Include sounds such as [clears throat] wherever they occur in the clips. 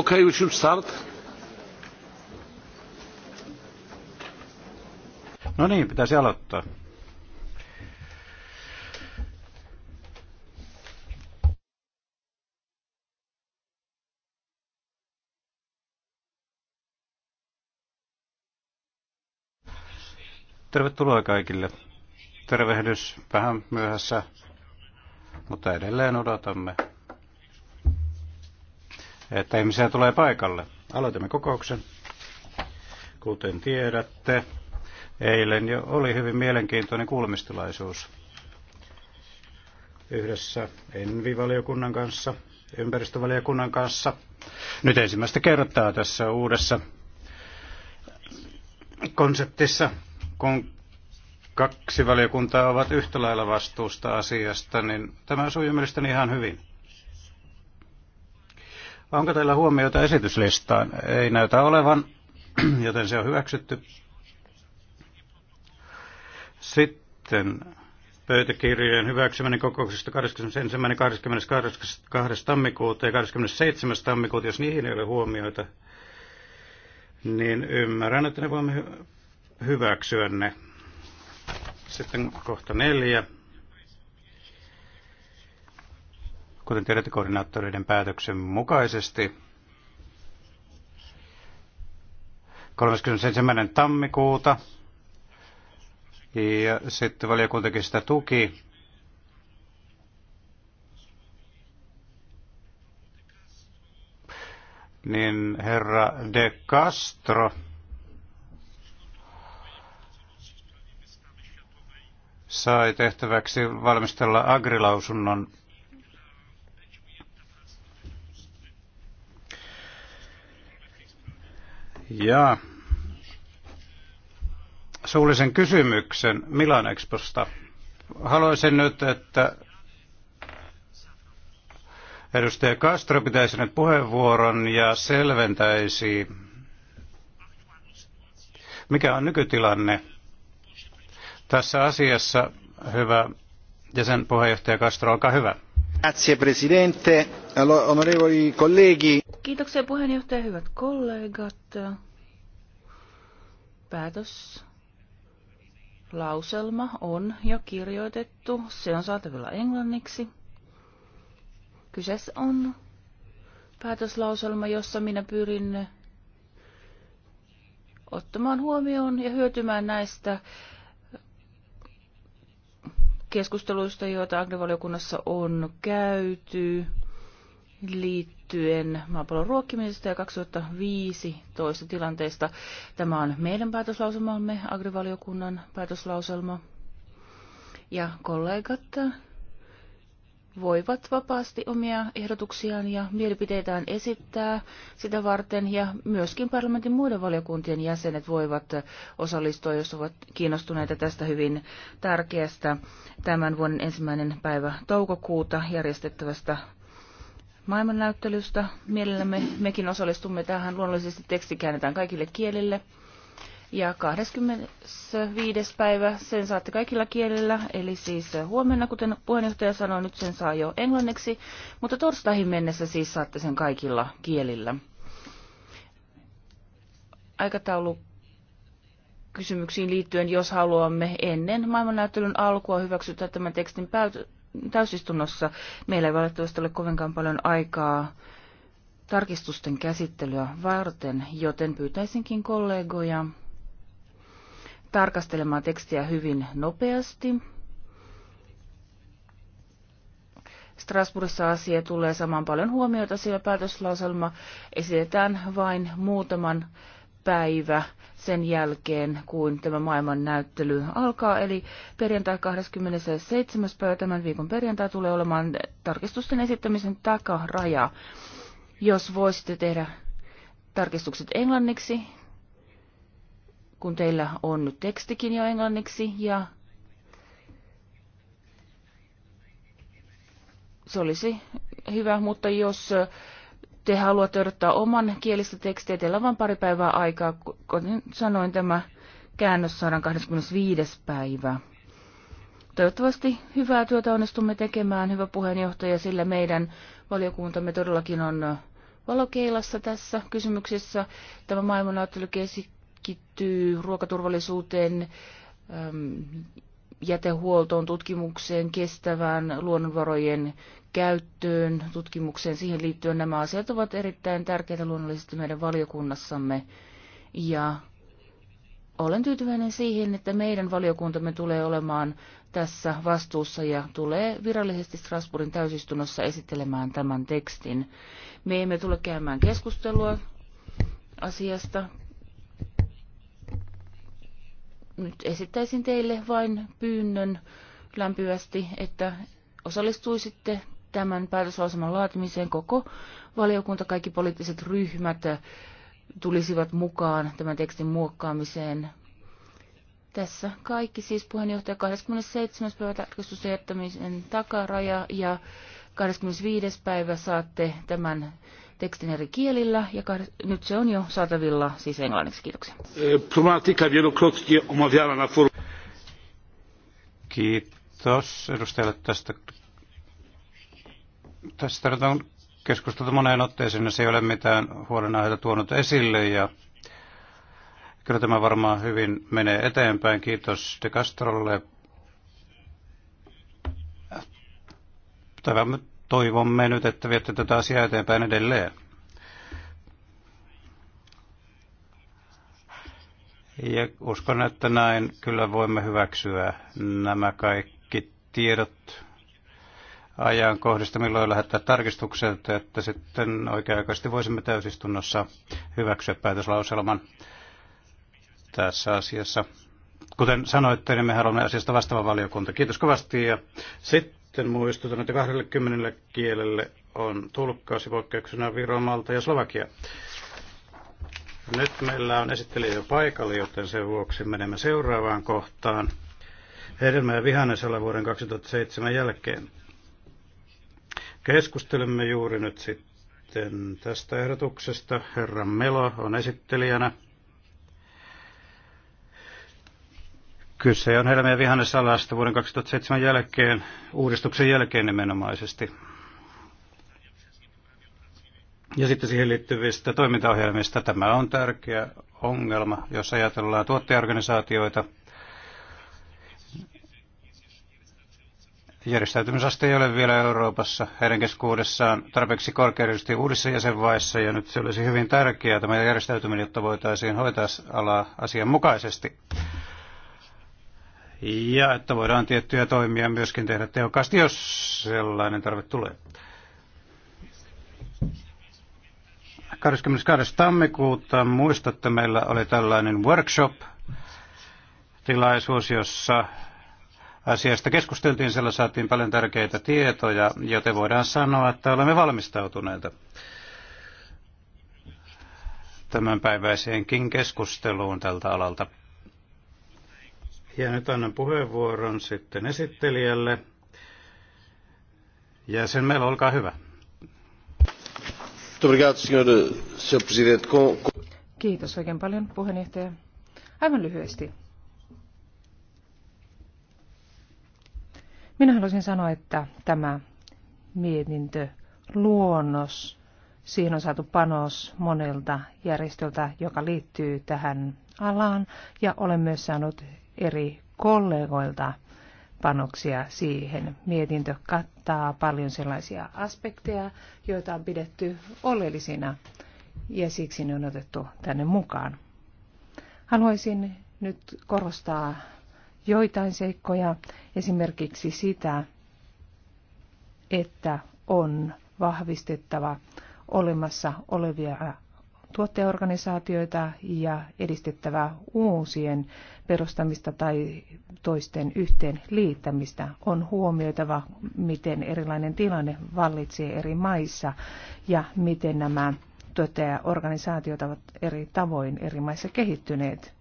Okay, we should start. No niin, pitäisi aloittaa. Tervetuloa kaikille. Tervehdys vähän myöhässä, mutta edelleen odotamme että ihmisiä tulee paikalle. Aloitamme kokouksen. Kuten tiedätte, eilen jo oli hyvin mielenkiintoinen kuulemistilaisuus yhdessä Envi-valiokunnan kanssa, ympäristövaliokunnan kanssa. Nyt ensimmäistä kertaa tässä uudessa konseptissa, kun kaksi valiokuntaa ovat yhtä lailla vastuusta asiasta, niin tämä sujuu mielestäni ihan hyvin. Onko teillä huomioita esityslistaan? Ei näytä olevan, [clears throat] joten se on hyväksytty. Sitten pöytäkirjojen hyväksyminen kokouksesta 21. 22. tammikuuta ja 27. tammikuuta, jos niihin ei ole huomioita, niin ymmärrän, että ne voimme hyväksyä ne. Sitten kohta neljä. Kuten tiedätte, koordinaattoreiden päätöksen mukaisesti 31. tammikuuta ja sitten valiokuntakin sitä tuki. Niin herra De Castro sai tehtäväksi valmistella agrilausunnon Ja suullisen kysymyksen Milan Exposta. Haluaisin nyt, että edustaja Castro pitäisi nyt puheenvuoron ja selventäisi, mikä on nykytilanne tässä asiassa. Hyvä jäsenpuheenjohtaja Castro, olkaa hyvä. Grazie presidente, Kiitoksia puheenjohtaja, hyvät kollegat. Päätös lauselma on jo kirjoitettu. Se on saatavilla englanniksi. Kyseessä on päätöslauselma, jossa minä pyrin ottamaan huomioon ja hyötymään näistä keskusteluista, joita agrivaliokunnassa on käyty liittyen maapallon ruokkimisesta ja 2015 tilanteesta. Tämä on meidän päätöslauselmamme, agrivaliokunnan päätöslauselma. Ja kollegat, voivat vapaasti omia ehdotuksiaan ja mielipiteitään esittää sitä varten ja myöskin parlamentin muiden valiokuntien jäsenet voivat osallistua, jos ovat kiinnostuneita tästä hyvin tärkeästä tämän vuoden ensimmäinen päivä toukokuuta järjestettävästä maailmannäyttelystä. Mielellämme mekin osallistumme tähän. Luonnollisesti teksti käännetään kaikille kielille ja 25. päivä sen saatte kaikilla kielillä, eli siis huomenna, kuten puheenjohtaja sanoi, nyt sen saa jo englanniksi, mutta torstaihin mennessä siis saatte sen kaikilla kielillä. Aikataulu kysymyksiin liittyen, jos haluamme ennen maailmannäyttelyn alkua hyväksyttää tämän tekstin täysistunnossa. Meillä ei valitettavasti ole kovinkaan paljon aikaa tarkistusten käsittelyä varten, joten pyytäisinkin kollegoja tarkastelemaan tekstiä hyvin nopeasti. Strasbourgissa asia tulee saman paljon huomiota, sillä päätöslauselma esitetään vain muutaman päivä sen jälkeen, kuin tämä maailman näyttely alkaa. Eli perjantai 27. päivä tämän viikon perjantai tulee olemaan tarkistusten esittämisen takaraja. Jos voisitte tehdä tarkistukset englanniksi, kun teillä on nyt tekstikin jo englanniksi ja se olisi hyvä, mutta jos te haluatte odottaa oman kielistä tekstiä, teillä on vain pari päivää aikaa, kuten sanoin, tämä käännös saadaan 25. päivä. Toivottavasti hyvää työtä onnistumme tekemään, hyvä puheenjohtaja, sillä meidän valiokuntamme todellakin on valokeilassa tässä kysymyksessä. Tämä maailmannäyttelykeskus keskittyy ruokaturvallisuuteen, ähm, jätehuoltoon, tutkimukseen, kestävään luonnonvarojen käyttöön, tutkimukseen, siihen liittyen nämä asiat ovat erittäin tärkeitä luonnollisesti meidän valiokunnassamme. Ja olen tyytyväinen siihen, että meidän valiokuntamme tulee olemaan tässä vastuussa ja tulee virallisesti Strasbourgin täysistunnossa esittelemään tämän tekstin. Me emme tule käymään keskustelua asiasta nyt esittäisin teille vain pyynnön lämpivästi, että osallistuisitte tämän päätöslauselman laatimiseen koko valiokunta, kaikki poliittiset ryhmät tulisivat mukaan tämän tekstin muokkaamiseen. Tässä kaikki siis puheenjohtaja 27. päivä tarkistusten jättämisen takaraja ja 25. päivä saatte tämän tekstin eri kielillä ja nyt se on jo saatavilla siis englanniksi. Kiitoksia. Kiitos edustajalle tästä. Tästä on keskusteltu moneen otteeseen, se ei ole mitään huolenaiheita tuonut esille ja kyllä tämä varmaan hyvin menee eteenpäin. Kiitos De Castrolle. Tämä toivomme nyt, että viette tätä asiaa eteenpäin edelleen. Ja uskon, että näin kyllä voimme hyväksyä nämä kaikki tiedot ajankohdista, milloin lähettää tarkistukset, että sitten oikea-aikaisesti voisimme täysistunnossa hyväksyä päätöslauselman tässä asiassa. Kuten sanoitte, niin me haluamme asiasta vastaava valiokunta. Kiitos kovasti ja sitten sitten muistutan, että 20 kielelle on tulkkaus poikkeuksena Viro, Malta ja Slovakia. Nyt meillä on esittelijä jo paikalla, joten sen vuoksi menemme seuraavaan kohtaan. Hedelmä- ja vihannesella vuoden 2007 jälkeen. Keskustelemme juuri nyt sitten tästä ehdotuksesta. Herra Melo on esittelijänä. Kyse on helmi- vihannesalasta vuoden 2007 jälkeen, uudistuksen jälkeen nimenomaisesti. Ja sitten siihen liittyvistä toimintaohjelmista. Tämä on tärkeä ongelma, jos ajatellaan tuottajaorganisaatioita. Järjestäytymisaste ei ole vielä Euroopassa heidän keskuudessaan tarpeeksi korkeasti uudissa jäsenvaiheissa, ja nyt se olisi hyvin tärkeää tämä järjestäytyminen, jotta voitaisiin hoitaa alaa asianmukaisesti. mukaisesti ja että voidaan tiettyjä toimia myöskin tehdä tehokkaasti, jos sellainen tarve tulee. 22. tammikuuta muistatte, meillä oli tällainen workshop-tilaisuus, jossa asiasta keskusteltiin, siellä saatiin paljon tärkeitä tietoja, joten voidaan sanoa, että olemme valmistautuneita tämänpäiväiseenkin keskusteluun tältä alalta. Ja nyt annan puheenvuoron sitten esittelijälle. Ja sen meillä olkaa hyvä. Kiitos oikein paljon puheenjohtaja. Aivan lyhyesti. Minä haluaisin sanoa, että tämä mietintö luonnos, siihen on saatu panos monelta järjestöltä, joka liittyy tähän alaan, ja olen myös saanut eri kollegoilta panoksia siihen. Mietintö kattaa paljon sellaisia aspekteja, joita on pidetty oleellisina ja siksi ne on otettu tänne mukaan. Haluaisin nyt korostaa joitain seikkoja, esimerkiksi sitä, että on vahvistettava olemassa olevia tuottajaorganisaatioita ja edistettävä uusien perustamista tai toisten yhteen liittämistä. On huomioitava, miten erilainen tilanne vallitsee eri maissa ja miten nämä tuottajaorganisaatiot ovat eri tavoin eri maissa kehittyneet.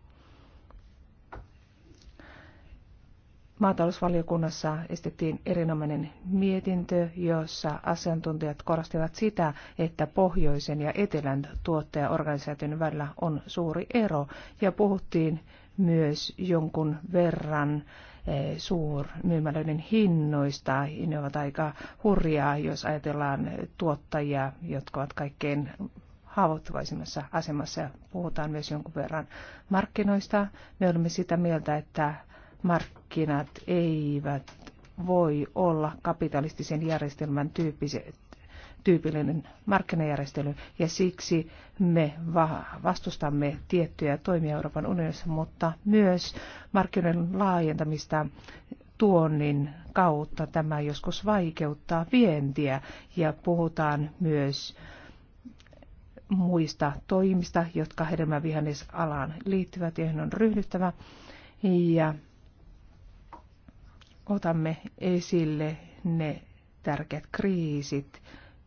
maatalousvaliokunnassa estettiin erinomainen mietintö, jossa asiantuntijat korostivat sitä, että pohjoisen ja etelän tuottajaorganisaation välillä on suuri ero ja puhuttiin myös jonkun verran eh, suurmyymälöiden hinnoista. Ne ovat aika hurjaa, jos ajatellaan tuottajia, jotka ovat kaikkein haavoittuvaisimmassa asemassa. Puhutaan myös jonkun verran markkinoista. Me olemme sitä mieltä, että markkinat eivät voi olla kapitalistisen järjestelmän tyyppiset tyypillinen markkinajärjestely ja siksi me vastustamme tiettyjä toimia Euroopan unionissa, mutta myös markkinoiden laajentamista tuonnin kautta. Tämä joskus vaikeuttaa vientiä ja puhutaan myös muista toimista, jotka hedelmävihannesalaan liittyvät, joihin on ryhdyttävä. Ja otamme esille ne tärkeät kriisit,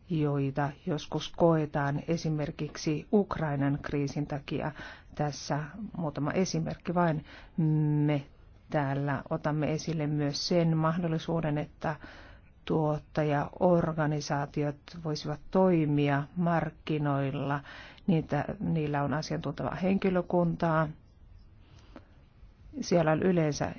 joita joskus koetaan esimerkiksi Ukrainan kriisin takia. Tässä muutama esimerkki vain. Me täällä otamme esille myös sen mahdollisuuden, että tuottajaorganisaatiot voisivat toimia markkinoilla. Niitä, niillä on asiantuntevaa henkilökuntaa. Siellä on yleensä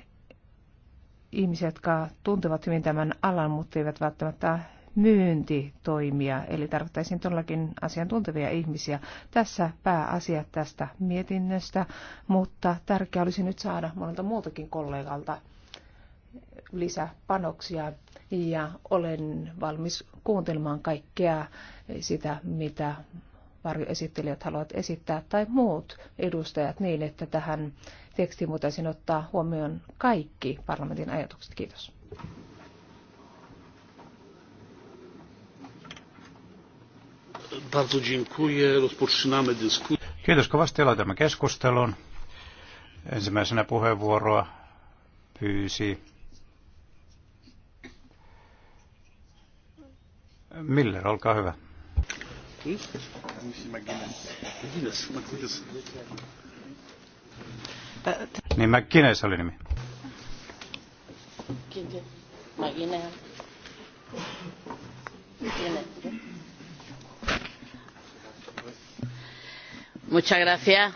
ihmisiä, jotka tuntevat hyvin tämän alan, mutta eivät välttämättä myyntitoimia, eli tarvittaisiin todellakin asiantuntevia ihmisiä. Tässä pääasia tästä mietinnöstä, mutta tärkeää olisi nyt saada monelta muultakin kollegalta lisäpanoksia ja olen valmis kuuntelemaan kaikkea sitä, mitä varjoesittelijät haluavat esittää tai muut edustajat niin, että tähän tekstiin voitaisiin ottaa huomioon kaikki parlamentin ajatukset. Kiitos. Kiitos kovasti. Aloitamme keskustelun. Ensimmäisenä puheenvuoroa pyysi Miller, olkaa hyvä. Niin McGuinness oli nimi. Muchas gracias.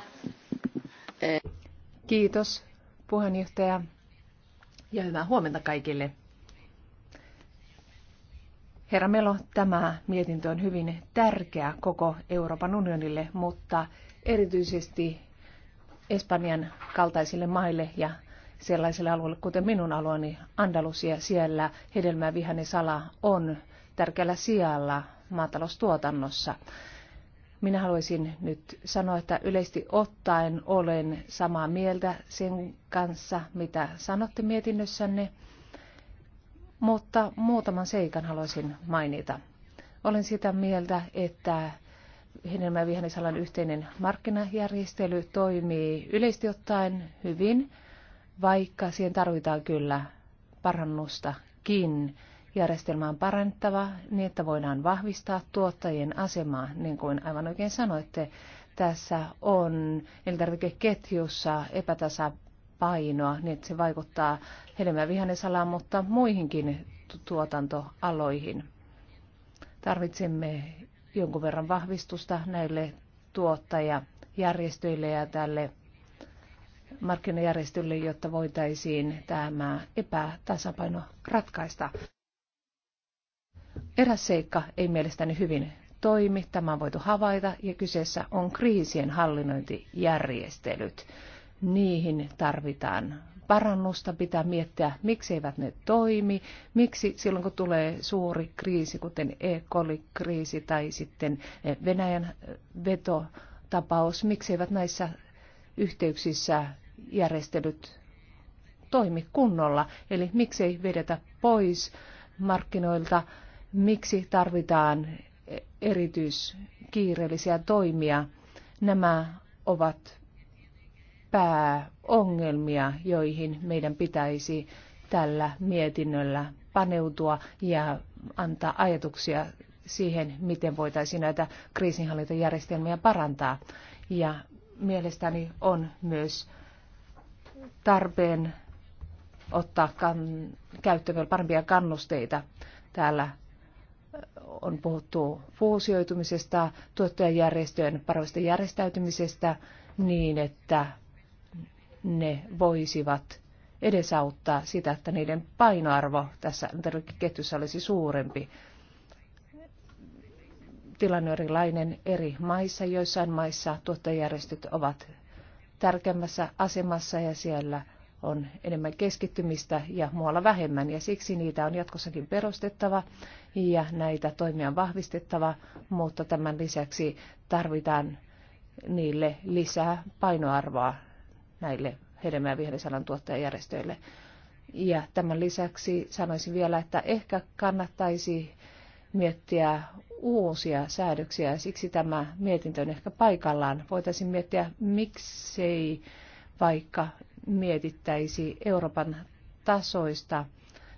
Kiitos puheenjohtaja ja hyvää huomenta kaikille. Herra Melo, tämä mietintö on hyvin tärkeä koko Euroopan unionille, mutta erityisesti Espanjan kaltaisille maille ja sellaisille alueille, kuten minun alueeni Andalusia, siellä hedelmä sala on tärkeällä sijalla maataloustuotannossa. Minä haluaisin nyt sanoa, että yleisesti ottaen olen samaa mieltä sen kanssa, mitä sanotte mietinnössänne mutta muutaman seikan haluaisin mainita. Olen sitä mieltä, että hedelmä- ja vihannesalan yhteinen markkinajärjestely toimii yleisesti ottaen hyvin, vaikka siihen tarvitaan kyllä parannustakin. Järjestelmä on parantava, niin, että voidaan vahvistaa tuottajien asemaa, niin kuin aivan oikein sanoitte. Tässä on elintarvikeketjussa epätasa painoa, niin että se vaikuttaa hedelmä- vihannesalaan, mutta muihinkin tuotantoaloihin. Tarvitsemme jonkun verran vahvistusta näille tuottajajärjestöille ja tälle markkinajärjestölle, jotta voitaisiin tämä epätasapaino ratkaista. Eräs seikka ei mielestäni hyvin toimi, tämä on voitu havaita, ja kyseessä on kriisien hallinnointijärjestelyt niihin tarvitaan parannusta, pitää miettiä, miksi eivät ne toimi, miksi silloin kun tulee suuri kriisi, kuten e kriisi tai sitten Venäjän vetotapaus, miksi eivät näissä yhteyksissä järjestelyt toimi kunnolla, eli miksei vedetä pois markkinoilta, miksi tarvitaan erityiskiireellisiä toimia. Nämä ovat pääongelmia, joihin meidän pitäisi tällä mietinnöllä paneutua ja antaa ajatuksia siihen, miten voitaisiin näitä kriisinhallintajärjestelmiä parantaa. Ja mielestäni on myös tarpeen ottaa kan, käyttöön vielä parempia kannusteita. Täällä on puhuttu fuusioitumisesta, tuottajajärjestöjen parvoista järjestäytymisestä niin, että ne voisivat edesauttaa sitä, että niiden painoarvo tässä ketjussa olisi suurempi. Tilanne on erilainen eri maissa. Joissain maissa tuottajärjestöt ovat tärkeämmässä asemassa ja siellä on enemmän keskittymistä ja muualla vähemmän, ja siksi niitä on jatkossakin perustettava ja näitä toimia on vahvistettava, mutta tämän lisäksi tarvitaan niille lisää painoarvoa näille hedelmä- ja vihersalan tuottajajärjestöille. Ja tämän lisäksi sanoisin vielä, että ehkä kannattaisi miettiä uusia säädöksiä, siksi tämä mietintö on ehkä paikallaan. Voitaisiin miettiä, miksei vaikka mietittäisi Euroopan tasoista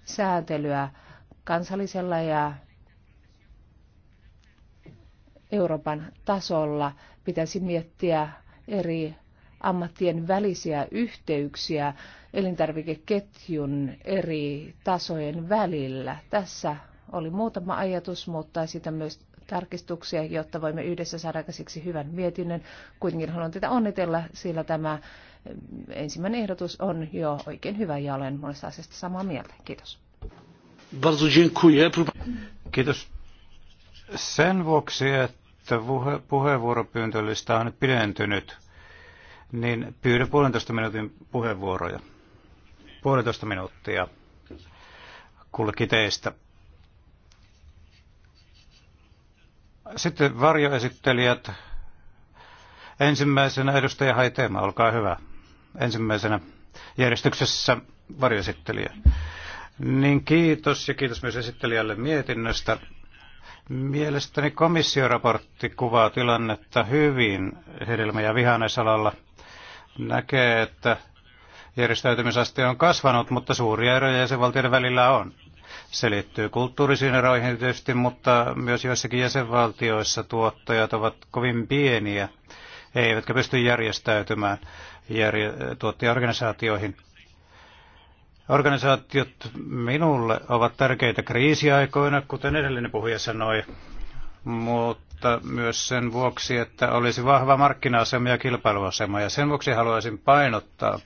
sääntelyä kansallisella ja Euroopan tasolla. Pitäisi miettiä eri ammattien välisiä yhteyksiä elintarvikeketjun eri tasojen välillä. Tässä oli muutama ajatus, mutta sitä myös tarkistuksia, jotta voimme yhdessä saada käsiksi hyvän mietinnön. Kuitenkin haluan teitä onnitella, sillä tämä mm, ensimmäinen ehdotus on jo oikein hyvä ja olen monesta asiasta samaa mieltä. Kiitos. Kiitos. Sen vuoksi, että puheenvuoropyyntölistä on nyt pidentynyt niin pyydän puolentoista minuutin puheenvuoroja. Puolentoista minuuttia kullekin teistä. Sitten varjoesittelijät. Ensimmäisenä edustaja Haiteema, olkaa hyvä. Ensimmäisenä järjestyksessä varjoesittelijä. Niin kiitos ja kiitos myös esittelijälle mietinnöstä. Mielestäni komission raportti kuvaa tilannetta hyvin hedelmä- ja vihannesalalla – näkee, että järjestäytymisaste on kasvanut, mutta suuria eroja jäsenvaltioiden välillä on. Se liittyy kulttuurisiin eroihin tietysti, mutta myös joissakin jäsenvaltioissa tuottajat ovat kovin pieniä, eivätkä pysty järjestäytymään järje- tuottajaorganisaatioihin. Organisaatiot minulle ovat tärkeitä kriisiaikoina, kuten edellinen puhuja sanoi mutta myös sen vuoksi, että olisi vahva markkina-asema ja kilpailuasema. Ja sen vuoksi haluaisin painottaa,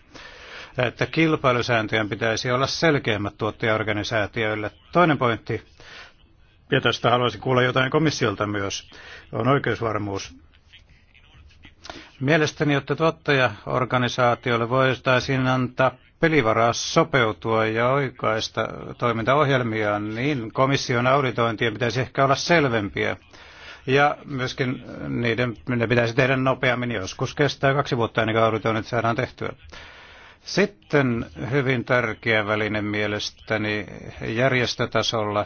että kilpailusääntöjen pitäisi olla selkeämmät tuottajaorganisaatioille. Toinen pointti, ja tästä haluaisin kuulla jotain komissiolta myös, on oikeusvarmuus. Mielestäni, jotta tuottajaorganisaatioille voitaisiin antaa pelivaraa sopeutua ja oikaista toimintaohjelmiaan, niin komission auditointien pitäisi ehkä olla selvempiä. Ja myöskin niiden ne pitäisi tehdä nopeammin, joskus kestää kaksi vuotta ennen kuin auditoinnit saadaan tehtyä. Sitten hyvin tärkeä väline mielestäni järjestötasolla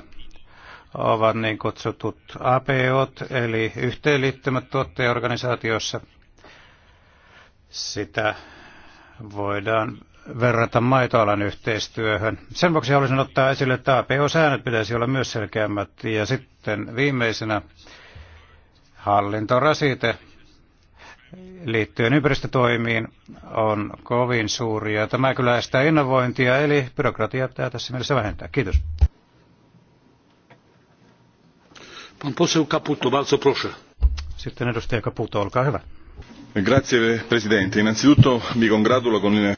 ovat niin kutsutut APOt, eli yhteenliittymät tuottajaorganisaatiossa. Sitä voidaan verrata maitoalan yhteistyöhön. Sen vuoksi haluaisin ottaa esille, että APO-säännöt pitäisi olla myös selkeämmät. Ja sitten viimeisenä hallintorasite liittyen ympäristötoimiin on kovin suuri. Ja tämä kyllä estää innovointia, eli byrokratia pitää tässä mielessä vähentää. Kiitos. Pan poseł Caputo, Sitten edustaja Caputo, olkaa hyvä. Grazie Presidente. Innanzitutto mi congratulo con il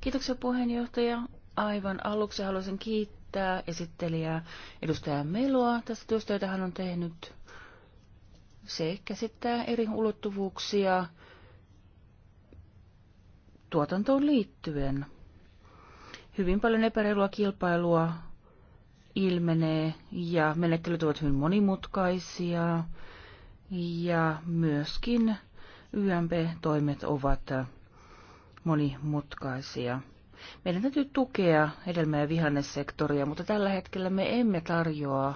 Kiitoksia puheenjohtaja. Aivan aluksi haluaisin kiittää esittelijää edustaja Meloa tästä työstä, jota hän on tehnyt. Se käsittää eri ulottuvuuksia tuotantoon liittyen. Hyvin paljon epäreilua kilpailua ilmenee ja menettelyt ovat hyvin monimutkaisia ja myöskin YMP-toimet ovat monimutkaisia. Meidän täytyy tukea hedelmä- ja vihannessektoria, mutta tällä hetkellä me emme tarjoa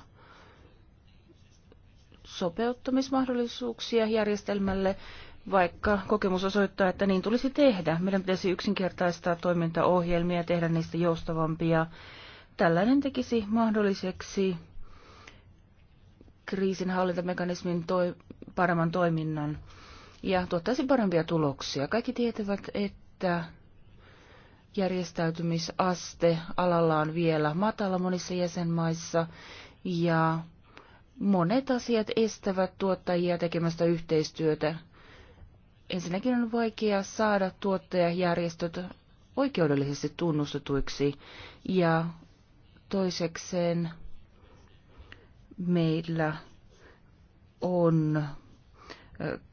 sopeuttamismahdollisuuksia järjestelmälle, vaikka kokemus osoittaa, että niin tulisi tehdä. Meidän pitäisi yksinkertaistaa toimintaohjelmia ja tehdä niistä joustavampia. Tällainen tekisi mahdolliseksi kriisinhallintamekanismin toi, paremman toiminnan ja tuottaisi parempia tuloksia. Kaikki tietävät, että että järjestäytymisaste alalla on vielä matala monissa jäsenmaissa ja monet asiat estävät tuottajia tekemästä yhteistyötä. Ensinnäkin on vaikea saada tuottajajärjestöt oikeudellisesti tunnustetuiksi ja toisekseen meillä on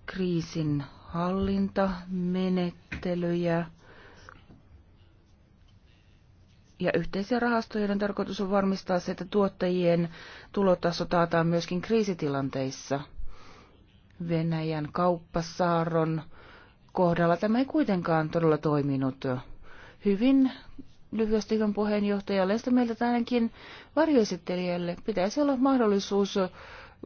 kriisin hallintamenettelyjä ja yhteisiä rahastoja, joiden tarkoitus on varmistaa se, että tuottajien tulotaso taataan myöskin kriisitilanteissa. Venäjän kauppasaaron kohdalla tämä ei kuitenkaan todella toiminut. Hyvin lyhyesti hyvän puheenjohtajalle, sitä mieltä ainakin varjoesittelijälle pitäisi olla mahdollisuus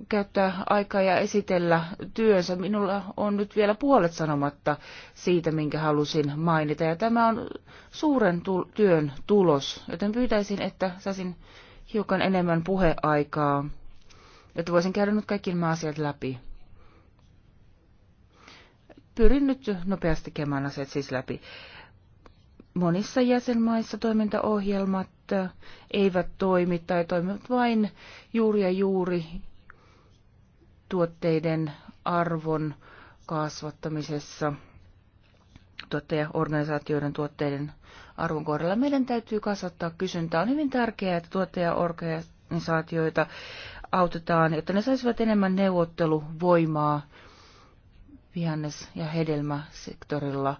käyttää aikaa ja esitellä työnsä. Minulla on nyt vielä puolet sanomatta siitä, minkä halusin mainita. Ja tämä on suuren tu- työn tulos, joten pyytäisin, että saisin hiukan enemmän puheaikaa, jotta voisin käydä nyt kaikki nämä asiat läpi. Pyrin nyt nopeasti kemään asiat siis läpi. Monissa jäsenmaissa toimintaohjelmat eivät toimi tai toimivat vain juuri ja juuri tuotteiden arvon kasvattamisessa tuottajaorganisaatioiden tuotteiden arvon kohdalla. Meidän täytyy kasvattaa kysyntää. On hyvin tärkeää, että tuottajaorganisaatioita autetaan, jotta ne saisivat enemmän neuvotteluvoimaa vihannes- ja hedelmäsektorilla.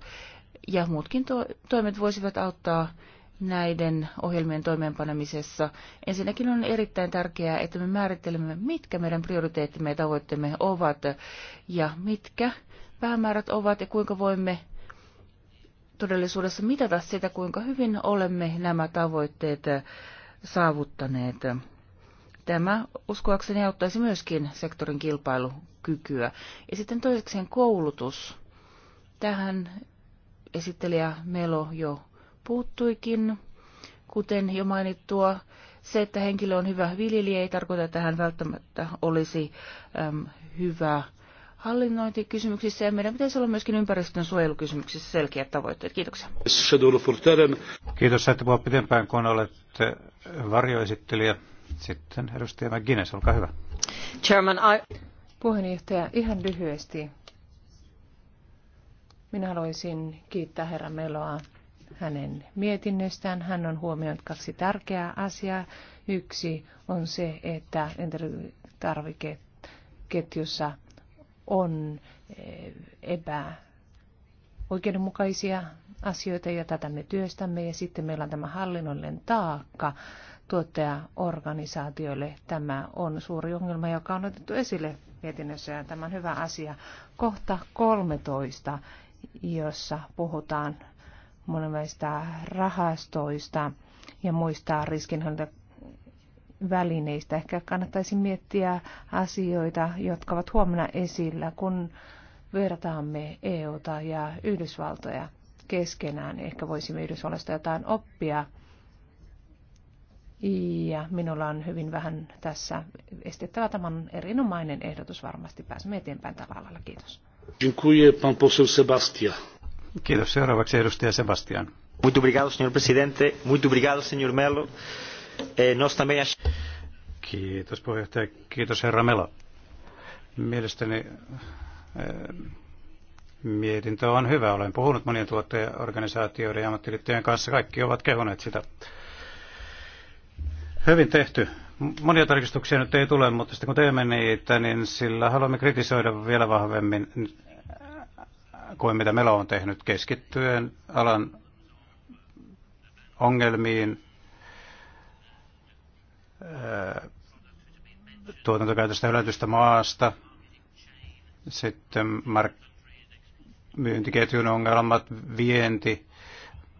Ja muutkin to- toimet voisivat auttaa näiden ohjelmien toimeenpanemisessa. Ensinnäkin on erittäin tärkeää, että me määrittelemme, mitkä meidän prioriteettimme ja tavoitteemme ovat ja mitkä päämäärät ovat ja kuinka voimme todellisuudessa mitata sitä, kuinka hyvin olemme nämä tavoitteet saavuttaneet. Tämä uskoakseni auttaisi myöskin sektorin kilpailukykyä. Ja sitten toisekseen koulutus. Tähän esittelijä Melo jo puuttuikin. Kuten jo mainittua, se, että henkilö on hyvä viljelijä, ei tarkoita, että hän välttämättä olisi äm, hyvä hallinnointikysymyksissä ja meidän pitäisi olla myöskin ympäristön suojelukysymyksissä selkeät tavoitteet. Kiitoksia. Kiitos, että puhua pitempään, kun olet varjoesittelijä. Sitten edustaja McGuinness, olkaa hyvä. Chairman, I... Puheenjohtaja, ihan lyhyesti. Minä haluaisin kiittää herra Meloa hänen mietinnöstään. Hän on huomioinut kaksi tärkeää asiaa. Yksi on se, että elintarvikeketjussa on eh, epäoikeudenmukaisia asioita ja tätä me työstämme. Ja sitten meillä on tämä hallinnollinen taakka tuottajaorganisaatioille. Tämä on suuri ongelma, joka on otettu esille mietinnössä ja tämä on hyvä asia. Kohta 13, jossa puhutaan monenlaista rahastoista ja muista riskinhallinta välineistä. Ehkä kannattaisi miettiä asioita, jotka ovat huomenna esillä, kun vertaamme EUta ja Yhdysvaltoja keskenään. Ehkä voisimme Yhdysvalloista jotain oppia. Ja minulla on hyvin vähän tässä estettävä. Tämä on erinomainen ehdotus varmasti. Pääsemme eteenpäin tällä alalla. Kiitos. Dziękuję pan poseł Sebastian. Kiitos. Seuraavaksi edustaja Sebastian. Muito obrigado, señor presidente. Muito obrigado, senhor Melo. Eh, Nos também... Kiitos puheenjohtaja. Kiitos herra Melo. Mielestäni eh, mietintö on hyvä. Olen puhunut monien tuottajaorganisaatioiden ja ammattiliittojen kanssa. Kaikki ovat kehuneet sitä. Hyvin tehty. Monia tarkistuksia nyt ei tule, mutta sitten kun teemme niitä, niin sillä haluamme kritisoida vielä vahvemmin kuin mitä Melo on tehnyt keskittyen alan ongelmiin, tuotantokäytöstä hylätystä maasta, sitten mark- myyntiketjun ongelmat, vienti,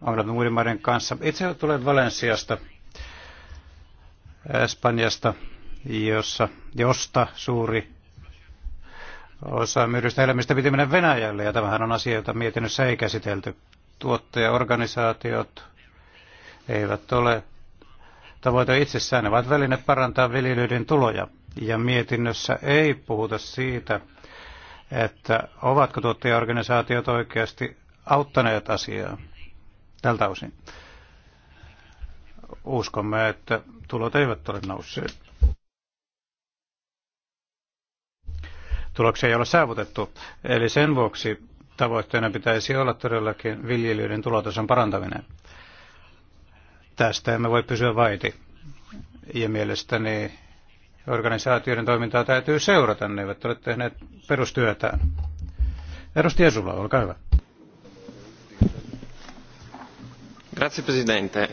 ongelmat muiden maiden kanssa. Itse tulen Valensiasta, Espanjasta, jossa, josta suuri Osa myydystä elämistä piti mennä Venäjälle, ja tämähän on asia, jota mietinnössä ei käsitelty. Tuottajaorganisaatiot eivät ole tavoite itsessään, ne ovat väline parantaa viljelyiden tuloja. Ja mietinnössä ei puhuta siitä, että ovatko tuottajaorganisaatiot oikeasti auttaneet asiaa tältä osin. Uskomme, että tulot eivät ole nousseet. tuloksia ei ole saavutettu. Eli sen vuoksi tavoitteena pitäisi olla todellakin viljelijöiden tulotason parantaminen. Tästä emme voi pysyä vaiti. Ja mielestäni organisaatioiden toimintaa täytyy seurata, ne eivät ole tehneet perustyötään. Edustaja Sula, olkaa hyvä. Grazie Presidente.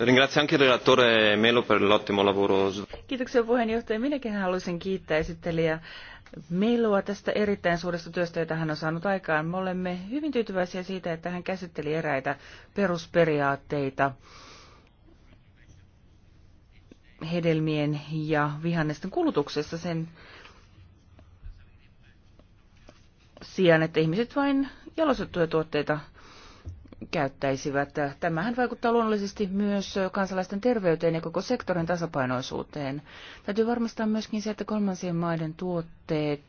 Ringrazio anche il relatore Melo per l'ottimo lavoro. Kiitoksia puheenjohtaja. Minäkin haluaisin kiittää esittelijä melua tästä erittäin suuresta työstä, jota hän on saanut aikaan. Me olemme hyvin tyytyväisiä siitä, että hän käsitteli eräitä perusperiaatteita hedelmien ja vihannesten kulutuksessa sen sijaan, että ihmiset vain jalostettuja tuotteita käyttäisivät. Tämähän vaikuttaa luonnollisesti myös kansalaisten terveyteen ja koko sektorin tasapainoisuuteen. Täytyy varmistaa myöskin se, että kolmansien maiden tuotteet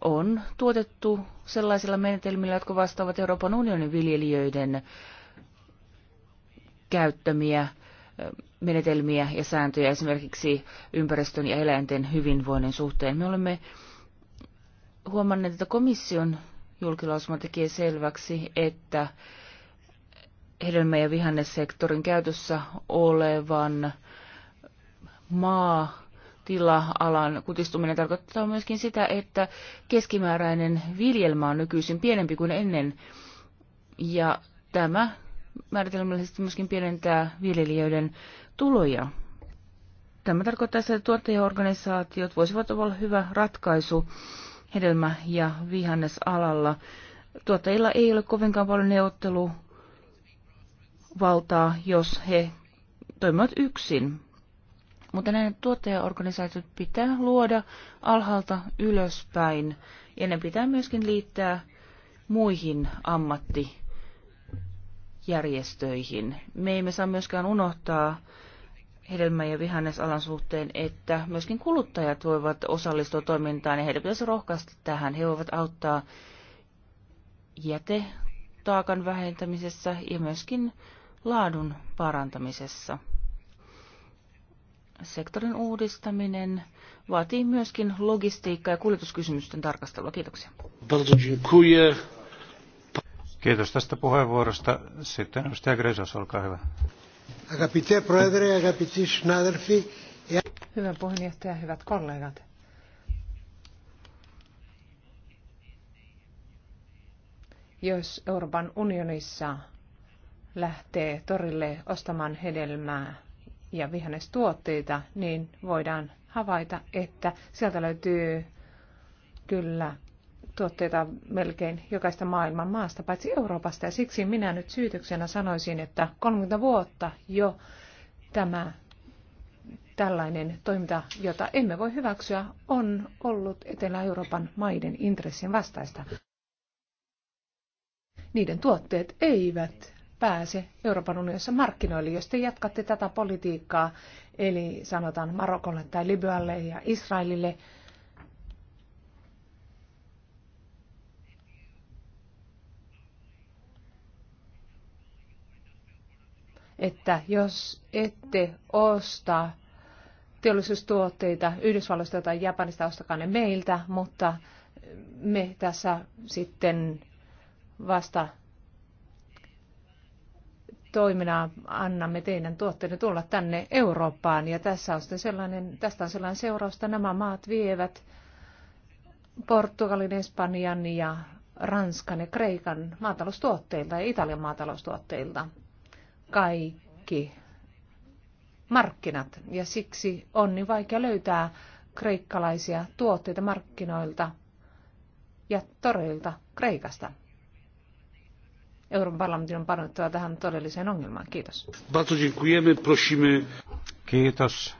on tuotettu sellaisilla menetelmillä, jotka vastaavat Euroopan unionin viljelijöiden käyttämiä menetelmiä ja sääntöjä esimerkiksi ympäristön ja eläinten hyvinvoinnin suhteen. Me olemme huomanneet, että komission julkilausuma tekee selväksi, että hedelmä- ja vihannesektorin käytössä olevan maatila-alan kutistuminen tarkoittaa myöskin sitä, että keskimääräinen viljelmä on nykyisin pienempi kuin ennen. Ja tämä määritelmällisesti myöskin pienentää viljelijöiden tuloja. Tämä tarkoittaa, että tuottajaorganisaatiot voisivat olla hyvä ratkaisu hedelmä- ja vihannesalalla. Tuottajilla ei ole kovinkaan paljon neuvotteluvaltaa, jos he toimivat yksin. Mutta näiden tuottajaorganisaatiot pitää luoda alhaalta ylöspäin ja ne pitää myöskin liittää muihin ammattijärjestöihin. Me emme saa myöskään unohtaa hedelmä- ja vihannesalan suhteen, että myöskin kuluttajat voivat osallistua toimintaan ja heidän pitäisi rohkaista tähän. He voivat auttaa jätetaakan vähentämisessä ja myöskin laadun parantamisessa. Sektorin uudistaminen vaatii myöskin logistiikka- ja kuljetuskysymysten tarkastelua. Kiitoksia. Kiitos tästä puheenvuorosta. Sitten edustaja Grisos, olkaa hyvä. Hyvä puheenjohtaja, hyvät kollegat. Jos Euroopan unionissa lähtee torille ostamaan hedelmää ja vihannestuotteita, niin voidaan havaita, että sieltä löytyy kyllä tuotteita melkein jokaista maailman maasta, paitsi Euroopasta. Ja siksi minä nyt syytöksenä sanoisin, että 30 vuotta jo tämä tällainen toiminta, jota emme voi hyväksyä, on ollut Etelä-Euroopan maiden intressin vastaista. Niiden tuotteet eivät pääse Euroopan unionissa markkinoille, jos te jatkatte tätä politiikkaa, eli sanotaan Marokolle tai Libyalle ja Israelille, että jos ette osta teollisuustuotteita Yhdysvalloista tai Japanista, ostakaa ne meiltä, mutta me tässä sitten vasta toimina annamme teidän tuotteiden tulla tänne Eurooppaan. Ja tässä on sellainen, tästä on sellainen seuraus, että nämä maat vievät Portugalin, Espanjan ja Ranskan ja Kreikan maataloustuotteilta ja Italian maataloustuotteilta kaikki markkinat ja siksi on niin vaikea löytää kreikkalaisia tuotteita markkinoilta ja toreilta Kreikasta. Euroopan parlamentin on parannettava tähän todelliseen ongelmaan. Kiitos. Kiitos.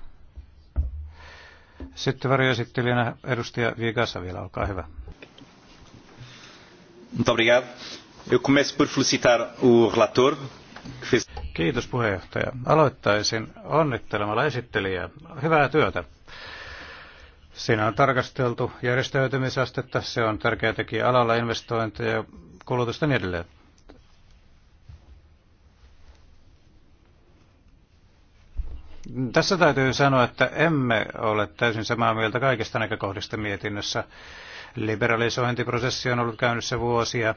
Sitten varjoesittelijänä edustaja Vigasa vielä, olkaa hyvä. Muito obrigado. Eu começo por felicitar o relator, que fez... Kiitos puheenjohtaja. Aloittaisin onnittelemalla esittelijää. Hyvää työtä. Siinä on tarkasteltu järjestäytymisastetta, se on tärkeä tekijä alalla investointeja, kulutusta ja niin edelleen. Tässä täytyy sanoa, että emme ole täysin samaa mieltä kaikista näkökohdista mietinnössä. Liberalisointiprosessi on ollut käynnissä vuosia,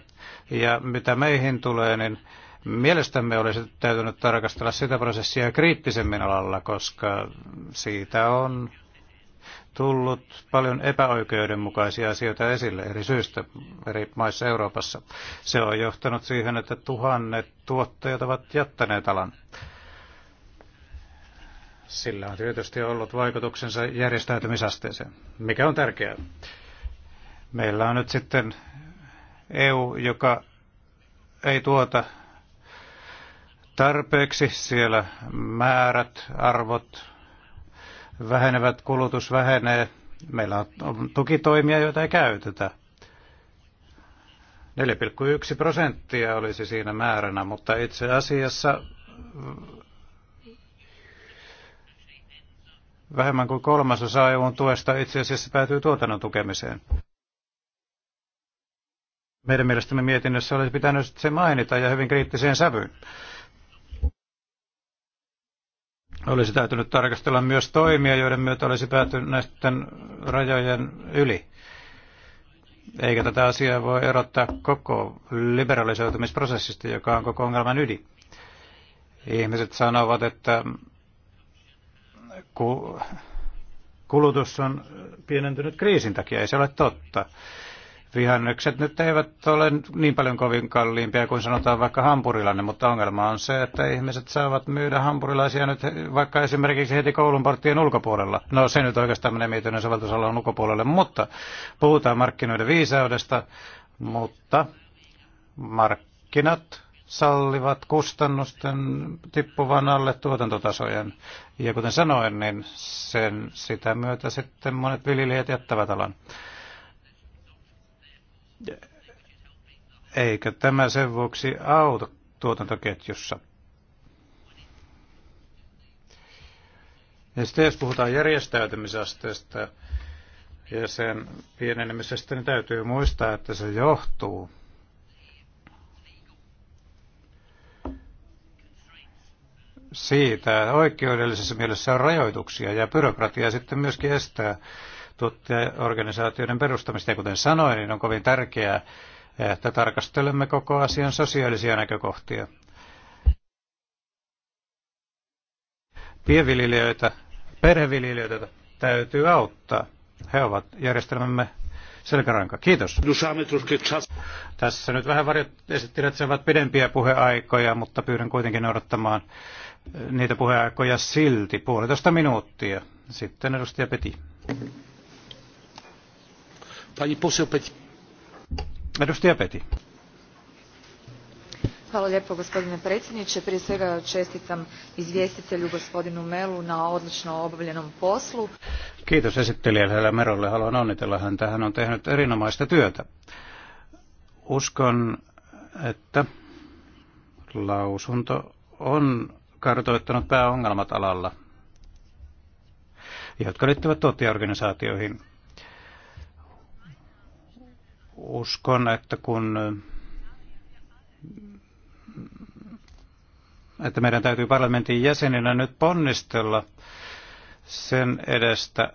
ja mitä meihin tulee, niin Mielestämme olisi täytynyt tarkastella sitä prosessia kriittisemmin alalla, koska siitä on tullut paljon epäoikeudenmukaisia asioita esille eri syistä eri maissa Euroopassa. Se on johtanut siihen, että tuhannet tuottajat ovat jättäneet alan. Sillä on tietysti ollut vaikutuksensa järjestäytymisasteeseen, mikä on tärkeää. Meillä on nyt sitten EU, joka ei tuota tarpeeksi. Siellä määrät, arvot vähenevät, kulutus vähenee. Meillä on tukitoimia, joita ei käytetä. 4,1 prosenttia olisi siinä määränä, mutta itse asiassa vähemmän kuin kolmasosa EUn tuesta itse asiassa päätyy tuotannon tukemiseen. Meidän mielestämme mietinnössä olisi pitänyt se mainita ja hyvin kriittiseen sävyyn. Olisi täytynyt tarkastella myös toimia, joiden myötä olisi päätynyt näiden rajojen yli. Eikä tätä asiaa voi erottaa koko liberalisoitumisprosessista, joka on koko ongelman ydin. Ihmiset sanovat, että kulutus on pienentynyt kriisin takia, ei se ole totta. Vihannekset nyt eivät ole niin paljon kovin kalliimpia kuin sanotaan vaikka hampurilainen, mutta ongelma on se, että ihmiset saavat myydä hampurilaisia nyt vaikka esimerkiksi heti koulun porttien ulkopuolella. No se nyt oikeastaan menee mietinnön soveltusalan ulkopuolelle, mutta puhutaan markkinoiden viisaudesta, mutta markkinat sallivat kustannusten tippuvan alle tuotantotasojen. Ja kuten sanoin, niin sen, sitä myötä sitten monet viljelijät jättävät alan. Eikö tämä sen vuoksi auta tuotantoketjussa? Ja sitten jos puhutaan järjestäytymisasteesta ja sen pienenemisestä, niin täytyy muistaa, että se johtuu siitä, oikeudellisessa mielessä on rajoituksia ja byrokratia sitten myöskin estää tuottajaorganisaatioiden perustamista. Ja kuten sanoin, niin on kovin tärkeää, että tarkastelemme koko asian sosiaalisia näkökohtia. Pienviljelijöitä, perheviljelijöitä täytyy auttaa. He ovat järjestelmämme selkäranka. Kiitos. Tässä nyt vähän varjot esittivät, että ovat pidempiä puheaikoja, mutta pyydän kuitenkin odottamaan niitä puheaikoja silti puolitoista minuuttia. Sitten edustaja Peti gospodine predsjednie Prije svega estitam izvjestitelju gospodinu Melu na odlino obavljenom poslu. Kiitos esittelijälle Merolle. Haluan onnitella häntä. Hän on tehnyt erinomaista työtä. Uskon, että lausunto on kartoittanut pääongelmat alalla, jotka liittyvät tuottajaorganisaatioihin. Uskon, että kun että meidän täytyy parlamentin jäseninä nyt ponnistella sen edestä,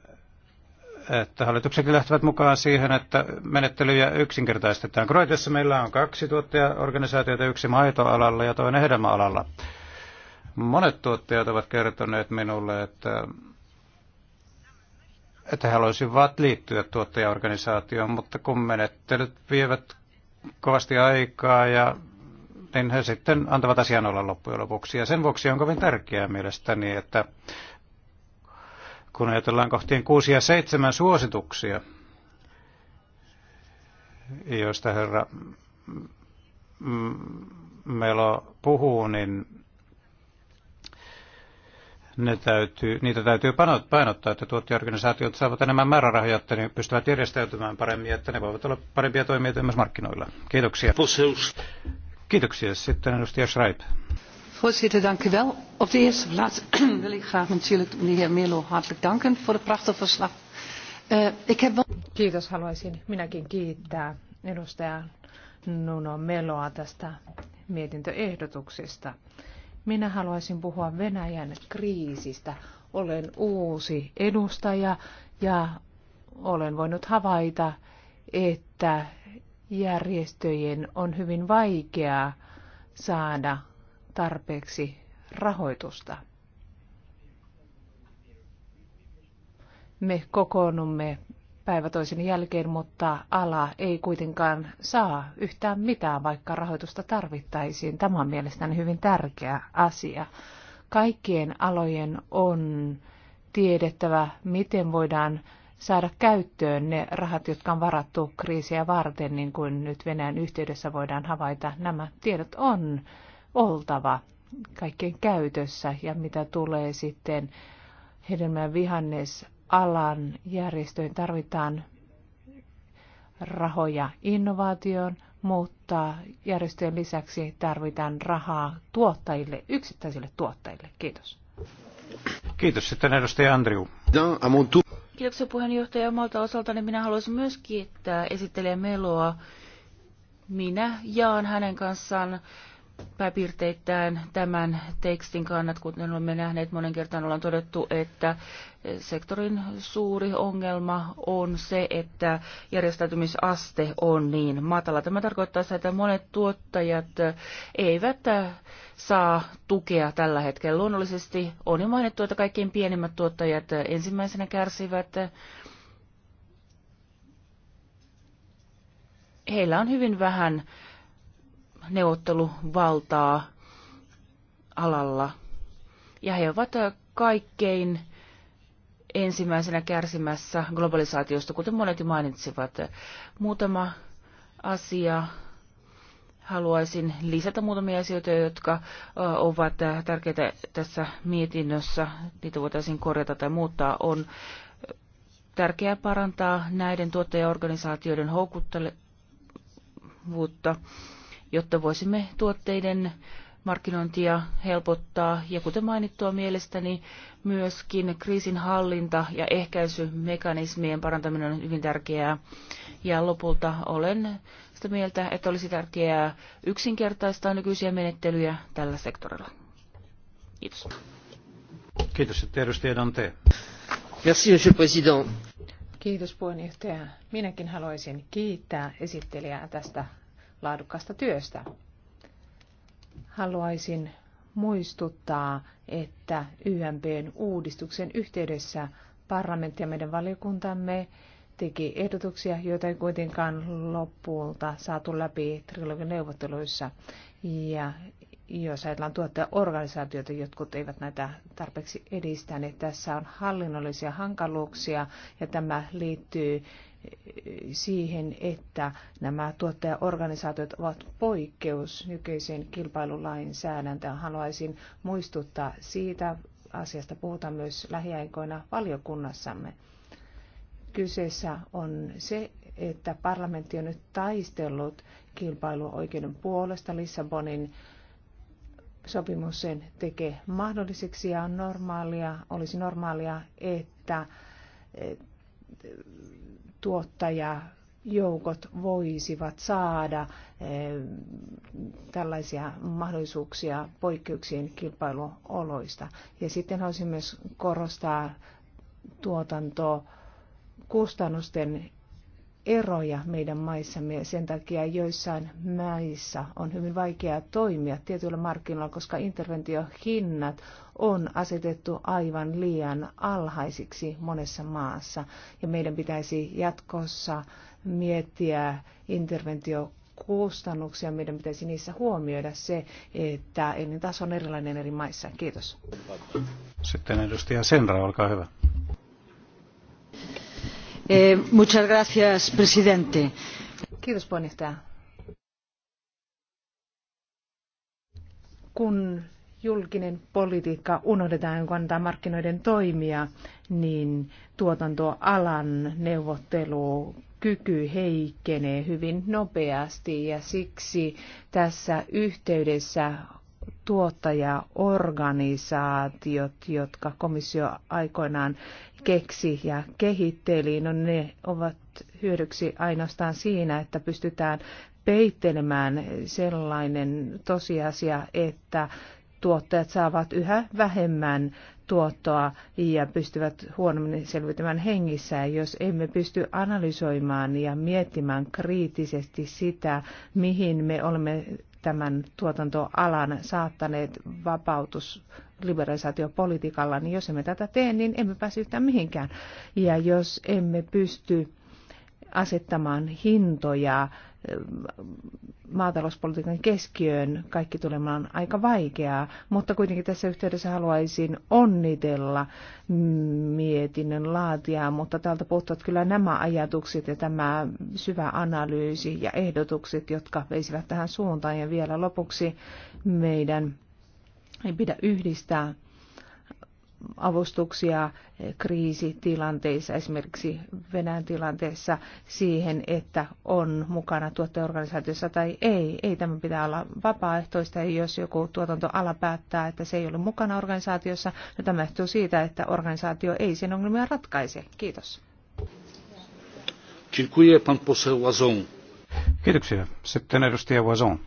että hallituksetkin lähtevät mukaan siihen, että menettelyjä yksinkertaistetaan. Kroatiassa meillä on kaksi tuottajaorganisaatiota, yksi maitoalalla ja toinen hedelmäalalla. Monet tuottajat ovat kertoneet minulle, että että he haluaisivat liittyä tuottajaorganisaatioon, mutta kun menettelyt vievät kovasti aikaa ja niin he sitten antavat asian olla loppujen lopuksi. Ja sen vuoksi on kovin tärkeää mielestäni, että kun ajatellaan kohtiin kuusi ja seitsemän suosituksia, joista herra Melo puhuu, niin ne täytyy, niitä täytyy painottaa, että tuottajaorganisaatiot saavat enemmän määrärahoja, että ne pystyvät järjestäytymään paremmin, että ne voivat olla parempia toimijoita myös markkinoilla. Kiitoksia. Poseus. Kiitoksia. Sitten edustaja Schreib. Voorzitter, dank u wel. Op de eerste plaats [clears throat] wil ik graag natuurlijk meneer Melo hartelijk danken voor het prachtige verslag. Uh, eh, ik heb wel... Kiitos, haluaisin minäkin kiittää edustaja Nuno Meloa tästä mietintöehdotuksesta. Minä haluaisin puhua Venäjän kriisistä. Olen uusi edustaja ja olen voinut havaita, että järjestöjen on hyvin vaikeaa saada tarpeeksi rahoitusta. Me kokoonnumme päivä toisen jälkeen, mutta ala ei kuitenkaan saa yhtään mitään, vaikka rahoitusta tarvittaisiin. Tämä on mielestäni hyvin tärkeä asia. Kaikkien alojen on tiedettävä, miten voidaan saada käyttöön ne rahat, jotka on varattu kriisiä varten, niin kuin nyt Venäjän yhteydessä voidaan havaita. Nämä tiedot on oltava kaikkien käytössä ja mitä tulee sitten hedelmän vihannes alan järjestöihin tarvitaan rahoja innovaatioon, mutta järjestöjen lisäksi tarvitaan rahaa tuottajille, yksittäisille tuottajille. Kiitos. Kiitos. Sitten edustaja Andriu. Kiitoksia puheenjohtaja omalta osaltani. Minä haluaisin myös kiittää esittelijä Meloa. Minä jaan hänen kanssaan pääpiirteittäin tämän tekstin kannat, kuten olemme nähneet monen kertaan, ollaan todettu, että sektorin suuri ongelma on se, että järjestäytymisaste on niin matala. Tämä tarkoittaa sitä, että monet tuottajat eivät saa tukea tällä hetkellä. Luonnollisesti on jo mainittu, että kaikkein pienimmät tuottajat ensimmäisenä kärsivät. Heillä on hyvin vähän neuvotteluvaltaa alalla. Ja he ovat kaikkein ensimmäisenä kärsimässä globalisaatiosta, kuten monet jo mainitsivat. Muutama asia haluaisin lisätä muutamia asioita, jotka ovat tärkeitä tässä mietinnössä. Niitä voitaisiin korjata tai muuttaa. On tärkeää parantaa näiden tuottajaorganisaatioiden houkuttelevuutta jotta voisimme tuotteiden markkinointia helpottaa ja kuten mainittua mielestäni myöskin kriisin hallinta ja ehkäisymekanismien parantaminen on hyvin tärkeää. Ja lopulta olen sitä mieltä, että olisi tärkeää yksinkertaistaa nykyisiä menettelyjä tällä sektorilla. Kiitos. Kiitos, edustaja Dante. Merci, monsieur président. Kiitos puheenjohtaja. Minäkin haluaisin kiittää esittelijää tästä laadukkaasta työstä. Haluaisin muistuttaa, että YMPn uudistuksen yhteydessä parlamentti ja meidän valiokuntamme teki ehdotuksia, joita ei kuitenkaan lopulta saatu läpi trilogineuvotteluissa. Ja jos ajatellaan tuottajaorganisaatioita, jotkut eivät näitä tarpeeksi edistä, niin tässä on hallinnollisia hankaluuksia ja tämä liittyy siihen, että nämä tuottajaorganisaatiot ovat poikkeus nykyisen kilpailulainsäädäntöön. Haluaisin muistuttaa siitä asiasta puhutaan myös lähiaikoina valiokunnassamme. Kyseessä on se, että parlamentti on nyt taistellut kilpailuoikeuden puolesta Lissabonin sopimus sen tekee mahdolliseksi ja on normaalia, olisi normaalia, että tuottajajoukot voisivat saada eh, tällaisia mahdollisuuksia poikkeuksien kilpailuoloista. Ja sitten haluaisin myös korostaa tuotantokustannusten eroja meidän maissamme. Sen takia joissain maissa on hyvin vaikeaa toimia tietyillä markkinoilla, koska interventiohinnat on asetettu aivan liian alhaisiksi monessa maassa. Ja meidän pitäisi jatkossa miettiä interventio kustannuksia, meidän pitäisi niissä huomioida se, että elintaso on erilainen eri maissa. Kiitos. Sitten edustaja Senra, olkaa hyvä. Eh, señor presidente. Kiitos Kun julkinen politiikka unohdetaan, kun annetaan markkinoiden toimia, niin tuotantoalan neuvottelukyky heikkenee hyvin nopeasti ja siksi tässä yhteydessä tuottajaorganisaatiot, jotka komissio aikoinaan keksi ja kehitteli, no ne ovat hyödyksi ainoastaan siinä, että pystytään peittelemään sellainen tosiasia, että tuottajat saavat yhä vähemmän tuottoa ja pystyvät huonommin selviytymään hengissä. Jos emme pysty analysoimaan ja miettimään kriittisesti sitä, mihin me olemme tämän tuotantoalan saattaneet vapautus, liberalisaatiopolitiikalla, niin jos emme tätä tee, niin emme pääse yhtään mihinkään. Ja jos emme pysty asettamaan hintoja eh, maatalouspolitiikan keskiöön, kaikki tulemaan aika vaikeaa, mutta kuitenkin tässä yhteydessä haluaisin onnitella mm, mietinnön laatiaa, mutta täältä puuttuvat kyllä nämä ajatukset ja tämä syvä analyysi ja ehdotukset, jotka veisivät tähän suuntaan. Ja vielä lopuksi meidän ei pidä yhdistää avustuksia kriisitilanteissa, esimerkiksi Venäjän tilanteessa, siihen, että on mukana tuottajaorganisaatiossa tai ei. Ei tämä pitää olla vapaaehtoista, ja jos joku tuotantoala päättää, että se ei ole mukana organisaatiossa, niin tämä johtuu siitä, että organisaatio ei sen ongelmia ratkaise. Kiitos. Kiitoksia. Sitten edustaja Wazon.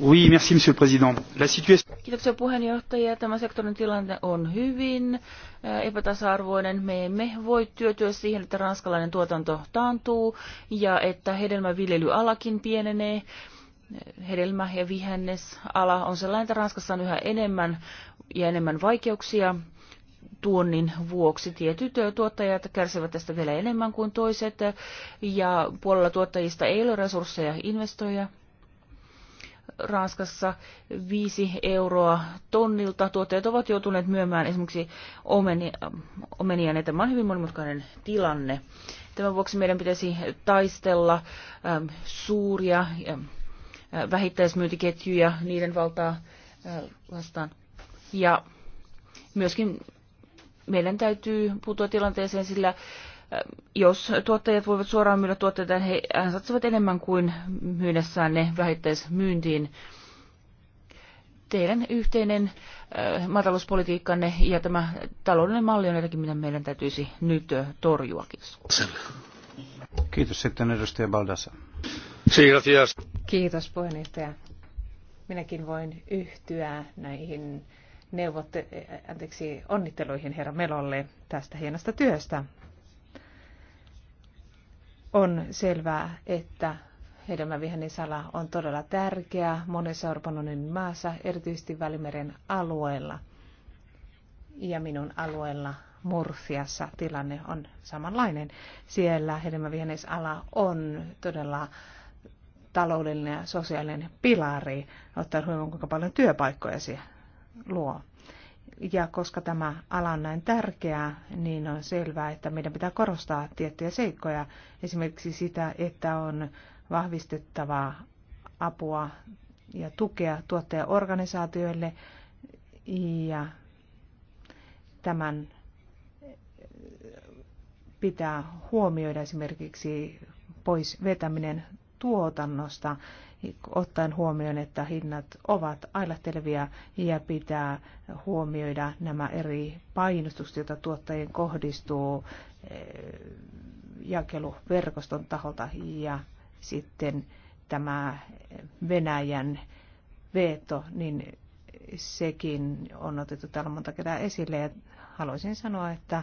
Oui, merci, monsieur le président. La situation... Kiitoksia puheenjohtaja. Tämä sektorin tilanne on hyvin äh, epätasa-arvoinen. Me emme voi työtyä siihen, että ranskalainen tuotanto taantuu ja että hedelmäviljelyalakin pienenee. Hedelmä- ja vihannesala on sellainen, että Ranskassa on yhä enemmän ja enemmän vaikeuksia tuonnin vuoksi. Tietyt tuottajat kärsivät tästä vielä enemmän kuin toiset, ja puolella tuottajista ei ole resursseja investoida Ranskassa 5 euroa tonnilta. Tuotteet ovat joutuneet myymään esimerkiksi omenia, omenia ja tämä on hyvin monimutkainen tilanne. Tämän vuoksi meidän pitäisi taistella ähm, suuria ähm, äh, vähittäismyyntiketjuja, niiden valtaa äh, vastaan. Ja myöskin meidän täytyy puuttua tilanteeseen, sillä jos tuottajat voivat suoraan myydä tuotteita, he ansaitsevat enemmän kuin myydessään ne vähittäismyyntiin. Teidän yhteinen äh, maatalouspolitiikkanne ja tämä taloudellinen malli on jotakin, mitä meidän täytyisi nyt äh, torjua. Kiitos. Kiitos sitten edustaja Baldassa. Kiitos. Kiitos puheenjohtaja. Minäkin voin yhtyä näihin neuvotte- äh, anteeksi, onnitteluihin herra Melolle tästä hienosta työstä. On selvää, että hedelmävihannisala on todella tärkeä monessa Euroopan unionin maassa, erityisesti Välimeren alueella. Ja minun alueella Murfiassa tilanne on samanlainen. siellä hedelmävihannesala on todella taloudellinen ja sosiaalinen pilari, ottaen huomioon kuinka paljon työpaikkoja se luo. Ja koska tämä ala on näin tärkeää, niin on selvää, että meidän pitää korostaa tiettyjä seikkoja. Esimerkiksi sitä, että on vahvistettavaa apua ja tukea tuottajaorganisaatioille ja tämän pitää huomioida esimerkiksi pois vetäminen tuotannosta ottaen huomioon, että hinnat ovat ailahtelevia ja pitää huomioida nämä eri painostukset, joita tuottajien kohdistuu eh, jakeluverkoston taholta ja sitten tämä Venäjän veto, niin sekin on otettu täällä monta kertaa esille. Ja haluaisin sanoa, että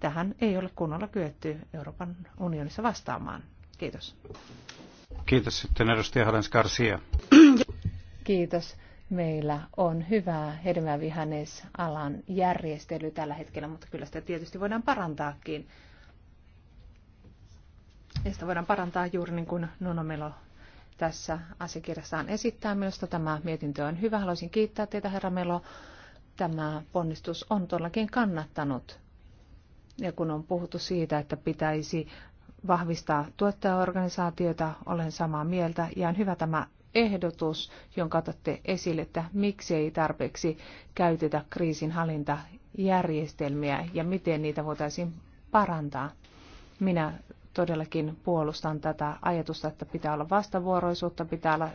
tähän ei ole kunnolla kyetty Euroopan unionissa vastaamaan. Kiitos. Kiitos sitten edustaja Halens Garcia. Kiitos. Meillä on hyvä hedelmävihannesalan järjestely tällä hetkellä, mutta kyllä sitä tietysti voidaan parantaakin. Ja sitä voidaan parantaa juuri niin kuin melo tässä asiakirjassaan esittää. Minusta tämä mietintö on hyvä. Haluaisin kiittää teitä, herra Melo. Tämä ponnistus on todellakin kannattanut. Ja kun on puhuttu siitä, että pitäisi vahvistaa tuottajaorganisaatioita, olen samaa mieltä, ja on hyvä tämä ehdotus, jonka otatte esille, että miksi ei tarpeeksi käytetä kriisinhallintajärjestelmiä ja miten niitä voitaisiin parantaa. Minä todellakin puolustan tätä ajatusta, että pitää olla vastavuoroisuutta, pitää olla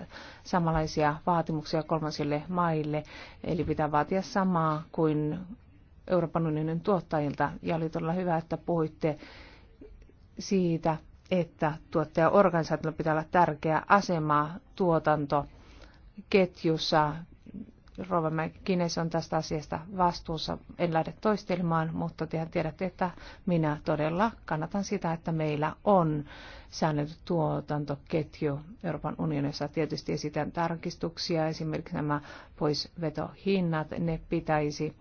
samanlaisia vaatimuksia kolmansille maille, eli pitää vaatia samaa kuin Euroopan unionin tuottajilta. Ja oli todella hyvä, että puhuitte siitä, että tuottajaorganisaatio pitää olla tärkeä asema tuotantoketjussa. Rova Kines on tästä asiasta vastuussa. En lähde toistelemaan, mutta tehän tiedätte, että minä todella kannatan sitä, että meillä on säännelty tuotantoketju Euroopan unionissa. Tietysti esitän tarkistuksia, esimerkiksi nämä poisvetohinnat, ne pitäisi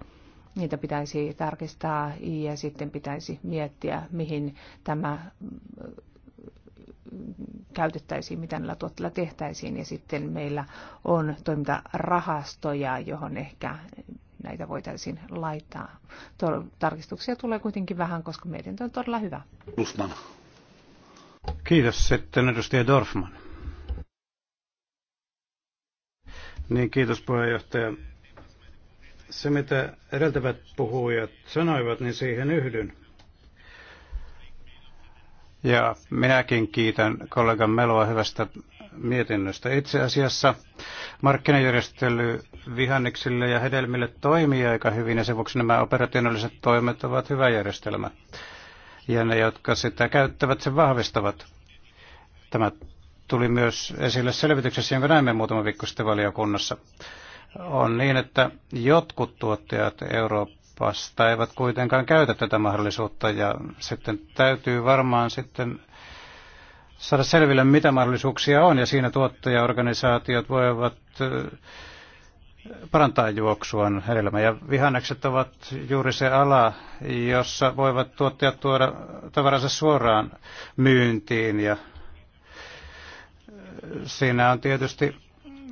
niitä pitäisi tarkistaa ja sitten pitäisi miettiä, mihin tämä mm, käytettäisiin, mitä näillä tuotteilla tehtäisiin. Ja sitten meillä on toimintarahastoja, johon ehkä näitä voitaisiin laittaa. Tarkistuksia tulee kuitenkin vähän, koska mietintö on todella hyvä. Lusman. Kiitos. Sitten edustaja Dorfman. Niin, kiitos puheenjohtaja. Se, mitä edeltävät puhujat sanoivat, niin siihen yhdyn. Ja minäkin kiitän kollegan Meloa hyvästä mietinnöstä. Itse asiassa markkinajärjestely vihanneksille ja hedelmille toimii aika hyvin ja sen vuoksi nämä operationaaliset toimet ovat hyvä järjestelmä. Ja ne, jotka sitä käyttävät, sen vahvistavat. Tämä tuli myös esille selvityksessä, jonka näimme muutama viikko sitten valiokunnassa on niin, että jotkut tuottajat Euroopasta eivät kuitenkaan käytä tätä mahdollisuutta ja sitten täytyy varmaan sitten saada selville, mitä mahdollisuuksia on ja siinä tuottajaorganisaatiot voivat eh, parantaa juoksuaan hedelmä. Ja vihannekset ovat juuri se ala, jossa voivat tuottajat tuoda tavaransa suoraan myyntiin ja eh, siinä on tietysti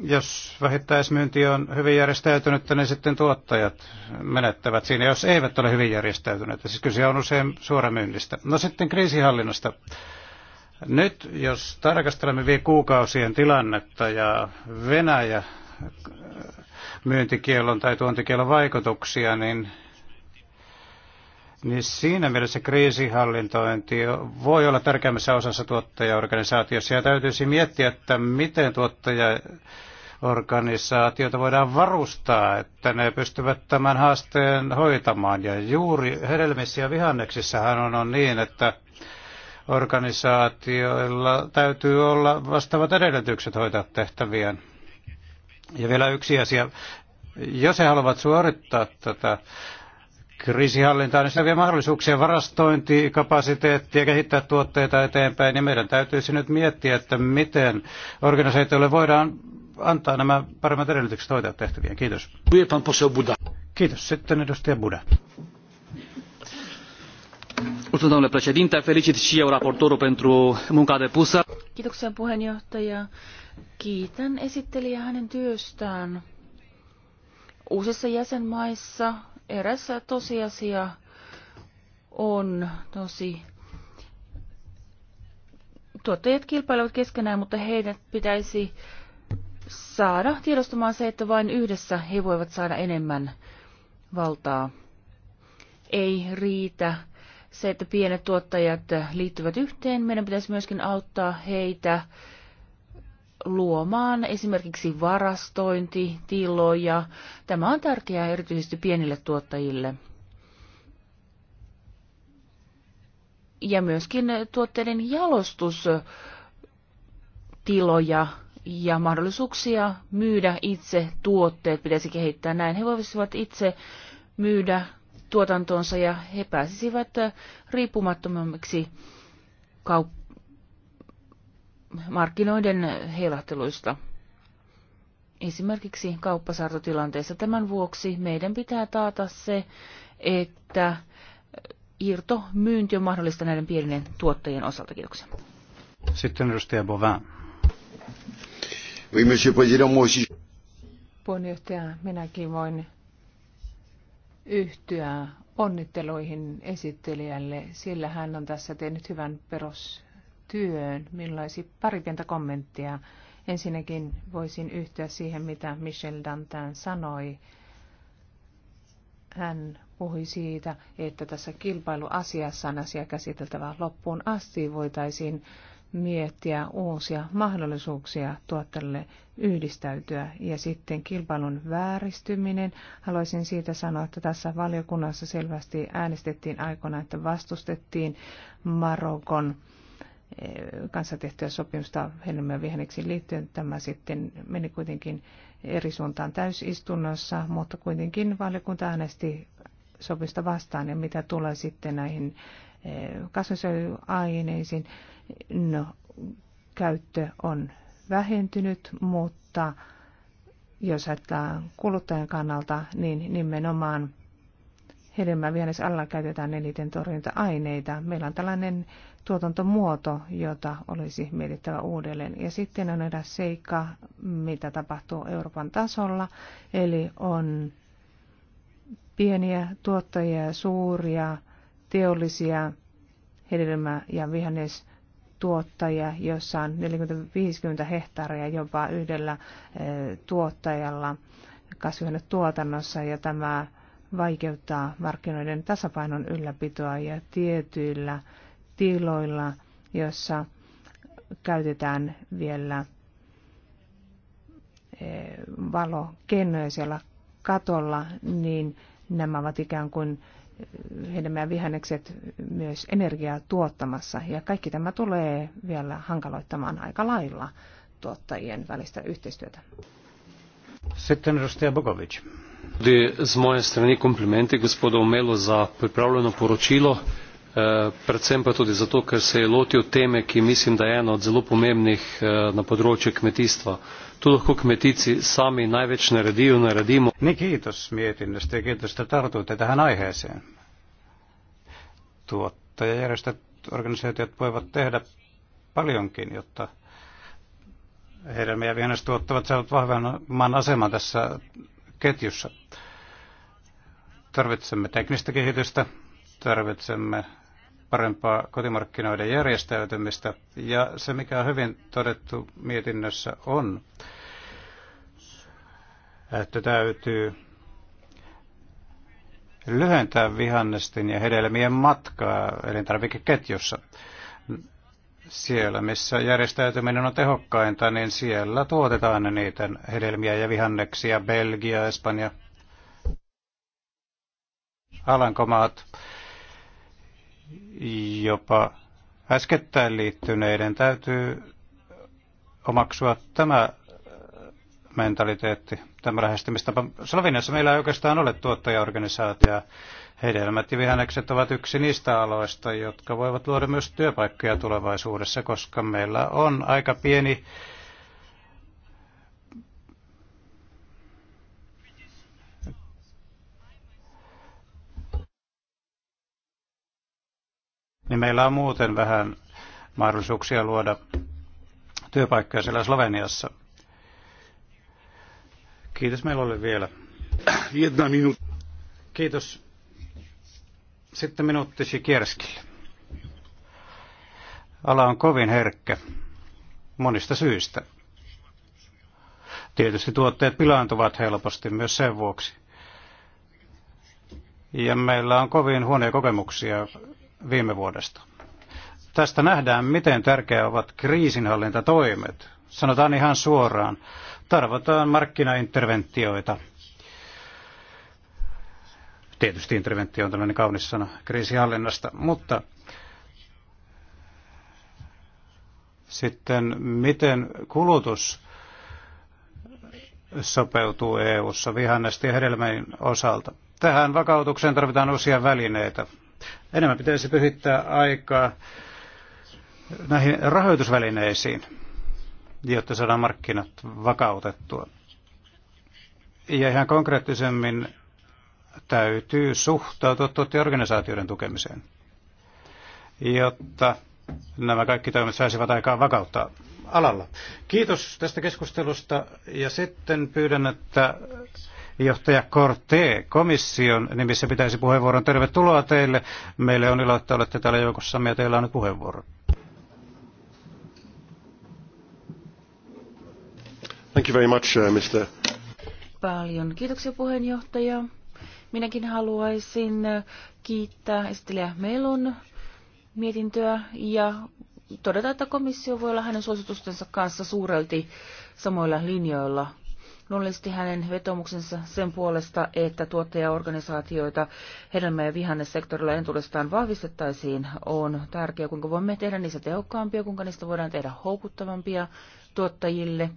jos vähittäismyynti on hyvin järjestäytynyt, niin sitten tuottajat menettävät siinä, jos eivät ole hyvin järjestäytyneet. Siis kyse on usein suoramyynnistä. No sitten kriisihallinnasta. Nyt jos tarkastelemme vielä kuukausien tilannetta ja Venäjä äh, myyntikielon tai tuontikielon vaikutuksia, niin, niin siinä mielessä kriisihallintointi voi olla tärkeämmässä osassa tuottajaorganisaatiossa. Ja täytyisi miettiä, että miten tuottaja organisaatioita voidaan varustaa, että ne pystyvät tämän haasteen hoitamaan. Ja juuri hedelmissä ja vihanneksissahan on, on niin, että organisaatioilla täytyy olla vastaavat edellytykset hoitaa tehtäviään. Ja vielä yksi asia. Jos he haluavat suorittaa tätä kriisihallintaa, niin sitä vie mahdollisuuksia varastointi, ja kehittää tuotteita eteenpäin, niin meidän täytyisi nyt miettiä, että miten organisaatioille voidaan antaa nämä paremmat edellytykset hoitaa tehtäviä. Kiitos. Kiitos. Sitten edustaja Buda. Kiitoksia puheenjohtaja. Kiitän esittelijää hänen työstään. Uusissa jäsenmaissa eräs tosiasia on tosi tuottajat kilpailevat keskenään, mutta heidät pitäisi saada tiedostamaan se, että vain yhdessä he voivat saada enemmän valtaa. Ei riitä se, että pienet tuottajat liittyvät yhteen. Meidän pitäisi myöskin auttaa heitä luomaan esimerkiksi varastointitiloja. Tämä on tärkeää erityisesti pienille tuottajille. Ja myöskin tuotteiden jalostustiloja ja mahdollisuuksia myydä itse tuotteet pitäisi kehittää näin. He voisivat itse myydä tuotantonsa ja he pääsisivät äh, riippumattomammiksi kaup- markkinoiden heilahteluista. Esimerkiksi kauppasaartotilanteessa tämän vuoksi meidän pitää taata se, että äh, irto myynti on mahdollista näiden pienien tuottajien osalta. Kiitoksia. Sitten edustaja Bovan. Oui, monsieur président, moi aussi. Puheenjohtaja, minäkin voin yhtyä onnitteluihin esittelijälle, sillä hän on tässä tehnyt hyvän perustyön. Millaisia pari pientä kommenttia. Ensinnäkin voisin yhtyä siihen, mitä Michel Dantin sanoi. Hän puhui siitä, että tässä kilpailuasiassa on asia käsiteltävä loppuun asti. Voitaisiin miettiä uusia mahdollisuuksia tuottajalle yhdistäytyä. Ja sitten kilpailun vääristyminen. Haluaisin siitä sanoa, että tässä valiokunnassa selvästi äänestettiin aikana, että vastustettiin Marokon eh, kanssa tehtyä sopimusta hedelmä vihanneksiin liittyen. Tämä sitten meni kuitenkin eri suuntaan täysistunnossa, mutta kuitenkin valiokunta äänesti sopimusta vastaan ja mitä tulee sitten näihin eh, kasvinsuojeluaineisiin. No, käyttö on vähentynyt, mutta jos ajatellaan kuluttajan kannalta, niin nimenomaan hedelmävihannes alla käytetään eniten torjunta-aineita. Meillä on tällainen tuotantomuoto, jota olisi mietittävä uudelleen. Ja sitten on eräs seikka, mitä tapahtuu Euroopan tasolla, eli on pieniä tuottajia, suuria, teollisia hedelmä- ja vihannes tuottajia, jossa on 40-50 hehtaaria jopa yhdellä eh, tuottajalla kasvihuonetuotannossa ja tämä vaikeuttaa markkinoiden tasapainon ylläpitoa ja tietyillä tiloilla, joissa käytetään vielä eh, valokennoja siellä katolla, niin nämä ovat ikään kuin hedelmä vihannekset myös energiaa tuottamassa. Ja kaikki tämä tulee vielä hankaloittamaan aika lailla tuottajien välistä yhteistyötä. Sitten edustaja Bogovic. Tudi z moje strani komplimenti gospodu Omelu za pripravljeno poročilo, eh, predvsem pa tudi zato, ker se je lotil teme, ki mislim, da je ena od zelo pomembnih eh, na področju kmetijstva Tu lahko kmetici sami največ naredijo, naredimo. Niin kiitos mietinnöstä ja kiitos, että tartuitte tähän aiheeseen. Tuottajajärjestöt, organisaatiot voivat tehdä paljonkin, jotta hedelmä- ja vihannestuottavat saavat vahvemman aseman tässä ketjussa. Tarvitsemme teknistä kehitystä, tarvitsemme parempaa kotimarkkinoiden järjestäytymistä. Ja se, mikä on hyvin todettu mietinnössä, on, että täytyy lyhentää vihannesten ja hedelmien matkaa elintarvikeketjussa. Siellä, missä järjestäytyminen on tehokkainta, niin siellä tuotetaan niitä hedelmiä ja vihanneksia, Belgia, Espanja, Alankomaat jopa äskettäin liittyneiden täytyy omaksua tämä äh, mentaliteetti, tämä lähestymistapa. Sloveniassa meillä ei oikeastaan ole tuottajaorganisaatioa. Hedelmät ja vihannekset ovat yksi niistä aloista, jotka voivat luoda myös työpaikkoja tulevaisuudessa, koska meillä on aika pieni niin meillä on muuten vähän mahdollisuuksia luoda työpaikkoja siellä Sloveniassa. Kiitos meillä oli vielä. Jedna minuut. Kiitos. Sitten minuutti Sikierskille. Ala on kovin herkkä monista syistä. Tietysti tuotteet pilaantuvat helposti myös sen vuoksi. Ja meillä on kovin huonoja kokemuksia viime vuodesta. Tästä nähdään, miten tärkeä ovat kriisinhallintatoimet. Sanotaan ihan suoraan, tarvitaan markkinainterventioita. Tietysti interventio on tällainen kaunis sana kriisinhallinnasta, mutta sitten miten kulutus sopeutuu EU-ssa vihannesti ja hedelmien osalta. Tähän vakautukseen tarvitaan uusia välineitä. Enemmän pitäisi pyhittää aikaa näihin rahoitusvälineisiin, jotta saadaan markkinat vakautettua. Ja ihan konkreettisemmin täytyy suhtautua organisaatioiden tukemiseen, jotta nämä kaikki toimet saisivat aikaa vakauttaa alalla. Kiitos tästä keskustelusta ja sitten pyydän, että Johtaja Korte, komission nimissä pitäisi puheenvuoron. Tervetuloa teille. Meille on ilo, että olette täällä joukossamme ja teillä on nyt puheenvuoro. Thank you very much, uh, Mr. Paljon kiitoksia puheenjohtaja. Minäkin haluaisin uh, kiittää esittelijä Melun mietintöä ja todeta, että komissio voi olla hänen suositustensa kanssa suurelti samoilla linjoilla luonnollisesti hänen vetomuksensa sen puolesta, että tuottajaorganisaatioita hedelmä- ja vihannessektorilla entuudestaan vahvistettaisiin, on tärkeää, kuinka voimme tehdä niistä tehokkaampia, kuinka niistä voidaan tehdä houkuttavampia tuottajille,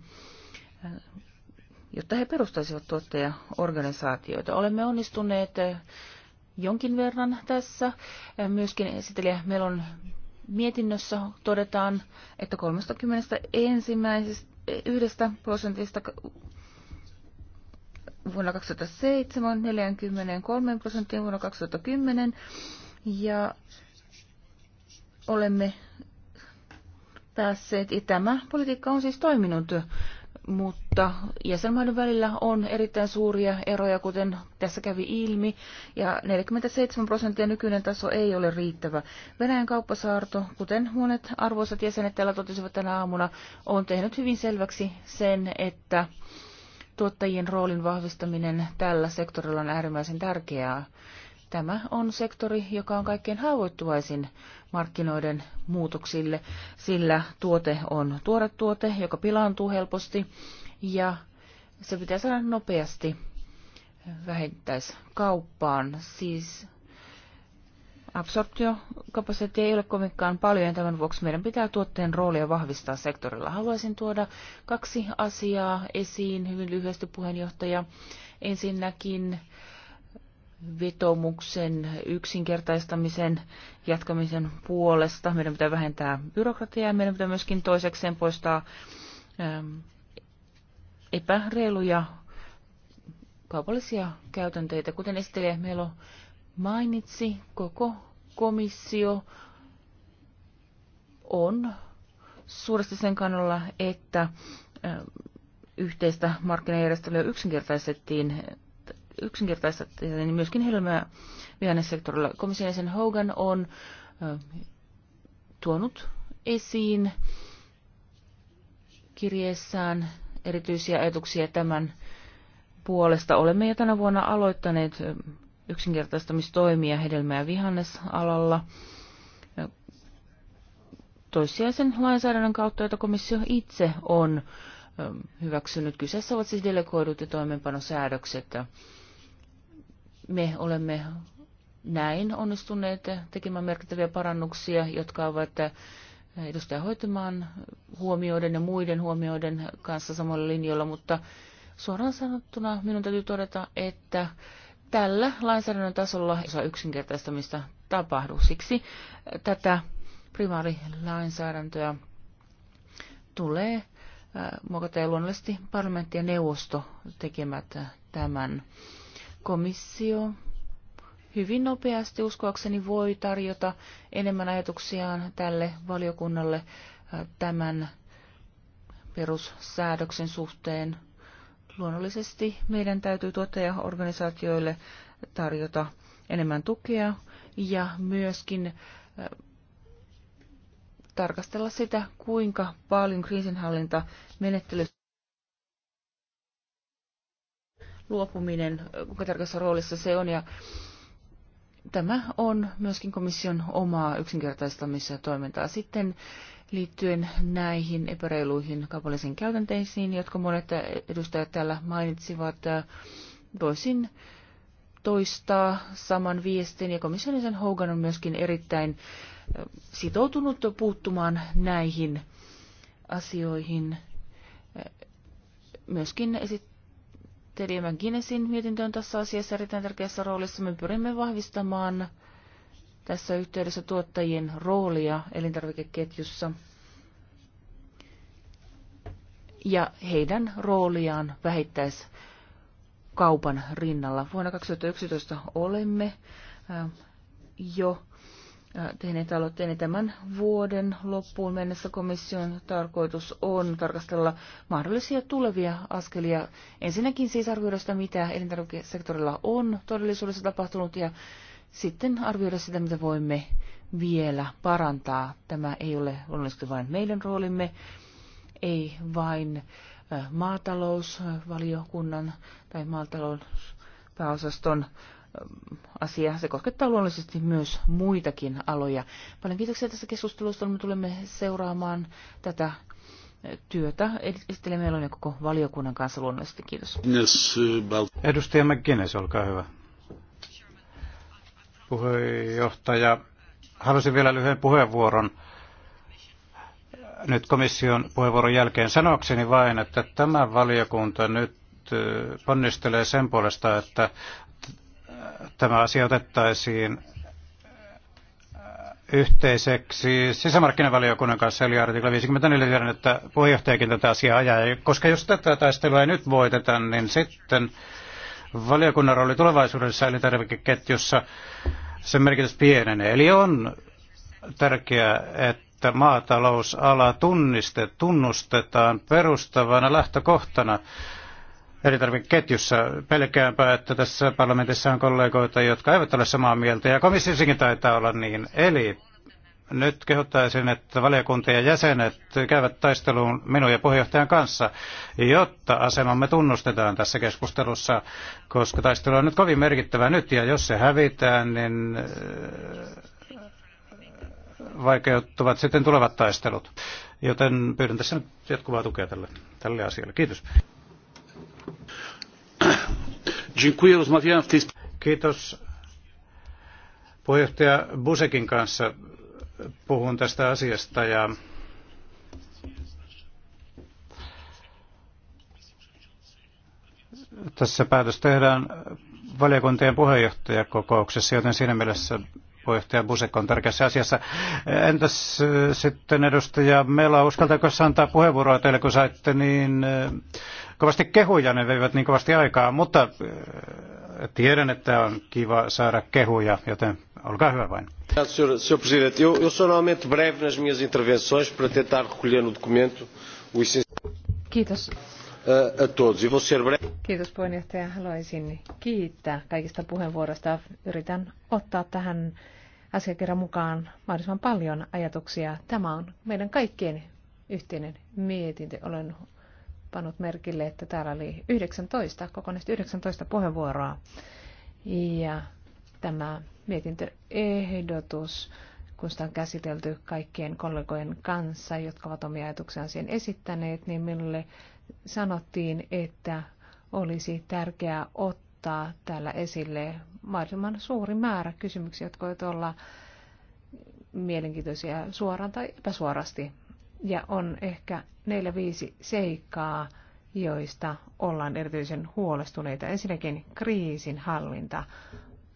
jotta he perustaisivat tuottajaorganisaatioita. Olemme onnistuneet jonkin verran tässä. Myöskin esittelijä Melon mietinnössä todetaan, että 31 prosentista vuonna 2007 43 prosenttiin vuonna 2010 ja olemme päässeet. Ja tämä politiikka on siis toiminut, mutta jäsenmaiden välillä on erittäin suuria eroja, kuten tässä kävi ilmi, ja 47 prosenttia nykyinen taso ei ole riittävä. Venäjän kauppasaarto, kuten monet arvoisat jäsenet täällä totesivat tänä aamuna, on tehnyt hyvin selväksi sen, että tuottajien roolin vahvistaminen tällä sektorilla on äärimmäisen tärkeää. Tämä on sektori, joka on kaikkein haavoittuvaisin markkinoiden muutoksille, sillä tuote on tuore tuote, joka pilaantuu helposti ja se pitää saada nopeasti vähittäiskauppaan. Siis absorptiokapasiteettia ei ole kovinkaan paljon ja tämän vuoksi meidän pitää tuotteen roolia vahvistaa sektorilla. Haluaisin tuoda kaksi asiaa esiin hyvin lyhyesti puheenjohtaja. Ensinnäkin vetomuksen yksinkertaistamisen jatkamisen puolesta. Meidän pitää vähentää byrokratiaa ja meidän pitää myöskin toisekseen poistaa ähm, epäreiluja kaupallisia käytänteitä. Kuten esittelijä Melo mainitsi, koko komissio on suuresti sen kannalla, että yhteistä markkinajärjestelyä yksinkertaistettiin yksinkertaistettiin niin myöskin helmää vihannessektorilla. Komission jäsen Hogan on tuonut esiin kirjeessään erityisiä ajatuksia tämän puolesta. Olemme jo tänä vuonna aloittaneet yksinkertaistamistoimia hedelmä- ja vihannesalalla toissijaisen lainsäädännön kautta, jota komissio itse on ähm, hyväksynyt. Kyseessä ovat siis delegoidut ja toimeenpanosäädökset. Me olemme näin onnistuneet tekemään merkittäviä parannuksia, jotka ovat äh, edustaja hoitamaan huomioiden ja muiden huomioiden kanssa samalla linjoilla, mutta suoraan sanottuna minun täytyy todeta, että tällä lainsäädännön tasolla osa yksinkertaistamista tapahdu. Siksi tätä primaarilainsäädäntöä tulee äh, muokata ja luonnollisesti parlamentti ja neuvosto tekemät tämän. Komissio hyvin nopeasti uskoakseni voi tarjota enemmän ajatuksiaan tälle valiokunnalle äh, tämän perussäädöksen suhteen Luonnollisesti meidän täytyy tuottajaorganisaatioille tarjota enemmän tukea ja myöskin tarkastella sitä, kuinka paljon kriisinhallinta menettelystä luopuminen, kuinka tärkeässä roolissa se on ja Tämä on myöskin komission omaa yksinkertaistamisen toimintaa. Sitten liittyen näihin epäreiluihin kaupallisiin käytänteisiin, jotka monet edustajat täällä mainitsivat, voisin toistaa saman viestin, ja komissionisen Hogan on myöskin erittäin äh, sitoutunut puuttumaan näihin asioihin. Äh, myöskin esit- Teli McGinnessin mietintö on tässä asiassa erittäin tärkeässä roolissa. Me pyrimme vahvistamaan tässä yhteydessä tuottajien roolia elintarvikeketjussa ja heidän rooliaan vähittäis kaupan rinnalla. Vuonna 2011 olemme jo tehneet aloitteen tämän vuoden loppuun mennessä komission tarkoitus on tarkastella mahdollisia tulevia askelia. Ensinnäkin siis arvioida sitä, mitä elintarvikesektorilla on todellisuudessa tapahtunut ja sitten arvioida sitä, mitä voimme vielä parantaa. Tämä ei ole luonnollisesti vain meidän roolimme, ei vain maatalousvaliokunnan tai maatalouspääosaston asia. Se koskettaa luonnollisesti myös muitakin aloja. Paljon kiitoksia tästä keskustelusta. Me tulemme seuraamaan tätä työtä. meillä on koko valiokunnan kanssa luonnollisesti. Kiitos. Äh, Edustaja McGuinness, olkaa hyvä. Puheenjohtaja, halusin vielä lyhyen puheenvuoron nyt komission puheenvuoron jälkeen sanokseni vain, että tämä valiokunta nyt äh, ponnistelee sen puolesta, että tämä asia otettaisiin äh, yhteiseksi sisämarkkinavaliokunnan kanssa, eli artikla 54 tiedän, että puheenjohtajakin tätä asiaa ajaa. Koska jos tätä taistelua ei nyt voiteta, niin sitten valiokunnan rooli tulevaisuudessa elintarvikeketjussa sen merkitys pienenee. Eli on tärkeää, että maatalousala tunniste, tunnustetaan perustavana lähtökohtana elintarvikeketjussa. Pelkäänpä, että tässä parlamentissa on kollegoita, jotka eivät ole samaa mieltä, ja komissiossakin taitaa olla niin. Eli nyt kehottaisin, että valiokuntien ja jäsenet käyvät taisteluun minun ja puheenjohtajan kanssa, jotta asemamme tunnustetaan tässä keskustelussa, koska taistelu on nyt kovin merkittävä nyt, ja jos se hävitään, niin äh, vaikeuttuvat sitten tulevat taistelut. Joten pyydän tässä nyt jatkuvaa tukea tälle, tälle asialle. Kiitos puheenjohtaja Busekin kanssa puhun tästä asiasta ja tässä päätös tehdään valiokuntien puheenjohtajakokouksessa, joten siinä mielessä puheenjohtaja Busek on tärkeässä asiassa. Entäs sitten edustaja Mela, uskaltaako antaa puheenvuoroa teille, kun saitte niin kovasti kehuja, ne veivät niin kovasti aikaa, mutta äh, tiedän, että on kiva saada kehuja, joten olkaa hyvä vain. No Kiitos. Eh, e Kiitos puheenjohtaja. Haluaisin kiittää kaikista puheenvuoroista. Yritän ottaa tähän asiakirjan mukaan mahdollisimman paljon ajatuksia. Tämä on meidän kaikkien yhteinen mietintö. Olen pannut merkille, että täällä oli 19, kokonaisesti 19 puheenvuoroa. Ja tämä mietintöehdotus, kun sitä on käsitelty kaikkien kollegojen kanssa, jotka ovat omia ajatuksiaan siihen esittäneet, niin minulle sanottiin, että olisi tärkeää ottaa täällä esille mahdollisimman suuri määrä kysymyksiä, jotka voivat olla mielenkiintoisia suoraan tai epäsuorasti ja on ehkä neljä viisi seikkaa, joista ollaan erityisen huolestuneita. Ensinnäkin kriisin hallinta.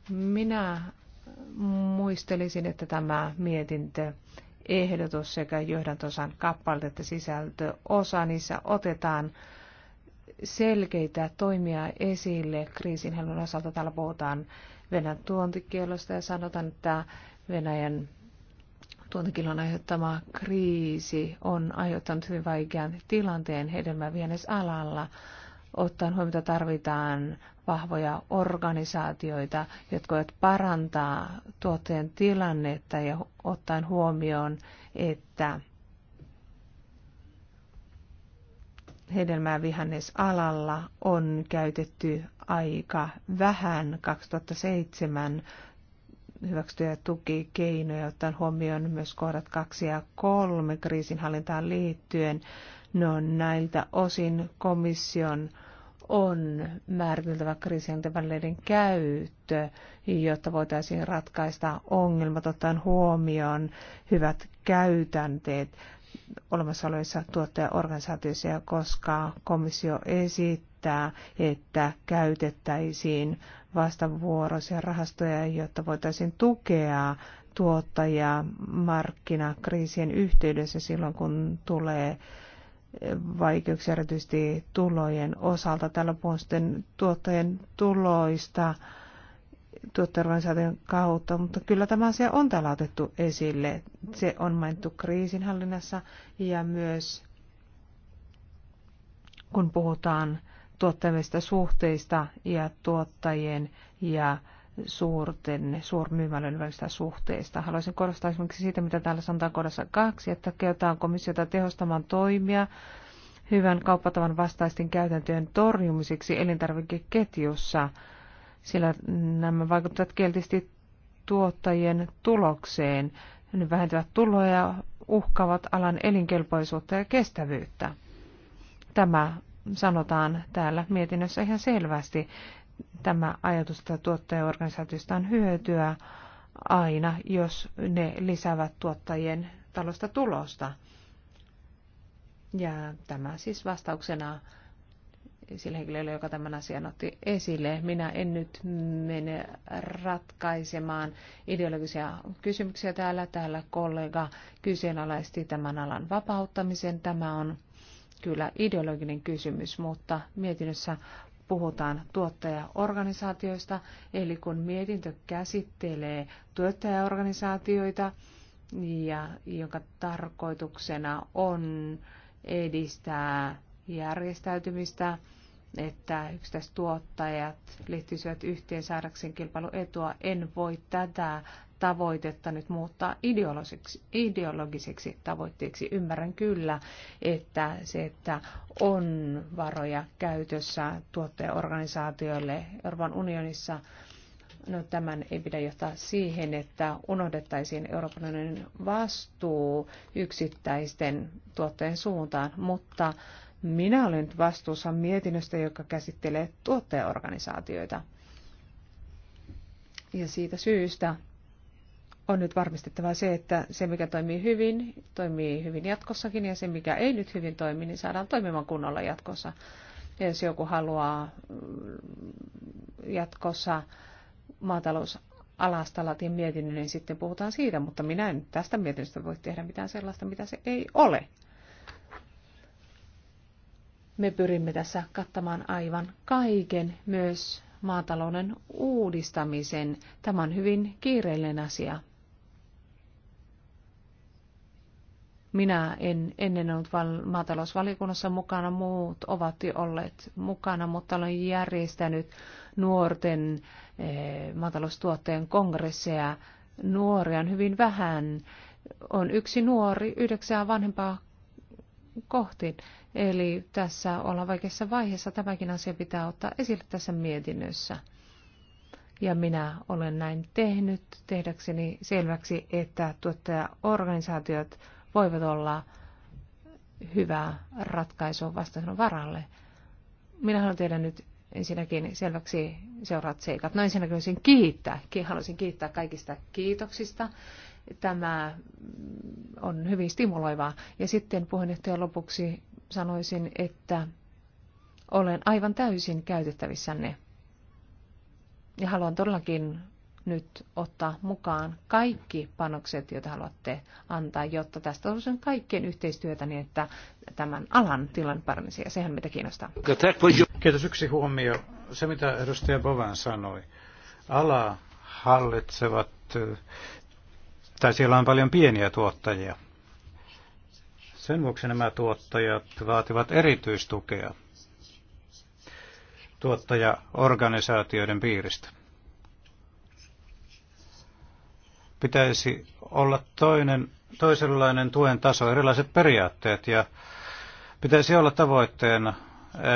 Minä muistelisin, että tämä mietintö ehdotus sekä johdantosan kappaleet että sisältö osa, niissä otetaan selkeitä toimia esille kriisinhallinnan osalta. Täällä puhutaan Venäjän tuontikielosta ja sanotaan, että Venäjän tuontokilon aiheuttama kriisi on aiheuttanut hyvin vaikean tilanteen hedelmävienesalalla. Ottaen huomioon, tarvitaan vahvoja organisaatioita, jotka voivat parantaa tuotteen tilannetta ja ottaen huomioon, että hedelmää vihannesalalla on käytetty aika vähän 2007 hyväksyttyjä tukikeinoja, ottaen huomioon myös kohdat 2 ja 3 kriisinhallintaan liittyen. No näiltä osin komission on määriteltävä kriisinhallintavälineiden käyttö, jotta voitaisiin ratkaista ongelmat ottaen huomioon hyvät käytänteet olemassa olevissa tuottajaorganisaatioissa, koska komissio esittää, että käytettäisiin vastavuoroisia rahastoja, jotta voitaisiin tukea tuottajia markkinakriisien yhteydessä silloin, kun tulee vaikeuksia erityisesti tulojen osalta. Täällä puhun sitten tuottajien tuloista tuottajalainsäädännön kautta, mutta kyllä tämä asia on täällä otettu esille. Se on mainittu kriisinhallinnassa ja myös kun puhutaan tuottajista suhteista ja tuottajien ja suurten suurmyymälöiden välistä suhteista. Haluaisin korostaa esimerkiksi siitä, mitä täällä sanotaan kohdassa kaksi, että kehotaan komissiota tehostamaan toimia hyvän kauppatavan vastaisten käytäntöjen torjumiseksi elintarvikeketjussa – sillä nämä vaikuttavat kielteisesti tuottajien tulokseen. Ne vähentävät tuloja, uhkaavat alan elinkelpoisuutta ja kestävyyttä. Tämä sanotaan täällä mietinnössä ihan selvästi. Tämä ajatus, että tuottajaorganisaatiosta on hyötyä aina, jos ne lisäävät tuottajien talosta tulosta. Ja tämä siis vastauksena sillä henkilöllä, joka tämän asian otti esille. Minä en nyt mene ratkaisemaan ideologisia kysymyksiä täällä. Täällä kollega kyseenalaisti tämän alan vapauttamisen. Tämä on kyllä ideologinen kysymys, mutta mietinnössä puhutaan tuottajaorganisaatioista, eli kun mietintö käsittelee tuottajaorganisaatioita, ja jonka tarkoituksena on edistää järjestäytymistä että yksittäiset tuottajat liittyisivät yhteen saadakseen kilpailuetua. En voi tätä tavoitetta nyt muuttaa ideologiseksi, ideologiseksi tavoitteeksi. Ymmärrän kyllä, että se, että on varoja käytössä tuottajaorganisaatioille Euroopan unionissa, no tämän ei pidä johtaa siihen, että unohdettaisiin Euroopan unionin vastuu yksittäisten tuottajien suuntaan, mutta minä olen nyt vastuussa mietinnöstä, joka käsittelee tuottajaorganisaatioita. Ja siitä syystä on nyt varmistettava se, että se mikä toimii hyvin, toimii hyvin jatkossakin ja se mikä ei nyt hyvin toimi, niin saadaan toimimaan kunnolla jatkossa. Ja jos joku haluaa mm, jatkossa maatalousalasta latien mietinnön, niin sitten puhutaan siitä, mutta minä en tästä mietinnöstä voi tehdä mitään sellaista, mitä se ei ole me pyrimme tässä kattamaan aivan kaiken, myös maatalouden uudistamisen. Tämä on hyvin kiireellinen asia. Minä en ennen ollut val- maatalousvaliokunnassa mukana, muut ovat jo olleet mukana, mutta olen järjestänyt nuorten eh, maataloustuotteen kongresseja. Nuoria on hyvin vähän. On yksi nuori, yhdeksää vanhempaa kohti. Eli tässä ollaan vaikeassa vaiheessa. Tämäkin asia pitää ottaa esille tässä mietinnössä. Ja minä olen näin tehnyt tehdäkseni selväksi, että tuottajaorganisaatiot voivat olla hyvä ratkaisu vastaisen varalle. Minä haluan tehdä nyt ensinnäkin selväksi seuraat seikat. No ensinnäkin haluaisin kiittää. Haluaisin kiittää kaikista kiitoksista. Tämä on hyvin stimuloivaa. Ja sitten puheenjohtaja lopuksi sanoisin, että olen aivan täysin käytettävissänne. Ja haluan todellakin nyt ottaa mukaan kaikki panokset, joita haluatte antaa, jotta tästä olisi kaikkien yhteistyötä niin, että tämän alan tilan paranisi. Ja sehän mitä kiinnostaa. Kiitos. Yksi huomio. Se, mitä edustaja Bovan sanoi. Ala hallitsevat, eh, tai siellä on paljon pieniä tuottajia, sen vuoksi nämä tuottajat vaativat erityistukea tuottajaorganisaatioiden piiristä. Pitäisi olla toinen, toisenlainen tuen taso, erilaiset periaatteet ja pitäisi olla tavoitteena,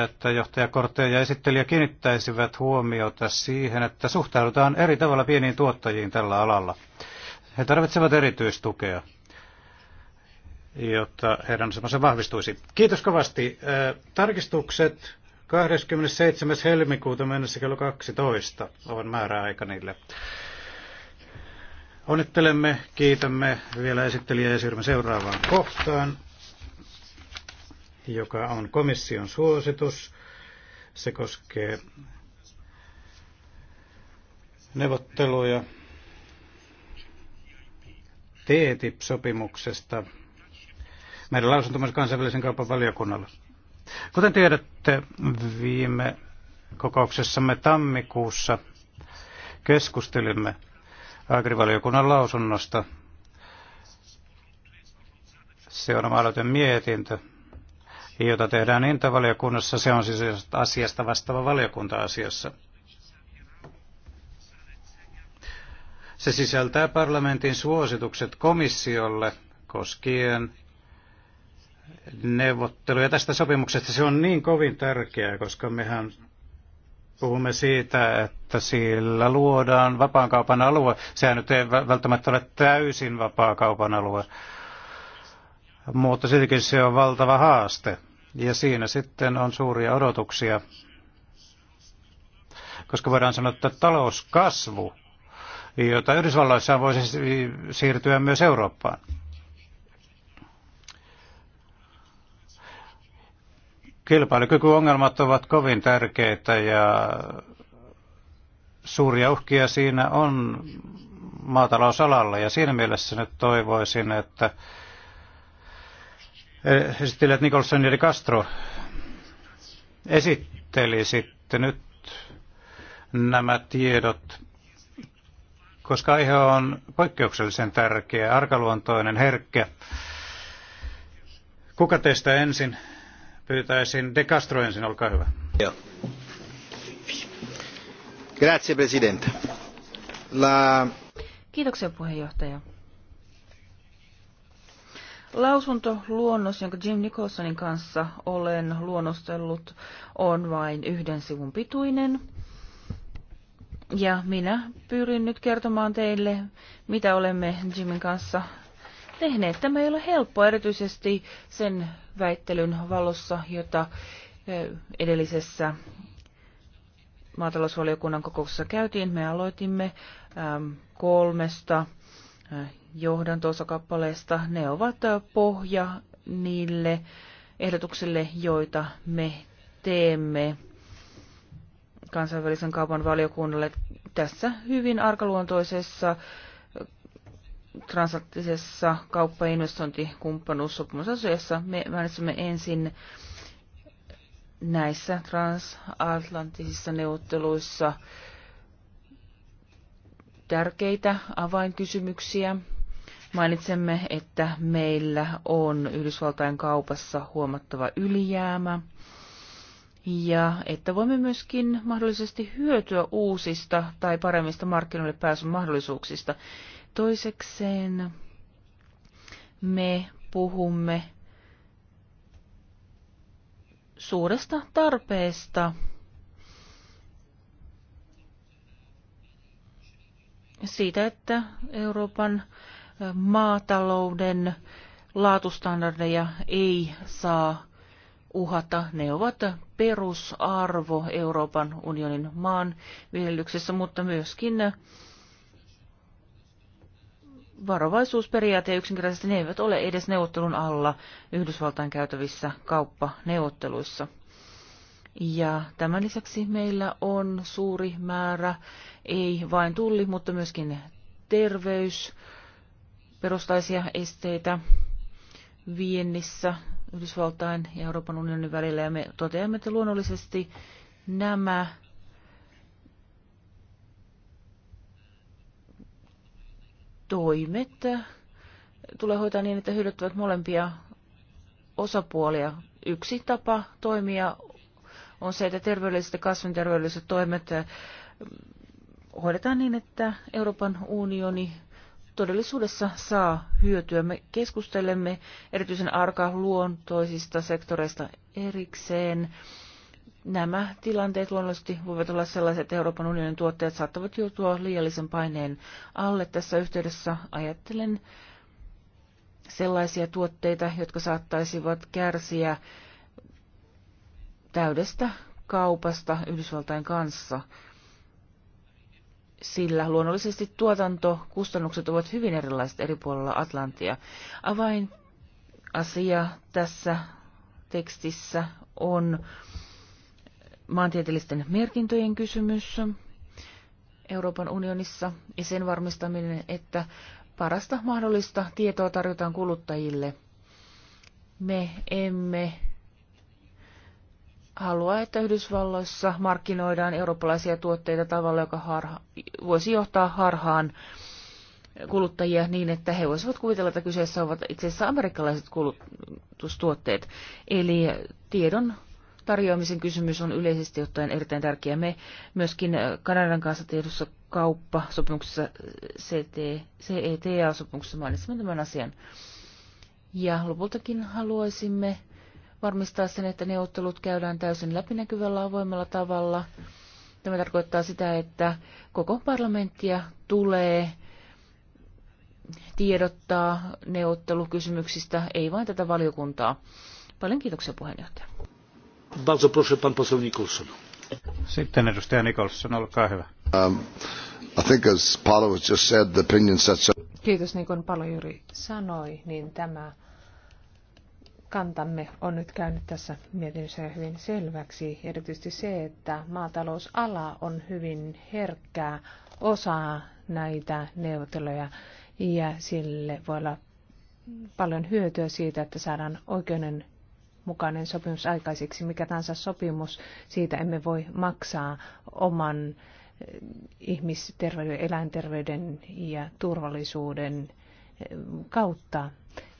että johtajakortteja ja esittelijä kiinnittäisivät huomiota siihen, että suhtaudutaan eri tavalla pieniin tuottajiin tällä alalla. He tarvitsevat erityistukea jotta heidän asemansa vahvistuisi. Kiitos kovasti. Tarkistukset 27. helmikuuta mennessä kello 12 on määräaika niille. Onnittelemme, kiitämme vielä esittelijä ja siirrymme seuraavaan kohtaan, joka on komission suositus. Se koskee neuvotteluja TTIP-sopimuksesta e meidän lausuntomme kansainvälisen kaupan valiokunnalla. Kuten tiedätte, viime kokouksessamme tammikuussa keskustelimme agrivaliokunnan lausunnosta. Se on aloite mietintö, jota tehdään Intavaliokunnassa. Se on siis asiasta vastaava valiokunta asiassa. Se sisältää parlamentin suositukset komissiolle koskien neuvotteluja tästä sopimuksesta. Se on niin kovin tärkeää, koska mehän puhumme siitä, että sillä luodaan vapaankaupan alue. Sehän nyt ei välttämättä ole täysin vapaakaupan alue, mutta siltikin se on valtava haaste. Ja siinä sitten on suuria odotuksia, koska voidaan sanoa, että talouskasvu, jota Yhdysvalloissa voisi siirtyä myös Eurooppaan. Kilpailukykyongelmat ovat kovin tärkeitä ja suuria uhkia siinä on maatalousalalla ja siinä mielessä nyt toivoisin, että esittelijät Nicholson ja Castro esitteli sitten nyt nämä tiedot, koska aihe on poikkeuksellisen tärkeä, arkaluontoinen, herkkä. Kuka teistä ensin? Pyytäisin De Castro ensin, olkaa hyvä. Joo. Grazie, presidente. La... Kiitoksia puheenjohtaja. Lausuntoluonnos, jonka Jim Nicholsonin kanssa olen luonnostellut, on vain yhden sivun pituinen. Ja minä pyrin nyt kertomaan teille, mitä olemme Jimin kanssa tehneet. Tämä ei ole helppo erityisesti sen väittelyn valossa, jota edellisessä maatalousvaliokunnan kokouksessa käytiin. Me aloitimme kolmesta johdantosakappaleesta. Ne ovat pohja niille ehdotuksille, joita me teemme kansainvälisen kaupan valiokunnalle tässä hyvin arkaluontoisessa transaktisessa kauppa- ja investointikumppanuussopimusasiassa me mainitsemme ensin näissä transatlanttisissa neuvotteluissa tärkeitä avainkysymyksiä. Mainitsemme, että meillä on Yhdysvaltain kaupassa huomattava ylijäämä ja että voimme myöskin mahdollisesti hyötyä uusista tai paremmista markkinoille pääsyn mahdollisuuksista. Toisekseen me puhumme suuresta tarpeesta siitä, että Euroopan maatalouden laatustandardeja ei saa uhata. Ne ovat perusarvo Euroopan unionin maanviljelyksessä, mutta myöskin varovaisuusperiaate yksinkertaisesti ne eivät ole edes neuvottelun alla Yhdysvaltain käytävissä kauppaneuvotteluissa. Ja tämän lisäksi meillä on suuri määrä, ei vain tulli, mutta myöskin terveys, perustaisia esteitä viennissä Yhdysvaltain ja Euroopan unionin välillä. Ja me toteamme, että luonnollisesti nämä toimet tulee hoitaa niin, että hyödyttävät molempia osapuolia. Yksi tapa toimia on se, että terveelliset ja kasvinterveelliset toimet eh, hoidetaan niin, että Euroopan unioni todellisuudessa saa hyötyä. Me keskustelemme erityisen luontoisista sektoreista erikseen. Nämä tilanteet luonnollisesti voivat olla sellaiset, että Euroopan unionin tuottajat saattavat joutua liiallisen paineen alle. Tässä yhteydessä ajattelen sellaisia tuotteita, jotka saattaisivat kärsiä täydestä kaupasta Yhdysvaltain kanssa, sillä luonnollisesti tuotantokustannukset ovat hyvin erilaiset eri puolilla Atlantia. Avainasia tässä tekstissä on maantieteellisten merkintöjen kysymys Euroopan unionissa ja sen varmistaminen, että parasta mahdollista tietoa tarjotaan kuluttajille. Me emme halua, että Yhdysvalloissa markkinoidaan eurooppalaisia tuotteita tavalla, joka harha, voisi johtaa harhaan kuluttajia niin, että he voisivat kuvitella, että kyseessä ovat itse asiassa amerikkalaiset kulutustuotteet. Eli tiedon tarjoamisen kysymys on yleisesti ottaen erittäin tärkeä. Me myöskin äh, Kanadan kanssa tehdyssä kauppasopimuksessa äh, CETA-sopimuksessa mainitsimme tämän asian. Ja lopultakin haluaisimme varmistaa sen, että neuvottelut käydään täysin läpinäkyvällä avoimella tavalla. Tämä tarkoittaa sitä, että koko parlamenttia tulee tiedottaa neuvottelukysymyksistä, ei vain tätä valiokuntaa. Paljon kiitoksia puheenjohtaja. Bardzo proszę, pan poseł Nicholson. Sitten edustaja Nicholson, olkaa hyvä. Um, I think as Paolo just said, the opinion sets up... Kiitos, niin kuin Paolo juuri sanoi, niin tämä kantamme on nyt käynyt tässä mietinnössä hyvin selväksi. Erityisesti se, että maatalousala on hyvin herkkää osaa näitä neuvotteluja ja sille voi olla paljon hyötyä siitä, että saadaan oikeuden mukainen sopimus aikaiseksi, mikä tahansa sopimus, siitä emme voi maksaa oman eh, ihmisterveyden, eläinterveyden ja turvallisuuden eh, kautta.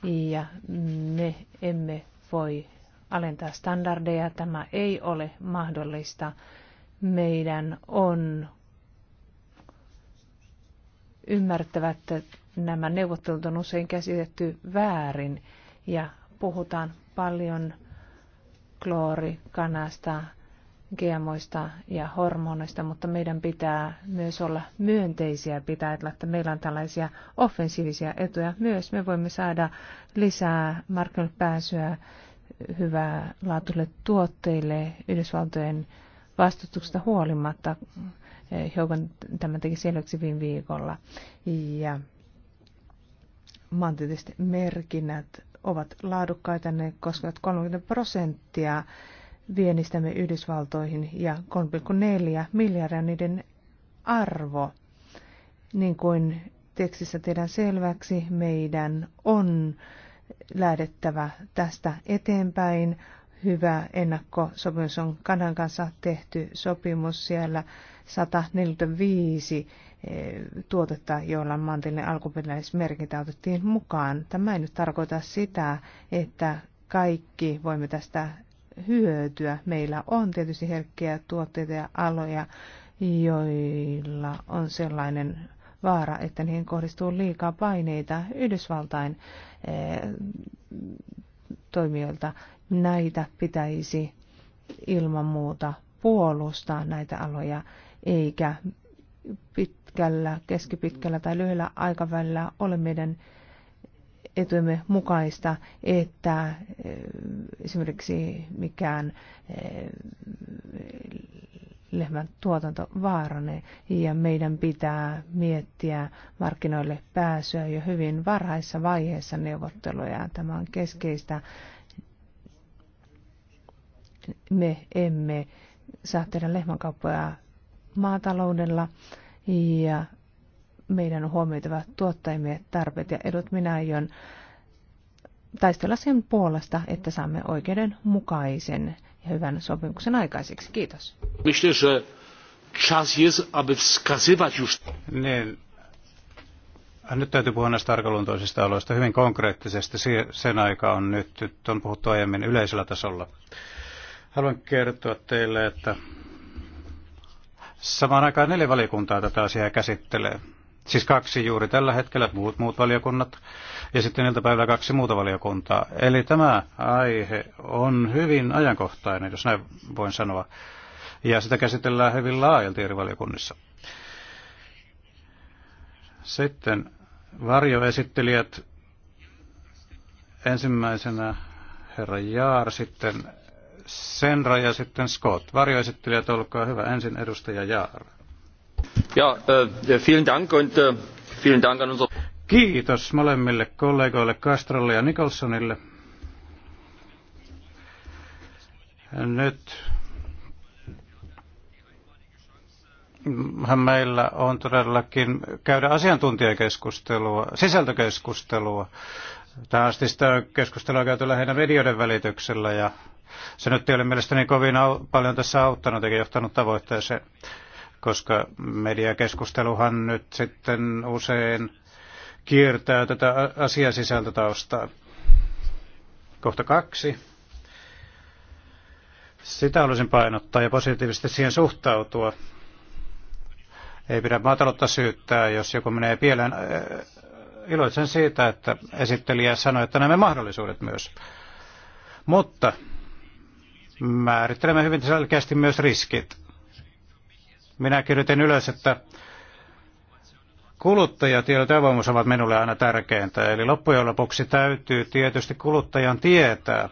Ja me emme voi alentaa standardeja. Tämä ei ole mahdollista. Meidän on ymmärtävä, että nämä neuvottelut on usein käsitetty väärin ja puhutaan paljon kloori, kanasta, GMOista ja hormoneista, mutta meidän pitää myös olla myönteisiä, pitää ajatella, että meillä on tällaisia offensiivisia etuja myös. Me voimme saada lisää markkinoille pääsyä hyvää laatuille tuotteille Yhdysvaltojen vastustuksesta huolimatta. Hiukan eh, tämän teki selväksi viime viikolla. Ja maantieteelliset merkinnät ovat laadukkaita. Ne koskevat 30 prosenttia vienistämme Yhdysvaltoihin ja 3,4 miljardia niiden arvo. Niin kuin tekstissä tehdään selväksi, meidän on lähdettävä tästä eteenpäin. Hyvä ennakkosopimus on Kanan kanssa tehty sopimus siellä 145 Eh, tuotetta, jolla maantillinen alkuperäismerkintä otettiin mukaan. Tämä ei nyt tarkoita sitä, että kaikki voimme tästä hyötyä. Meillä on tietysti herkkiä tuotteita ja aloja, joilla on sellainen vaara, että niihin kohdistuu liikaa paineita Yhdysvaltain eh, toimijoilta. Näitä pitäisi ilman muuta puolustaa näitä aloja, eikä pitkällä, keskipitkällä tai lyhyellä aikavälillä ole meidän etujemme mukaista, että eh, esimerkiksi mikään eh, lehmän tuotanto vaaranee ja meidän pitää miettiä markkinoille pääsyä jo hyvin varhaisessa vaiheessa neuvotteluja. Tämä on keskeistä. Me emme saa tehdä lehmänkauppoja maataloudella ja meidän on huomioitava tuottajimme tarpeet ja edut. Minä aion taistella sen puolesta, että saamme oikeudenmukaisen ja hyvän sopimuksen aikaiseksi. Kiitos. Myślę, że czas jest, aby wskazywać już... Niin. Nyt täytyy puhua näistä arkaluontoisista aloista hyvin konkreettisesti. Sen aika on nyt. Nyt on puhuttu aiemmin yleisellä tasolla. Haluan kertoa teille, että Samaan aikaan neljä valiokuntaa tätä asiaa käsittelee. Siis kaksi juuri tällä hetkellä, muut, muut valiokunnat, ja sitten iltapäivällä kaksi muuta valiokuntaa. Eli tämä aihe on hyvin ajankohtainen, jos näin voin sanoa, ja sitä käsitellään hyvin laajalti eri valiokunnissa. Sitten varjoesittelijät ensimmäisenä herra Jaar, sitten Senra ja sitten Scott. Varjoesittelijät, olkaa hyvä. Ensin edustaja Jaar. Ja, äh, vielen dank und äh, vielen dank an unser... Kiitos molemmille kollegoille Castrolle ja Nicholsonille. Nyt meillä on todellakin käydä asiantuntijakeskustelua, sisältökeskustelua. Tähän asti sitä keskustelua on käyty lähinnä medioiden välityksellä ja se nyt ei ole mielestäni kovin paljon tässä auttanut eikä johtanut tavoitteeseen, koska mediakeskusteluhan nyt sitten usein kiertää tätä asiasisältötaustaa. Kohta kaksi. Sitä haluaisin painottaa ja positiivisesti siihen suhtautua. Ei pidä maataloutta syyttää, jos joku menee pieleen. Iloitsen siitä, että esittelijä sanoi, että näemme mahdollisuudet myös. Mutta määrittelemme hyvin selkeästi myös riskit. Minä kirjoitin ylös, että kuluttajat ja avoimuus ovat minulle aina tärkeintä. Eli loppujen lopuksi täytyy tietysti kuluttajan tietää,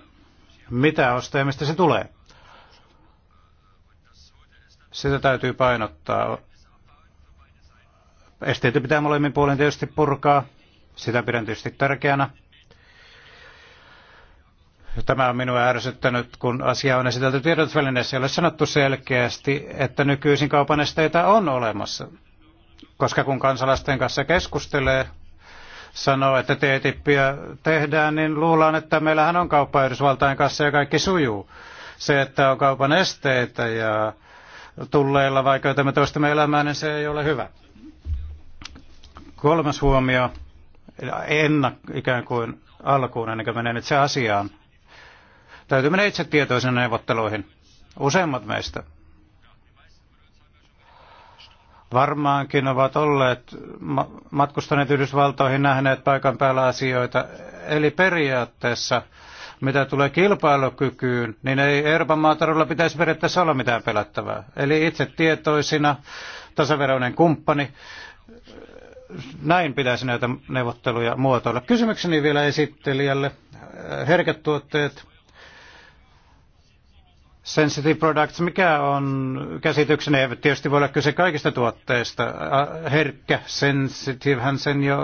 mitä ostaa ja mistä se tulee. Sitä täytyy painottaa. Esteitä pitää molemmin puolin tietysti purkaa. Sitä pidän tietysti tärkeänä. Tämä on minua ärsyttänyt, kun asia on esitelty tiedotusvälineessä, jolle sanottu selkeästi, että nykyisin kaupan esteitä on olemassa. Koska kun kansalaisten kanssa keskustelee, sanoo, että TTIPiä tehdään, niin luullaan, että meillähän on kauppa Yhdysvaltain kanssa ja kaikki sujuu. Se, että on kaupan esteitä ja tulleilla vaikeutamme toistamme elämään, niin se ei ole hyvä. Kolmas huomio, ennak, ikään kuin alkuun, ennen kuin nyt se asiaan. Täytyy mennä itse tietoisen neuvotteluihin. Useimmat meistä varmaankin ovat olleet matkustaneet Yhdysvaltoihin, nähneet paikan päällä asioita. Eli periaatteessa, mitä tulee kilpailukykyyn, niin ei Euroopan maataloudella pitäisi periaatteessa olla mitään pelättävää. Eli itse tietoisina, tasaveroinen kumppani, näin pitäisi näitä neuvotteluja muotoilla. Kysymykseni vielä esittelijälle. Herkät tuotteet, sensitive products, mikä on käsityksenä, ei tietysti voi olla kyse kaikista tuotteista. Herkkä, sensitive, hän sen jo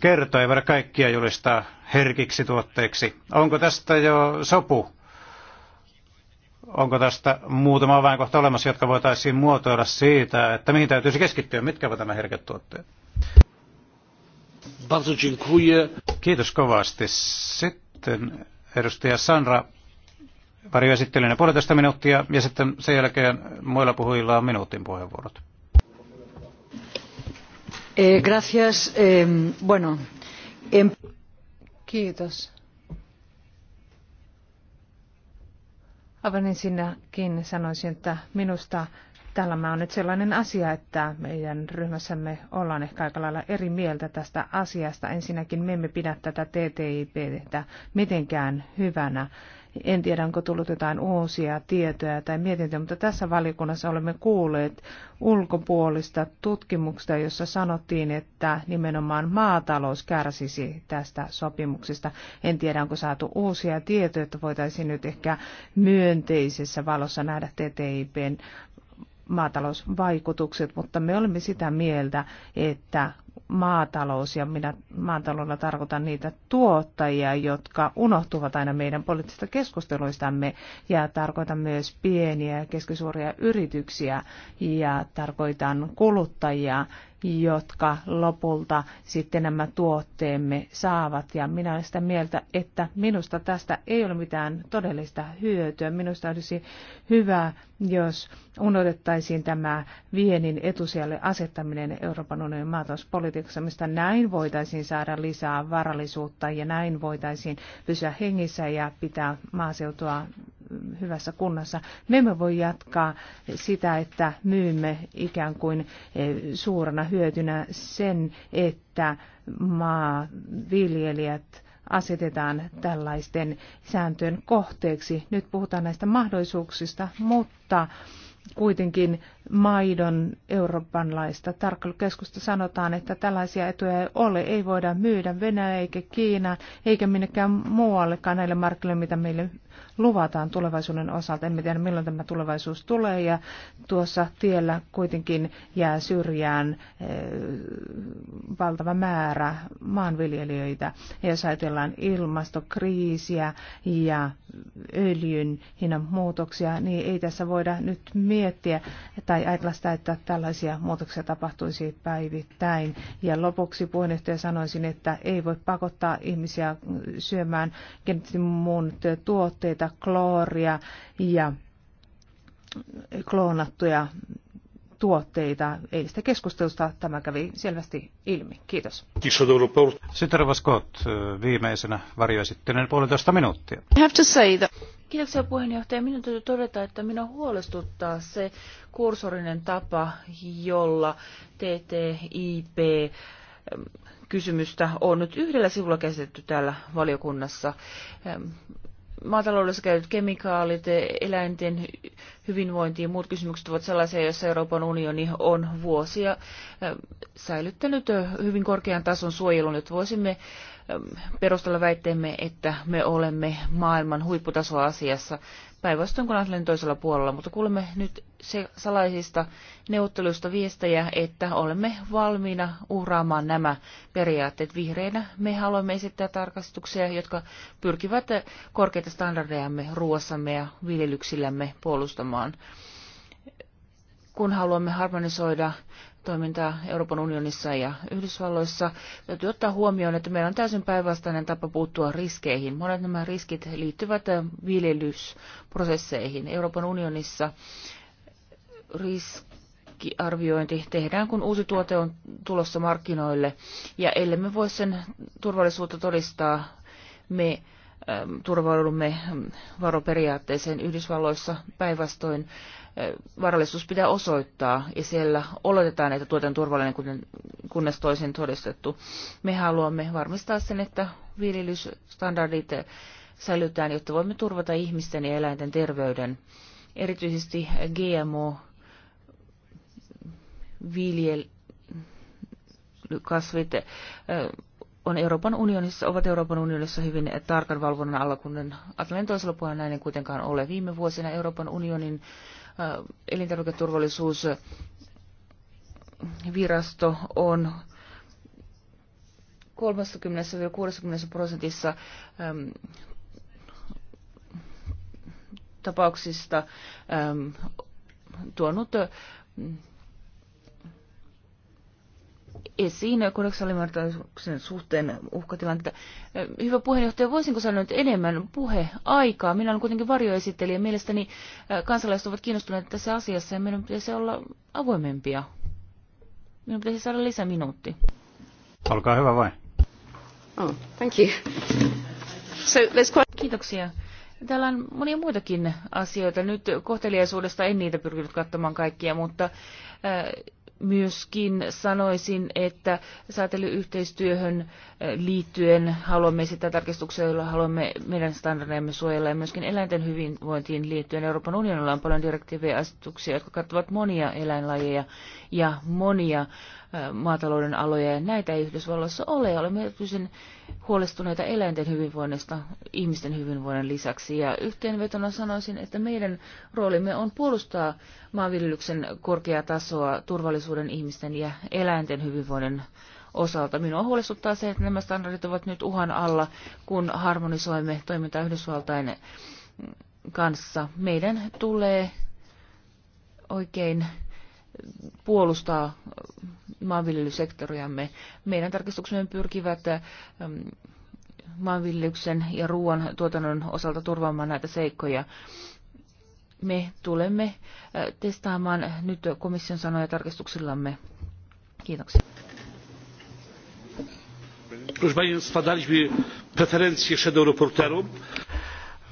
kertoi, ei voida kaikkia julistaa herkiksi tuotteiksi. Onko tästä jo sopu? Onko tästä muutama avainkohta olemassa, jotka voitaisiin muotoilla siitä, että mihin täytyisi keskittyä, mitkä ovat nämä herkät tuotteet? Kiitos kovasti. Sitten edustaja Sandra ja puolitoista minuuttia ja sitten sen jälkeen muilla puhujilla on minuutin puheenvuorot. Eh, gracias. Eh, bueno, Kiitos. Aivan ensinnäkin sanoisin, että minusta Tämä on nyt sellainen asia, että meidän ryhmässämme ollaan ehkä aika lailla eri mieltä tästä asiasta. Ensinnäkin me emme pidä tätä TTIP-tä mitenkään hyvänä en tiedä, onko tullut jotain uusia tietoja tai mietintöjä, mutta tässä valiokunnassa olemme kuulleet ulkopuolista tutkimuksesta, jossa sanottiin, että nimenomaan maatalous kärsisi tästä sopimuksesta. En tiedä, onko saatu uusia tietoja, että voitaisiin nyt ehkä myönteisessä valossa nähdä TTIPn maatalousvaikutukset, mutta me olemme sitä mieltä, että maatalous, ja minä maataloudella tarkoitan niitä tuottajia, jotka unohtuvat aina meidän poliittisista keskusteluistamme, ja tarkoitan myös pieniä ja keskisuuria yrityksiä, ja tarkoitan kuluttajia, jotka lopulta sitten nämä tuotteemme saavat. Ja minä olen sitä mieltä, että minusta tästä ei ole mitään todellista hyötyä. Minusta olisi hyvä, jos unohdettaisiin tämä vienin etusijalle asettaminen Euroopan unionin maatalouspolitiikkaan politiikassa, näin voitaisiin saada lisää varallisuutta ja näin voitaisiin pysyä hengissä ja pitää maaseutua hyvässä kunnossa. Me emme voi jatkaa sitä, että myymme ikään kuin eh, suurena hyötynä sen, että maaviljelijät asetetaan tällaisten sääntöjen kohteeksi. Nyt puhutaan näistä mahdollisuuksista, mutta kuitenkin maidon euroopanlaista. Tarkkailukeskusta sanotaan, että tällaisia etuja ei ole, ei voida myydä Venäjä eikä Kiina eikä minnekään muuallekaan näille markkinoille, mitä meille luvataan tulevaisuuden osalta. Emme tiedä, milloin tämä tulevaisuus tulee ja tuossa tiellä kuitenkin jää syrjään eh, valtava määrä maanviljelijöitä. Ja jos ajatellaan ilmastokriisiä ja öljyn hinnan muutoksia, niin ei tässä voida nyt miettiä tai ajatella sitä, että tällaisia muutoksia tapahtuisi päivittäin. Ja lopuksi puheenjohtaja sanoisin, että ei voi pakottaa ihmisiä syömään kenties muun tuotteita, muovista, klooria ja kloonattuja tuotteita. Eilistä keskustelusta tämä kävi selvästi ilmi. Kiitos. Sitten Scott viimeisenä varjoesittelen puolentoista minuuttia. I have to say that... Kiitoksia puheenjohtaja. Minun täytyy todeta, että minua huolestuttaa se kursorinen tapa, jolla TTIP kysymystä on nyt yhdellä sivulla käsitetty täällä valiokunnassa maataloudessa käytetyt kemikaalit, eläinten hyvinvointi ja muut kysymykset ovat sellaisia, joissa Euroopan unioni on vuosia äh, säilyttänyt äh, hyvin korkean tason suojelun, että voisimme perustella väitteemme, että me olemme maailman huipputasoa asiassa päinvastoin kuin Atlantin toisella puolella, mutta kuulemme nyt se salaisista neuvotteluista viestejä, että olemme valmiina uhraamaan nämä periaatteet vihreinä. Me haluamme esittää tarkastuksia, jotka pyrkivät korkeita standardejamme ruoassamme ja viljelyksillämme puolustamaan kun haluamme harmonisoida toimintaa Euroopan unionissa ja Yhdysvalloissa. Täytyy ottaa huomioon, että meillä on täysin päinvastainen tapa puuttua riskeihin. Monet nämä riskit liittyvät äh, viljelysprosesseihin. Euroopan unionissa riskiarviointi tehdään, kun uusi tuote on tulossa markkinoille, ja ellei me voi sen turvallisuutta todistaa, me Ähm, turvaudumme ähm, varoperiaatteeseen Yhdysvalloissa. Päinvastoin äh, varallisuus pitää osoittaa ja siellä oletetaan, että tuote on turvallinen, kunnes toisin todistettu. Me haluamme varmistaa sen, että viljelysstandardit äh, säilytään, jotta voimme turvata ihmisten ja eläinten terveyden. Erityisesti GMO viljelykasvit äh, on Euroopan unionissa, ovat Euroopan unionissa hyvin tarkan valvonnan alla, kun Atlantin toisella puolella näin ei kuitenkaan ole. Viime vuosina Euroopan unionin äh, elintarviketurvallisuusvirasto äh, on 30-60 prosentissa ähm, tapauksista ähm, tuonut äh, esiin kodeksaalimartaisuuksien suhteen uhkatilanteita. Hyvä puheenjohtaja, voisinko sanoa nyt enemmän puheaikaa? Minä olen kuitenkin varjoesittelijä. Mielestäni äh, kansalaiset ovat kiinnostuneet tässä asiassa ja meidän pitäisi olla avoimempia. Minun pitäisi saada lisäminuutti. Olkaa hyvä vai? Oh, thank you. So, there's quite... Kiitoksia. Täällä on monia muitakin asioita. Nyt kohteliaisuudesta en niitä pyrkinyt katsomaan kaikkia, mutta äh, myöskin sanoisin, että säätelyyhteistyöhön eh, liittyen haluamme sitä tarkistuksia, joilla haluamme meidän standardeemme suojella ja myöskin eläinten hyvinvointiin liittyen. Euroopan unionilla on paljon direktiivejä ja asetuksia, jotka kattavat monia eläinlajeja ja monia maatalouden aloja. Näitä ei Yhdysvalloissa ole. Olemme erityisen huolestuneita eläinten hyvinvoinnista ihmisten hyvinvoinnin lisäksi. Ja yhteenvetona sanoisin, että meidän roolimme on puolustaa maanviljelyksen korkeaa tasoa turvallisuuden ihmisten ja eläinten hyvinvoinnin osalta. Minua huolestuttaa se, että nämä standardit ovat nyt uhan alla, kun harmonisoimme toimintaa Yhdysvaltain kanssa. Meidän tulee oikein puolustaa maanviljelysektoriamme. Meidän tarkistuksemme pyrkivät ähm, maanviljelyksen ja ruoan tuotannon osalta turvaamaan näitä seikkoja. Me tulemme äh, testaamaan nyt komission sanoja tarkistuksillamme. Kiitoksia. Proszę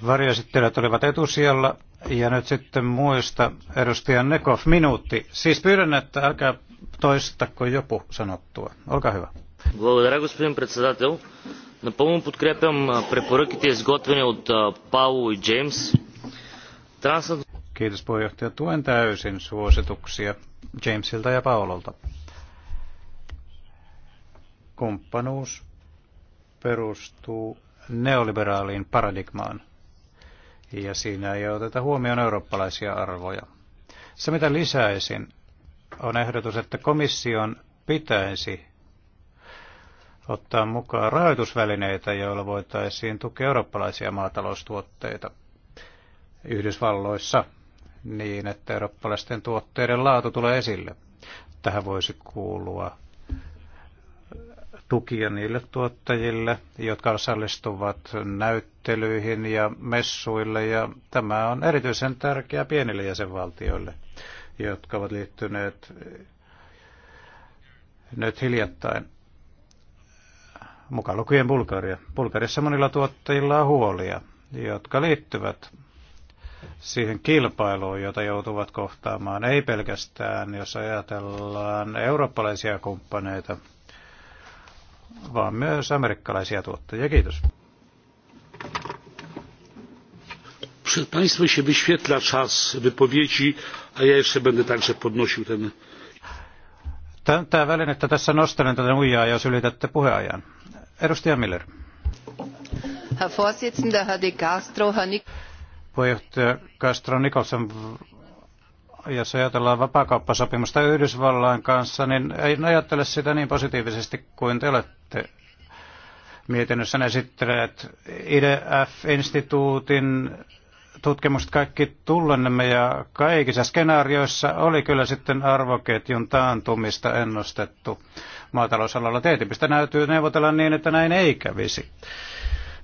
Varjoesittelijät olivat etusijalla. Ja nyt sitten muista, edustaja Nekov, minuutti. Siis pyydän, että älkää toistako joku sanottua. Olkaa hyvä. Благодаря, господин председател. Напълно подкрепям препоръките, изготвени от Пауло и Джеймс. Kiitos puheenjohtaja. Tuen täysin suosituksia Jamesilta ja Paololta. Kumppanuus perustuu neoliberaaliin paradigmaan – ja siinä ei oteta huomioon eurooppalaisia arvoja. Se, mitä lisäisin, on ehdotus, että komission pitäisi ottaa mukaan rahoitusvälineitä, joilla voitaisiin tukea eurooppalaisia maataloustuotteita Yhdysvalloissa niin, että eurooppalaisten tuotteiden laatu tulee esille. Tähän voisi kuulua tukia niille tuottajille, jotka osallistuvat näyt näyttelyihin ja messuille ja tämä on erityisen tärkeää pienille jäsenvaltioille, jotka ovat liittyneet nyt hiljattain mukaan lukien Bulgaria. Bulgariassa monilla tuottajilla on huolia, jotka liittyvät siihen kilpailuun, jota joutuvat kohtaamaan, ei pelkästään, jos ajatellaan eurooppalaisia kumppaneita, vaan myös amerikkalaisia tuottajia. Kiitos. przed państwem się wyświetla czas wypowiedzi a ja jeszcze będę także podnosił ten Tätä välinettä tässä nostelen tätä nuijaa, jos ylitätte puheajan. Edustaja Miller. Herr Vorsitzender, Herr de Castro, Herr Nik- Puheenjohtaja Castro Nicholson, jos ajatellaan vapaakauppasopimusta Yhdysvallan kanssa, niin ei ajattele sitä niin positiivisesti kuin te olette mietinnössä esittäneet IDF-instituutin tutkimukset kaikki tullennemme ja kaikissa skenaarioissa oli kyllä sitten arvoketjun taantumista ennustettu maatalousalalla. Tietysti näytyy neuvotella niin, että näin ei kävisi.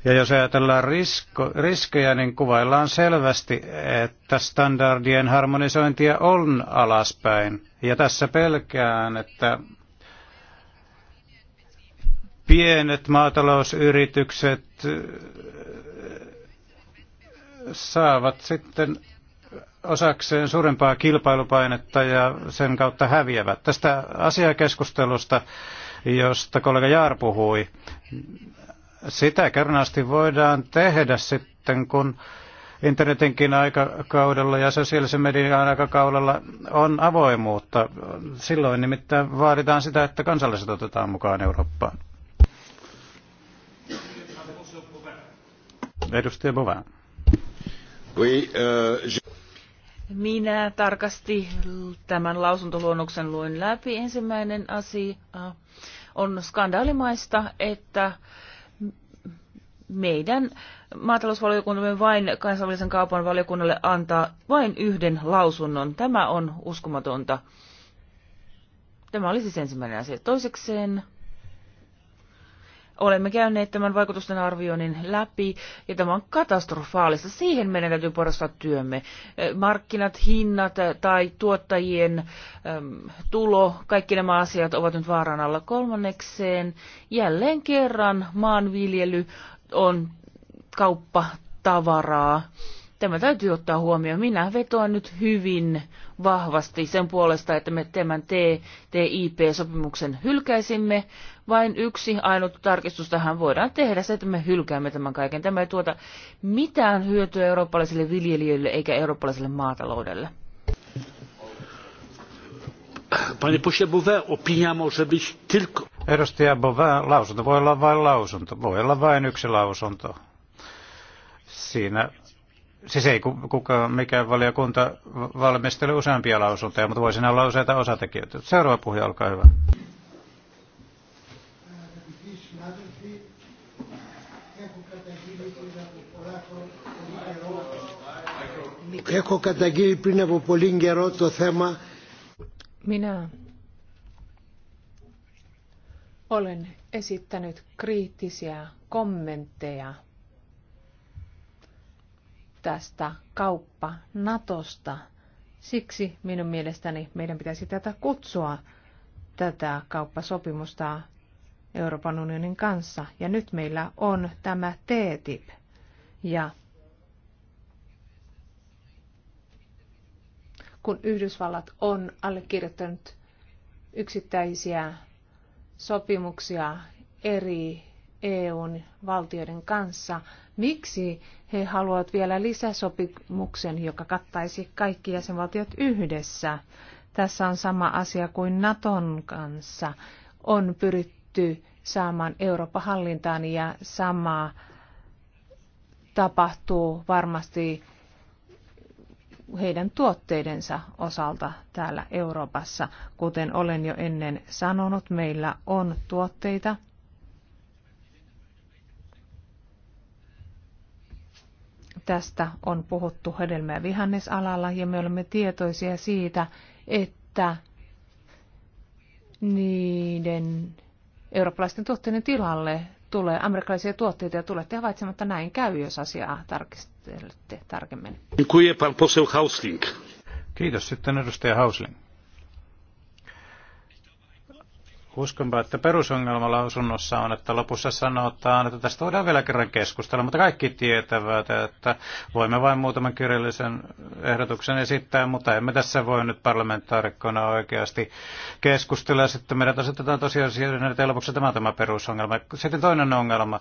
Ja jos ajatellaan risko, riskejä, niin kuvaillaan selvästi, että standardien harmonisointia on alaspäin. Ja tässä pelkään, että pienet maatalousyritykset saavat sitten osakseen suurempaa kilpailupainetta ja sen kautta häviävät. Tästä asiakeskustelusta, josta kollega Jaar puhui, sitä kernaasti voidaan tehdä sitten, kun internetinkin aikakaudella ja sosiaalisen median aikakaudella on avoimuutta. Silloin nimittäin vaaditaan sitä, että kansalliset otetaan mukaan Eurooppaan. Edustaja Bovan. Oui, euh, je... Minä tarkasti tämän lausuntoluonnoksen luin läpi. Ensimmäinen asia on skandaalimaista, että meidän maatalousvaliokuntamme vain kansainvälisen kaupan valiokunnalle antaa vain yhden lausunnon. Tämä on uskomatonta. Tämä oli siis ensimmäinen asia. Toisekseen Olemme käyneet tämän vaikutusten arvioinnin läpi ja tämä on katastrofaalista. Siihen meidän täytyy porastaa työmme. Markkinat, hinnat tai tuottajien äm, tulo, kaikki nämä asiat ovat nyt vaaran alla kolmannekseen. Jälleen kerran maanviljely on kauppa tavaraa. Tämä täytyy ottaa huomioon. Minä vetoan nyt hyvin vahvasti sen puolesta, että me tämän TTIP-sopimuksen hylkäisimme, vain yksi ainut tarkistus tähän voidaan tehdä, se, että me hylkäämme tämän kaiken. Tämä ei tuota mitään hyötyä eurooppalaisille viljelijöille eikä eurooppalaiselle maataloudelle. opinia Edustaja Bové, lausunto voi olla vain lausunto. Voi olla vain yksi lausunto. Siinä Siis ei kuka, mikään valiokunta valmistele useampia lausuntoja, mutta voi siinä olla useita osatekijöitä. Seuraava puhuja, olkaa hyvä. Έχω καταγγείλει πριν από πολύ καιρό το θέμα. Minä olen esittänyt kriittisiä kommentteja tästä kauppa-Natosta. Siksi minun mielestäni meidän pitäisi tätä kutsua, tätä kauppasopimusta Euroopan unionin kanssa. Ja nyt meillä on tämä TTIP. Ja kun Yhdysvallat on allekirjoittanut yksittäisiä sopimuksia eri EUn valtioiden kanssa. Miksi he haluavat vielä lisäsopimuksen, joka kattaisi kaikki jäsenvaltiot yhdessä? Tässä on sama asia kuin Naton kanssa. On pyritty saamaan Eurooppa hallintaan ja sama tapahtuu varmasti heidän tuotteidensa osalta täällä Euroopassa. Kuten olen jo ennen sanonut, meillä on tuotteita, Tästä on puhuttu hedelmä- ja vihannesalalla ja me olemme tietoisia siitä, että niiden eurooppalaisten tuotteiden tilalle tulee amerikkalaisia tuotteita ja tulette havaitsematta näin käy, jos asiaa tarkistelette tarkemmin. Kiitos. Sitten edustaja Hausling. Uskonpa, että perusongelma lausunnossa on, että lopussa sanotaan, että tästä voidaan vielä kerran keskustella, mutta kaikki tietävät, että voimme vain muutaman kirjallisen ehdotuksen esittää, mutta emme tässä voi nyt parlamentaarikkona oikeasti keskustella. Sitten meidät asetetaan siihen, että lopuksi tämä, tämä perusongelma. Sitten toinen ongelma.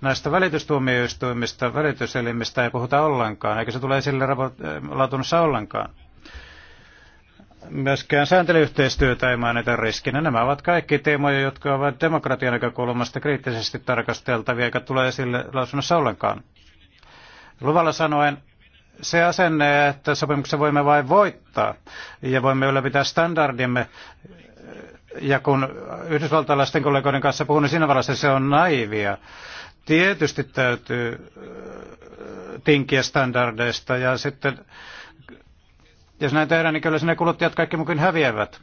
Näistä välitystuomioistuimista, välityselimistä ei puhuta ollenkaan, eikä se tule esille äh, laatunnossa ollenkaan Myöskään sääntelyyhteistyötä ei mainita riskinä. Nämä ovat kaikki teemoja, jotka ovat demokratian näkökulmasta kriittisesti tarkasteltavia, eikä tule esille lausunnossa ollenkaan. Luvalla sanoen, se asenne, että sopimuksessa voimme vain voittaa ja voimme ylläpitää standardimme, ja kun yhdysvaltalaisten kollegoiden kanssa puhun, niin siinä varassa se on naivia. Tietysti täytyy äh, tinkiä standardeista ja sitten jos näin tehdään, niin kyllä sinne kuluttajat kaikki mukin häviävät.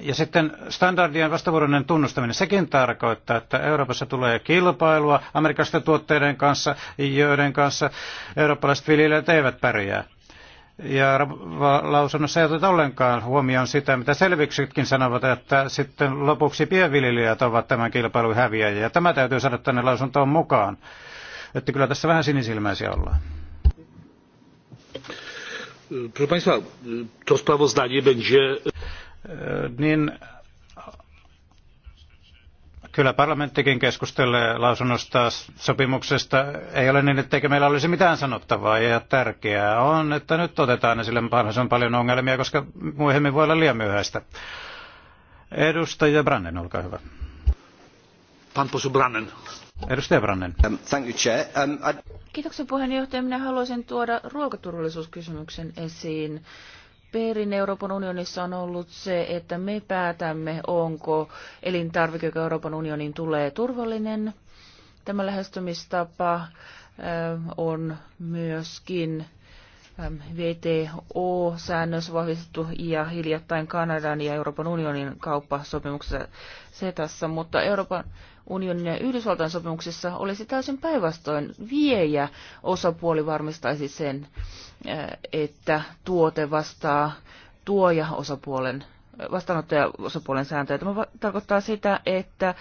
Ja sitten standardien vastavuoroinen tunnustaminen, sekin tarkoittaa, että Euroopassa tulee kilpailua amerikkalaisten tuotteiden kanssa, joiden kanssa eurooppalaiset viljelijät eivät pärjää. Ja lausunnossa ei oteta ollenkaan huomioon sitä, mitä selviksytkin sanovat, että sitten lopuksi pienviljelijät ovat tämän kilpailun häviäjiä. Ja tämä täytyy saada tänne lausuntoon mukaan. Että kyllä tässä vähän sinisilmäisiä ollaan. Proszę Państwa, to sprawozdanie będzie... Niin, kyllä parlamenttikin keskustelee lausunnosta sopimuksesta. Ei ole niin, etteikö meillä olisi mitään sanottavaa ja tärkeää on, että nyt otetaan esille mahdollisimman paljon ongelmia, koska myöhemmin voi olla liian myöhäistä. Edustaja Brannen, olkaa hyvä. Pan Brannen. Edustaja um, um, Kiitoksia puheenjohtaja. Minä haluaisin tuoda ruokaturvallisuuskysymyksen esiin. Perin Euroopan unionissa on ollut se, että me päätämme, onko elintarvike, joka Euroopan unionin tulee turvallinen. Tämä lähestymistapa um, on myöskin VTO-säännös vahvistettu ja hiljattain Kanadan ja Euroopan unionin kauppasopimuksessa setassa, mutta Euroopan unionin ja Yhdysvaltain sopimuksessa olisi täysin päinvastoin viejä osapuoli varmistaisi sen, eh, että tuote vastaa tuoja osapuolen vastaanottaja osapuolen sääntöjä. Tämä tarkoittaa sitä, että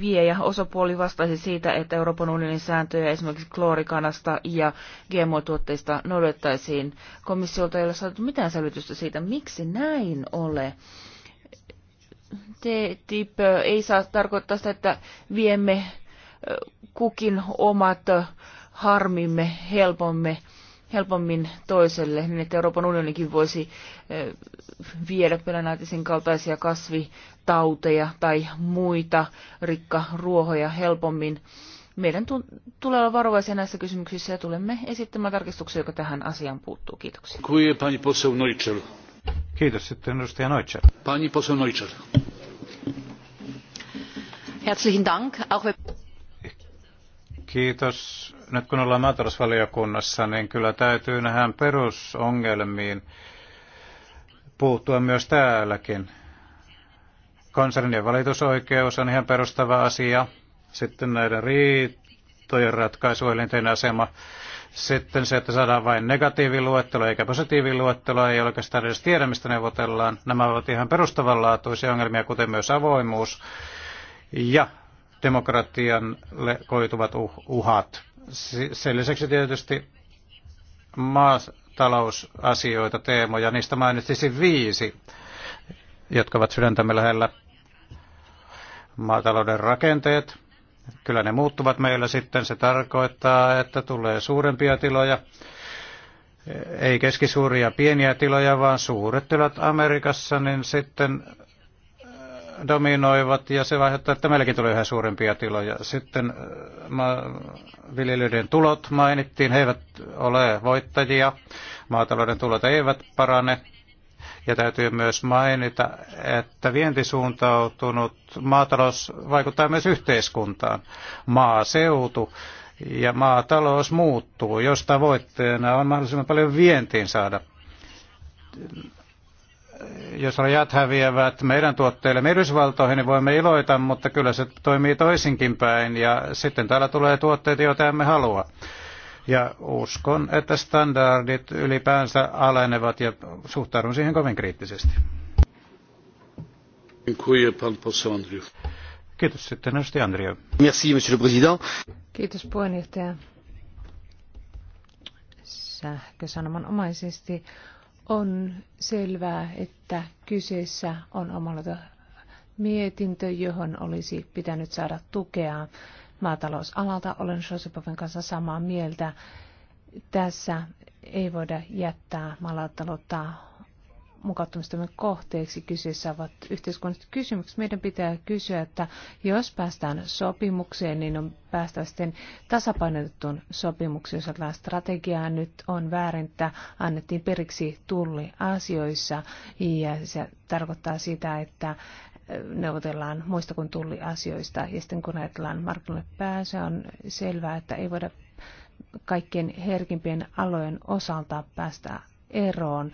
viejä osapuoli vastasi siitä, että Euroopan unionin sääntöjä esimerkiksi kloorikanasta ja GMO-tuotteista noudattaisiin. Komissiolta ei ole saatu mitään selvitystä siitä, miksi näin ole. TTIP ei saa tarkoittaa sitä, että viemme kukin omat harmimme, helpomme helpommin toiselle, niin että Euroopan unionikin voisi viedä pelänäytisen kaltaisia kasvitauteja tai muita rikkaruohoja helpommin. Meidän tulee olla varovaisia näissä kysymyksissä ja tulemme esittämään tarkistuksia, joka tähän asiaan puuttuu. Kiitoksia. Kiitos. Sitten edustaja Neutschel. Pani poseł Herzlichen Dank. Auch Kiitos. Nyt kun ollaan maatalousvaliokunnassa, niin kyllä täytyy nähdä perusongelmiin puuttua myös täälläkin. Konsernien valitusoikeus on ihan perustava asia. Sitten näiden riitojen ratkaisuelinten asema. Sitten se, että saadaan vain negatiiviluettelo eikä positiiviluettelo, ei oikeastaan edes tiedä, mistä neuvotellaan. Nämä ovat ihan perustavanlaatuisia ongelmia, kuten myös avoimuus ja demokratialle koituvat uh, uhat. Sen lisäksi tietysti maatalousasioita, teemoja, niistä mainitsisin viisi, jotka ovat sydäntämme lähellä. Maatalouden rakenteet, kyllä ne muuttuvat meillä sitten. Se tarkoittaa, että tulee suurempia tiloja, ei keskisuuria pieniä tiloja, vaan suuret tilat Amerikassa, niin sitten dominoivat ja se aiheuttaa, että meilläkin tulee yhä suurempia tiloja. Sitten äh, viljelijöiden tulot mainittiin, he eivät ole voittajia, maatalouden tulot eivät parane. Ja täytyy myös mainita, että vientisuuntautunut maatalous vaikuttaa myös yhteiskuntaan. Maaseutu ja maatalous muuttuu, josta voitteena on mahdollisimman paljon vientiin saada jos rajat häviävät meidän tuotteille Yhdysvaltoihin, niin voimme iloita, mutta kyllä se toimii toisinkin päin. Ja sitten täällä tulee tuotteita, joita emme halua. Ja uskon, että standardit ylipäänsä alenevat ja suhtaudun siihen kovin kriittisesti. Kiitos sitten, edustaja Andrio. Merci, monsieur le président. Kiitos puheenjohtaja. Sähkösanomanomaisesti omaisesti on selvää, että kyseessä on omalla mietintö, johon olisi pitänyt saada tukea maatalousalalta. Olen Josipovin kanssa samaa mieltä. Tässä ei voida jättää maataloutta mukauttamistamme kohteeksi kyseessä ovat yhteiskunnalliset kysymykset. Meidän pitää kysyä, että jos päästään sopimukseen, niin on päästä sitten tasapainotettuun sopimukseen, jos ajatellaan strategiaa. Nyt on väärin, että annettiin periksi asioissa, ja se tarkoittaa sitä, että neuvotellaan muista kuin asioista. Ja sitten kun ajatellaan markkinoille pääse, on selvää, että ei voida kaikkien herkimpien alojen osalta päästä eroon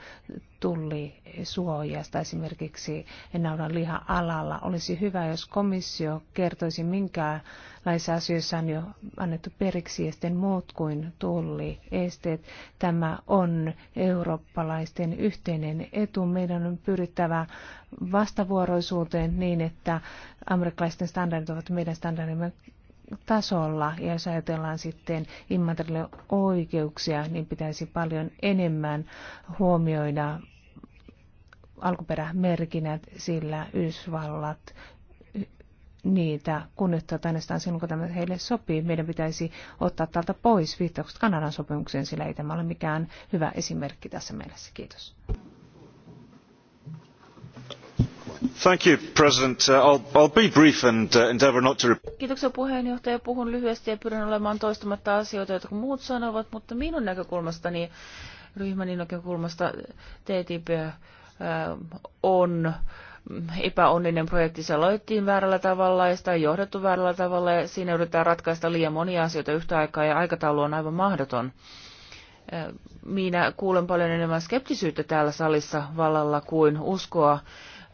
tullisuojasta esimerkiksi naudan liha-alalla. Olisi hyvä, jos komissio kertoisi, minkälaisissa asioissa on jo annettu periksi ja sitten muut kuin tulli esteet. Tämä on eurooppalaisten yhteinen etu. Meidän on pyrittävä vastavuoroisuuteen niin, että amerikkalaisten standardit ovat meidän standardimme tasolla. Ja jos ajatellaan sitten oikeuksia, niin pitäisi paljon enemmän huomioida alkuperämerkinnät, sillä Yhdysvallat niitä kunnioittaa ainoastaan silloin, kun tämä heille sopii. Meidän pitäisi ottaa täältä pois viittaukset Kanadan sopimukseen, sillä ei tämä ole mikään hyvä esimerkki tässä mielessä. Kiitos arvoisa uh, uh, puhemies Puhun lyhyesti ja pyrin olemaan toistamatta asioita, joita muut sanovat, mutta minun näkökulmastani, ryhmäni näkökulmasta TTIP äh, on epäonninen projekti. Se aloitettiin väärällä tavalla ja sitä on johdettu väärällä tavalla ja siinä yritetään ratkaista liian monia asioita yhtä aikaa ja aikataulu on aivan mahdoton. Äh, minä kuulen paljon enemmän skeptisyyttä täällä salissa vallalla kuin uskoa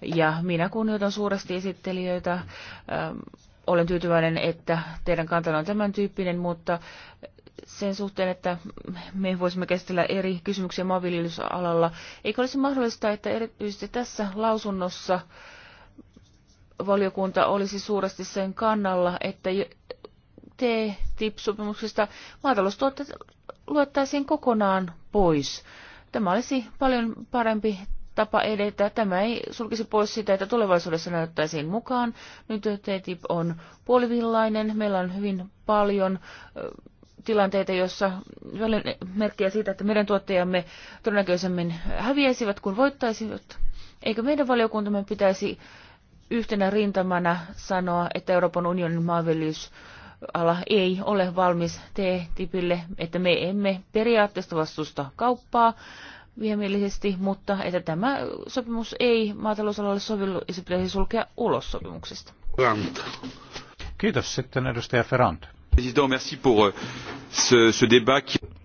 ja minä kunnioitan suuresti esittelijöitä. Ähm, olen tyytyväinen, että teidän kantana on tämän tyyppinen, mutta sen suhteen, että me voisimme käsitellä eri kysymyksiä maanviljelysalalla. Eikö olisi mahdollista, että erityisesti tässä lausunnossa valiokunta olisi suuresti sen kannalla, että TTIP-sopimuksesta maataloustuotteet luettaisiin kokonaan pois. Tämä olisi paljon parempi tapa edetä. Tämä ei sulkisi pois sitä, että tulevaisuudessa näyttäisiin mukaan. Nyt TTIP on puolivillainen. Meillä on hyvin paljon tilanteita, joissa merkkiä siitä, että meidän tuottajamme todennäköisemmin häviäisivät kuin voittaisivat. Eikö meidän valiokuntamme pitäisi yhtenä rintamana sanoa, että Euroopan unionin maanviljelys ala ei ole valmis T-tipille, että me emme periaatteessa vastusta kauppaa, viemielisesti, mutta että tämä sopimus ei maatalousalalle sovellu ja se pitäisi sulkea ulos sopimuksesta. Kiitos sitten edustaja Ferrand. Euh,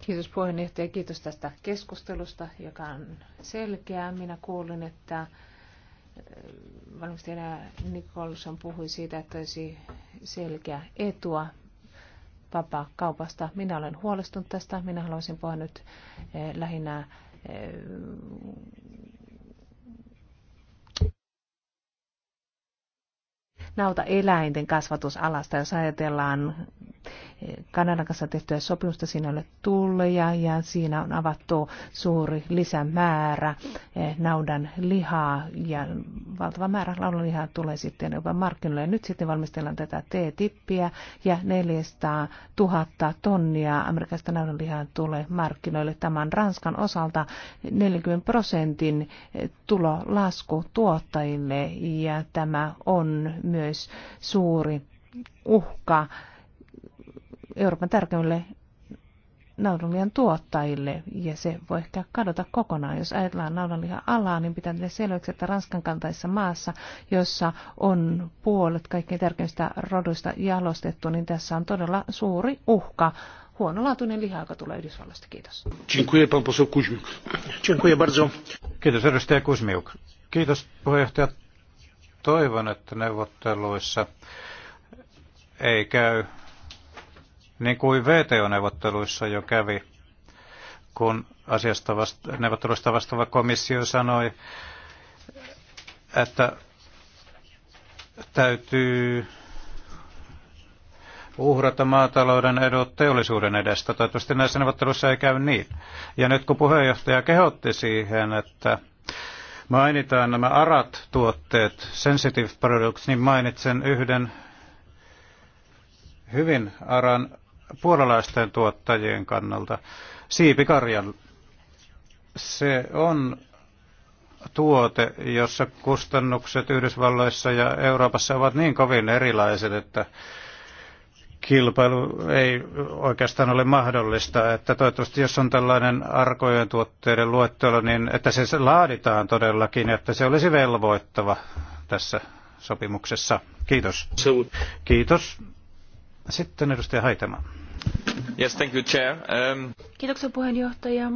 kiitos puheenjohtaja, kiitos tästä keskustelusta, joka on selkeä. Minä kuulin, että äh, valmistelija Nikolson puhui siitä, että olisi selkeä etua vapaa kaupasta. Minä olen huolestunut tästä. Minä haluaisin puhua nyt äh, lähinnä eh, Nauta eläinten kasvatusalasta. Jos ajatellaan Kanadan kanssa tehtyä sopimusta, siinä on tulleja ja siinä on avattu suuri lisämäärä eh, naudan lihaa ja valtava määrä naudan lihaa tulee sitten jopa markkinoille. Ja nyt sitten valmistellaan tätä T-tippiä ja 400 000 tonnia amerikkalaista naudan lihaa tulee markkinoille. Tämän Ranskan osalta 40 prosentin tulolasku tuottajille ja tämä on myös myös suuri uhka Euroopan tärkeimmille naudanlihan tuottajille, ja se voi ehkä kadota kokonaan. Jos ajatellaan naudanlihan alaa, niin pitää tehdä selväksi, että Ranskan kantaisessa maassa, jossa on puolet kaikkein tärkeimmistä roduista jalostettu, niin tässä on todella suuri uhka. Huonolaatuinen liha, joka tulee Yhdysvalloista. Kiitos. Kiitos edustaja Kuzmiuk. Kiitos puheenjohtaja. Toivon, että neuvotteluissa ei käy niin kuin VTO-neuvotteluissa jo kävi, kun asiasta vasta- neuvotteluista vastaava komissio sanoi, että täytyy uhrata maatalouden edut teollisuuden edestä. Toivottavasti näissä neuvotteluissa ei käy niin. Ja nyt kun puheenjohtaja kehotti siihen, että mainitaan nämä ARAT-tuotteet, sensitive products, niin mainitsen yhden hyvin ARAN puolalaisten tuottajien kannalta, siipikarjan. Se on tuote, jossa kustannukset Yhdysvalloissa ja Euroopassa ovat niin kovin erilaiset, että kilpailu ei oikeastaan ole mahdollista. Että toivottavasti jos on tällainen arkojen tuotteiden luettelo, niin että se laaditaan todellakin, että se olisi velvoittava tässä sopimuksessa. Kiitos. Kiitos. Sitten edustaja Haitema. Yes, thank you, chair. Um... Kiitoksia puheenjohtaja.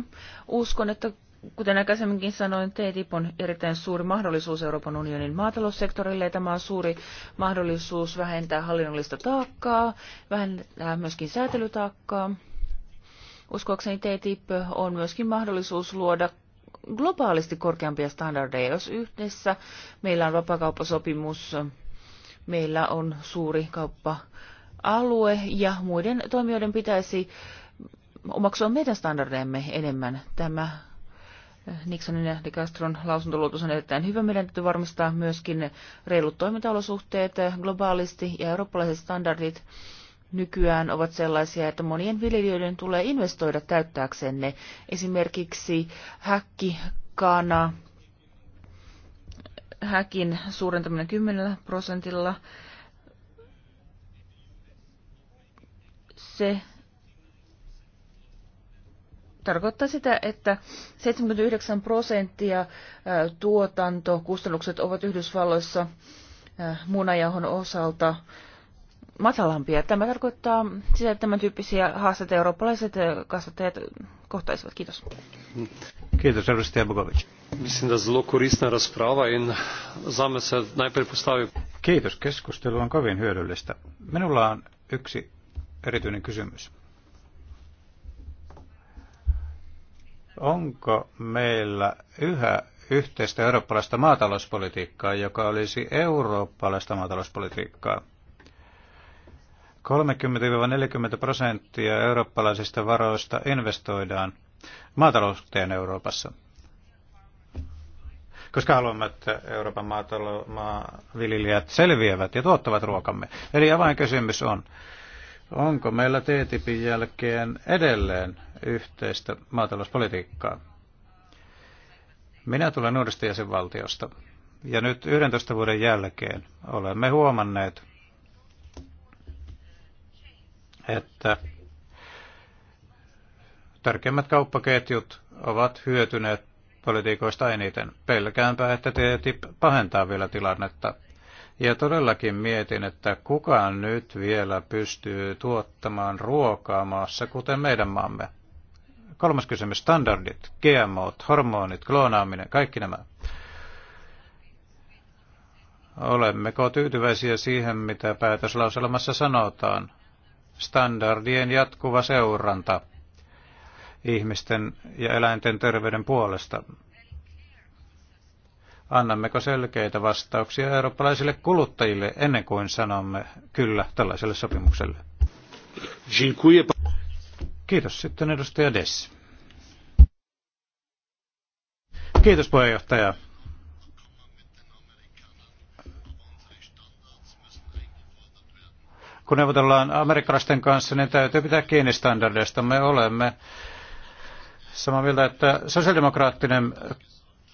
Uskon, että Kuten aikaisemminkin sanoin, TTIP on erittäin suuri mahdollisuus Euroopan unionin maataloussektorille tämä on suuri mahdollisuus vähentää hallinnollista taakkaa, vähentää myöskin säätelytaakkaa. Uskoakseni TTIP on myöskin mahdollisuus luoda globaalisti korkeampia standardeja, jos yhdessä meillä on vapakauppasopimus, meillä on suuri kauppa-alue ja muiden toimijoiden pitäisi omaksua meidän standardeemme enemmän. Tämä Nixonin ja De Castron lausuntoluotus on erittäin hyvä. Meidän täytyy varmistaa myöskin reilut toimintaolosuhteet globaalisti ja eurooppalaiset standardit nykyään ovat sellaisia, että monien viljelijöiden tulee investoida täyttääkseen ne. Esimerkiksi häkki, kana, häkin suurentaminen 10 prosentilla. Se tarkoittaa sitä, että 79 prosenttia tuotantokustannukset ovat Yhdysvalloissa munajahon osalta matalampia. Tämä tarkoittaa sitä, että tämän tyyppisiä haasteita eurooppalaiset kasvattajat kohtaisivat. Kiitos. Kiitos, edustaja Bogovic. Mislim, da zelo korisna rasprava in se najprej postavi. Kiitos, keskustelu on kovin hyödyllistä. Minulla on yksi erityinen kysymys. Onko meillä yhä yhteistä eurooppalaista maatalouspolitiikkaa, joka olisi eurooppalaista maatalouspolitiikkaa? 30-40 prosenttia eurooppalaisista varoista investoidaan maatalouteen Euroopassa. Koska haluamme, että Euroopan maatalo- viljelijät selviävät ja tuottavat ruokamme. Eli avainkysymys on, Onko meillä TTIPin jälkeen edelleen yhteistä maatalouspolitiikkaa? Minä tulen uudesta jäsenvaltiosta ja nyt 11 vuoden jälkeen olemme huomanneet, että tärkeimmät kauppaketjut ovat hyötyneet politiikoista eniten. Pelkäänpä, että TTIP pahentaa vielä tilannetta ja todellakin mietin, että kukaan nyt vielä pystyy tuottamaan ruokaa maassa, kuten meidän maamme. Kolmas kysymys, standardit, GMO, hormonit, kloonaaminen, kaikki nämä. Olemmeko tyytyväisiä siihen, mitä päätöslauselmassa sanotaan? Standardien jatkuva seuranta ihmisten ja eläinten terveyden puolesta. Annammeko selkeitä vastauksia eurooppalaisille kuluttajille ennen kuin sanomme kyllä tällaiselle sopimukselle? Kiitos. Sitten edustaja Dess. Kiitos puheenjohtaja. Kun neuvotellaan amerikkalaisten kanssa, niin täytyy pitää kiinni standardeista. Me olemme samaa mieltä, että sosiaalidemokraattinen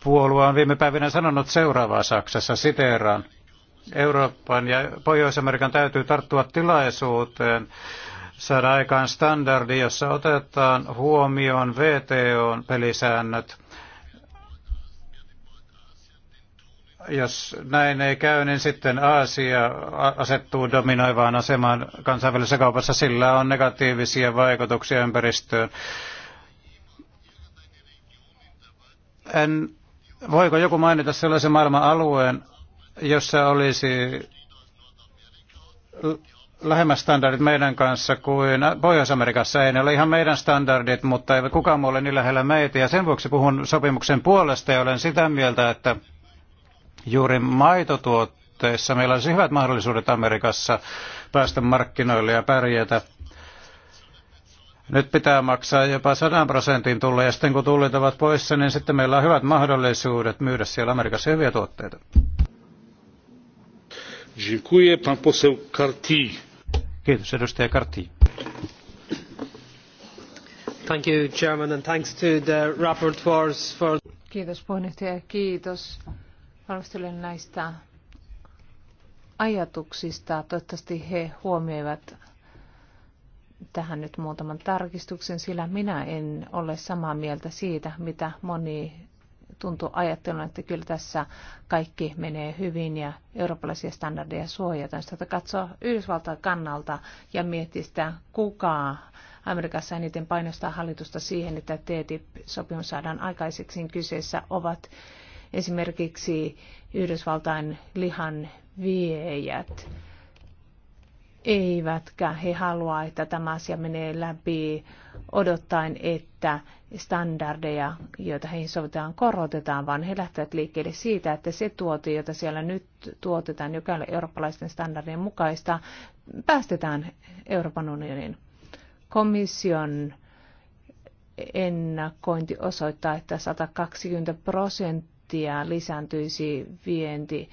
puolue on viime päivinä sanonut seuraavaa Saksassa, siteeraan. Euroopan ja Pohjois-Amerikan täytyy tarttua tilaisuuteen saada aikaan standardi, jossa otetaan huomioon VTOn pelisäännöt. Jos näin ei käy, niin sitten Aasia asettuu dominoivaan asemaan kansainvälisessä kaupassa. Sillä on negatiivisia vaikutuksia ympäristöön. En Voiko joku mainita sellaisen maailman alueen, jossa olisi lähemmäs standardit meidän kanssa kuin Pohjois-Amerikassa. Ei ne ole ihan meidän standardit, mutta ei kukaan muu ole niin lähellä meitä. Ja sen vuoksi puhun sopimuksen puolesta ja olen sitä mieltä, että juuri maitotuotteissa meillä olisi hyvät mahdollisuudet Amerikassa päästä markkinoille ja pärjätä. Nyt pitää maksaa jopa 100 prosentin tulle ja sitten kun tullit ovat poissa, niin sitten meillä on hyvät mahdollisuudet myydä siellä Amerikassa hyviä tuotteita. Dziękuję, pan poseł Karti. Kiitos, edustaja Karti. Thank you, Chairman, and thanks to the rapporteurs for... Kiitos puheenjohtaja, kiitos valmistelijoille näistä ajatuksista. Toivottavasti he huomioivat tähän nyt muutaman tarkistuksen, sillä minä en ole samaa mieltä siitä, mitä moni tuntuu ajattelun, että kyllä tässä kaikki menee hyvin ja eurooppalaisia standardeja suojataan. Sitä katsoa Yhdysvaltain kannalta ja miettiä sitä, kuka Amerikassa eniten painostaa hallitusta siihen, että TTIP-sopimus saadaan aikaiseksi. Kyseessä ovat esimerkiksi Yhdysvaltain lihan viejät eivätkä he halua, että tämä asia menee läpi odottaen, että standardeja, joita heihin sovitaan, korotetaan, vaan he lähtevät liikkeelle siitä, että se tuote, jota siellä nyt tuotetaan, joka on eurooppalaisten standardien mukaista, päästetään Euroopan unionin komission ennakointi osoittaa, että 120 prosenttia lisääntyisi vienti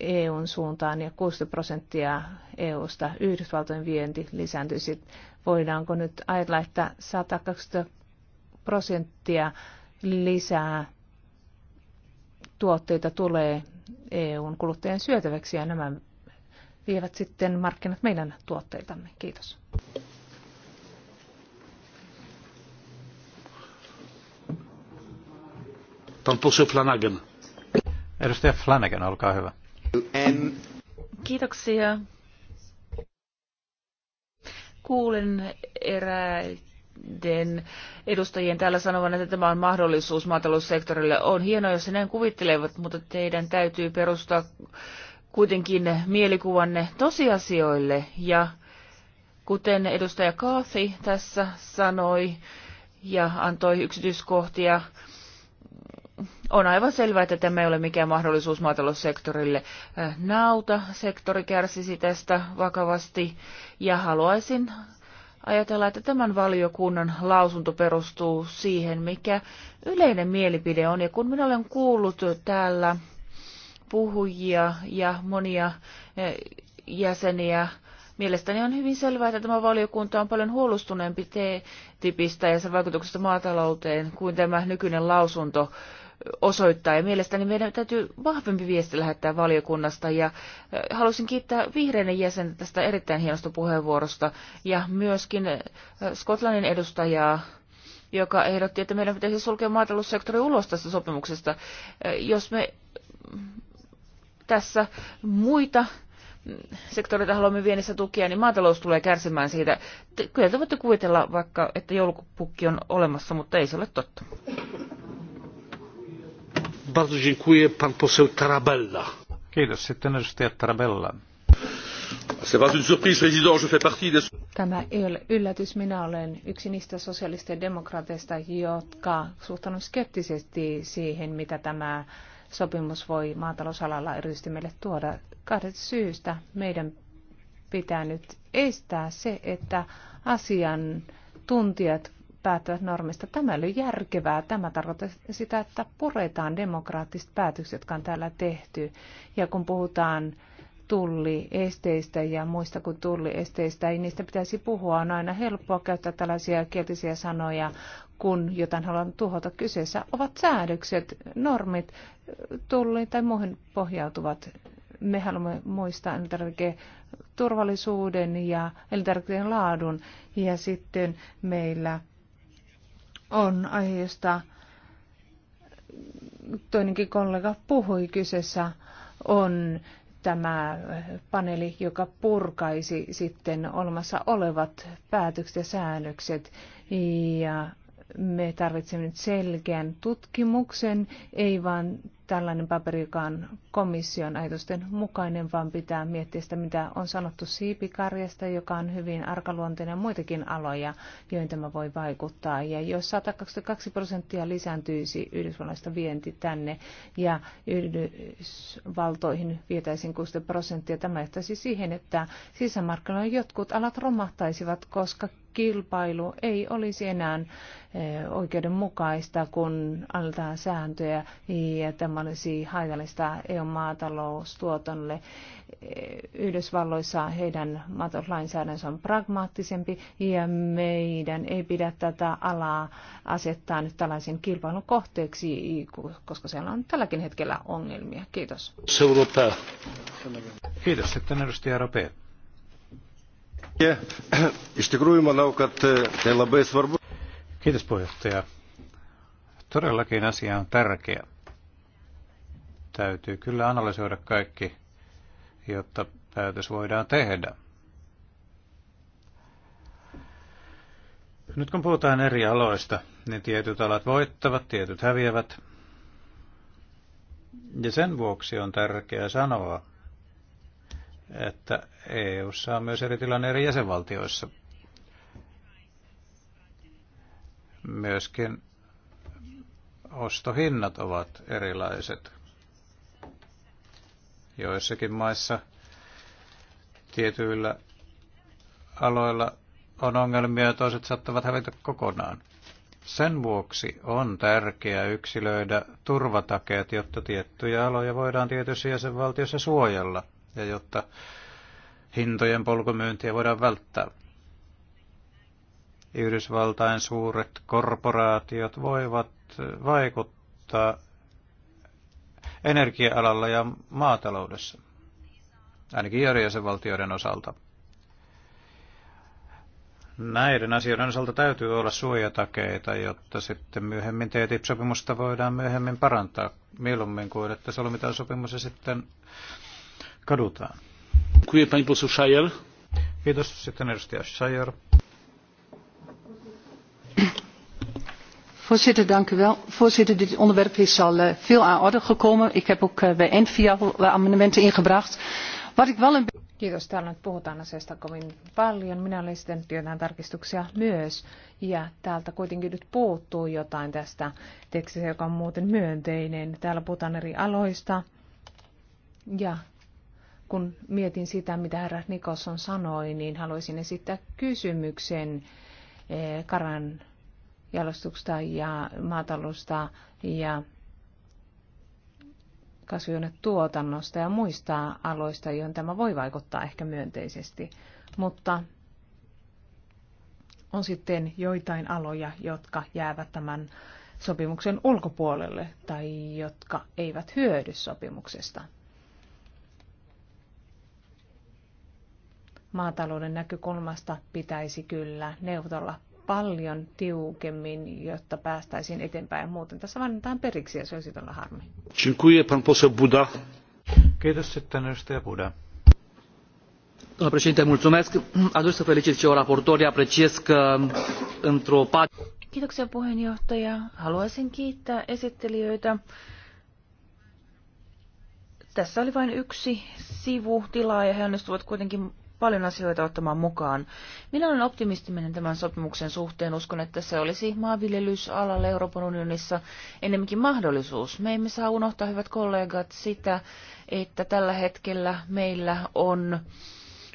EUn suuntaan ja 60 prosenttia EUsta Yhdysvaltojen vienti lisääntyisi. Voidaanko nyt ajatella, että 120 prosenttia lisää tuotteita tulee EUn kuluttajien syötäväksi ja nämä vievät sitten markkinat meidän tuotteiltamme. Kiitos. Pan poseł Flanagan. Edustaja Flanagan, olkaa hyvä. Kiitoksia. Kuulen eräiden edustajien täällä sanovan, että tämä on mahdollisuus maataloussektorille. On hienoa, jos se näin kuvittelevat, mutta teidän täytyy perustaa kuitenkin mielikuvanne tosiasioille. Ja kuten edustaja Kaafi tässä sanoi ja antoi yksityiskohtia, on aivan selvää, että tämä ei ole mikään mahdollisuus maataloussektorille. Äh, Nauta-sektori kärsisi tästä vakavasti ja haluaisin ajatella, että tämän valiokunnan lausunto perustuu siihen, mikä yleinen mielipide on. Ja kun minä olen kuullut täällä puhujia ja monia äh, jäseniä, Mielestäni on hyvin selvää, että tämä valiokunta on paljon huolustuneempi T-tipistä ja sen vaikutuksesta maatalouteen kuin tämä nykyinen lausunto osoittaa. Ja mielestäni meidän täytyy vahvempi viesti lähettää valiokunnasta. Ja halusin kiittää vihreiden jäsentä tästä erittäin hienosta puheenvuorosta ja myöskin Skotlannin edustajaa joka ehdotti, että meidän pitäisi sulkea maataloussektori ulos tästä sopimuksesta. Jos me tässä muita mm, sektoreita haluamme viennissä tukea, niin maatalous tulee kärsimään siitä. Kyllä te voitte kuvitella vaikka, että joulupukki on olemassa, mutta ei se ole totta. Bardzo dziękuję. Pan poseł Tarabella. Tämä ei ole yllätys. Minä olen yksi niistä sosiaalisten demokraateista, jotka suhtautuvat skeptisesti siihen, mitä tämä sopimus voi maatalousalalla erityisesti meille tuoda. Kahdesta syystä meidän pitää nyt estää se, että asian tuntijat päättävät normista. Tämä oli järkevää. Tämä tarkoittaa sitä, että puretaan demokraattiset päätökset, jotka on täällä tehty. Ja kun puhutaan tulliesteistä ja muista kuin tulliesteistä, ei niistä pitäisi puhua. On aina helppoa käyttää tällaisia kielisiä sanoja, kun jotain haluan tuhota. Kyseessä ovat säädökset, normit, tulliin tai muihin pohjautuvat me haluamme muistaa turvallisuuden ja elintarvikkeiden laadun. Ja sitten meillä on aiheesta, toinenkin kollega puhui. Kyseessä on tämä paneeli, joka purkaisi sitten olemassa olevat päätökset ja säännökset. Ja me tarvitsemme nyt selkeän tutkimuksen, ei vain tällainen paperi, joka on komission ajatusten mukainen, vaan pitää miettiä sitä, mitä on sanottu siipikarjasta, joka on hyvin arkaluonteinen ja muitakin aloja, joihin tämä voi vaikuttaa. Ja jos 122 prosenttia lisääntyisi yhdysvalloista vienti tänne ja Yhdysvaltoihin vietäisiin 60 prosenttia, tämä johtaisi siihen, että sisämarkkinoilla jotkut alat romahtaisivat, koska kilpailu ei olisi enää eh, oikeudenmukaista, kun annetaan sääntöjä ja tämä olisi haitallista EU-maataloustuotonlle. Eh, Yhdysvalloissa heidän maatalouslainsäädäntönsä on pragmaattisempi ja meidän ei pidä tätä alaa asettaa nyt tällaisen kilpailun kohteeksi, koska siellä on tälläkin hetkellä ongelmia. Kiitos. Kiitos. Sitten edustaja Rope. E, Kiitos puheenjohtaja. Todellakin asia on tärkeä. Täytyy kyllä analysoida kaikki, jotta päätös voidaan tehdä. Nyt kun puhutaan eri aloista, niin tietyt alat voittavat, tietyt häviävät. Ja sen vuoksi on tärkeää sanoa, että EU:ssa on myös eri tilanne eri jäsenvaltioissa. Myöskin ostohinnat ovat erilaiset. Joissakin maissa tietyillä aloilla on ongelmia ja toiset saattavat hävitä kokonaan. Sen vuoksi on tärkeää yksilöidä turvatakeet, jotta tiettyjä aloja voidaan tietyissä jäsenvaltiossa suojella – ja jotta hintojen polkumyyntiä voidaan välttää. Yhdysvaltain suuret korporaatiot voivat vaikuttaa energia-alalla ja maataloudessa, ainakin järjestövaltioiden osalta. Näiden asioiden osalta täytyy olla suojatakeita, jotta sitten myöhemmin TTIP-sopimusta voidaan myöhemmin parantaa, mieluummin kuin että solmitaan sopimus ja sitten Kiitos. Sitten edustaja Shire. Voorzitter, dank u wel. Voorzitter, dit onderwerp is al eh, veel aan orde gekomen. Ik heb ook bij eh, NVIA eh, amendementen ingebracht. Wat ik wel een... Kiitos. Täällä nyt puhutaan asiasta kovin paljon. Minä olen sitten jotain tarkistuksia myös. Ja täältä kuitenkin nyt puuttuu jotain tästä tekstistä, joka on muuten myönteinen. Täällä puhutaan eri aloista. Ja kun mietin sitä, mitä herra Nikolson sanoi, niin haluaisin esittää kysymyksen eh, karan jalostuksesta ja maatalusta ja kasvihuonetuotannosta ja muista aloista, joihin tämä voi vaikuttaa ehkä myönteisesti. Mutta on sitten joitain aloja, jotka jäävät tämän sopimuksen ulkopuolelle tai jotka eivät hyödy sopimuksesta. maatalouden näkökulmasta pitäisi kyllä neuvotella paljon tiukemmin, jotta päästäisiin eteenpäin. Muuten tässä vannetaan periksi ja se olisi todella harmi. Kiitos sitten edustaja Buda. Domnule președinte, mulțumesc. Aș dori să felicit și eu raportorii. Apreciez că um, într-o parte... Kiitoksia puheenjohtaja. Haluaisin kiittää esittelijöitä. Tässä oli vain yksi sivu tilaa ja he onnistuvat kuitenkin paljon asioita ottamaan mukaan. Minä olen optimistinen tämän sopimuksen suhteen. Uskon, että se olisi maanviljelysalalle Euroopan unionissa enemmänkin mahdollisuus. Me emme saa unohtaa, hyvät kollegat, sitä, että tällä hetkellä meillä on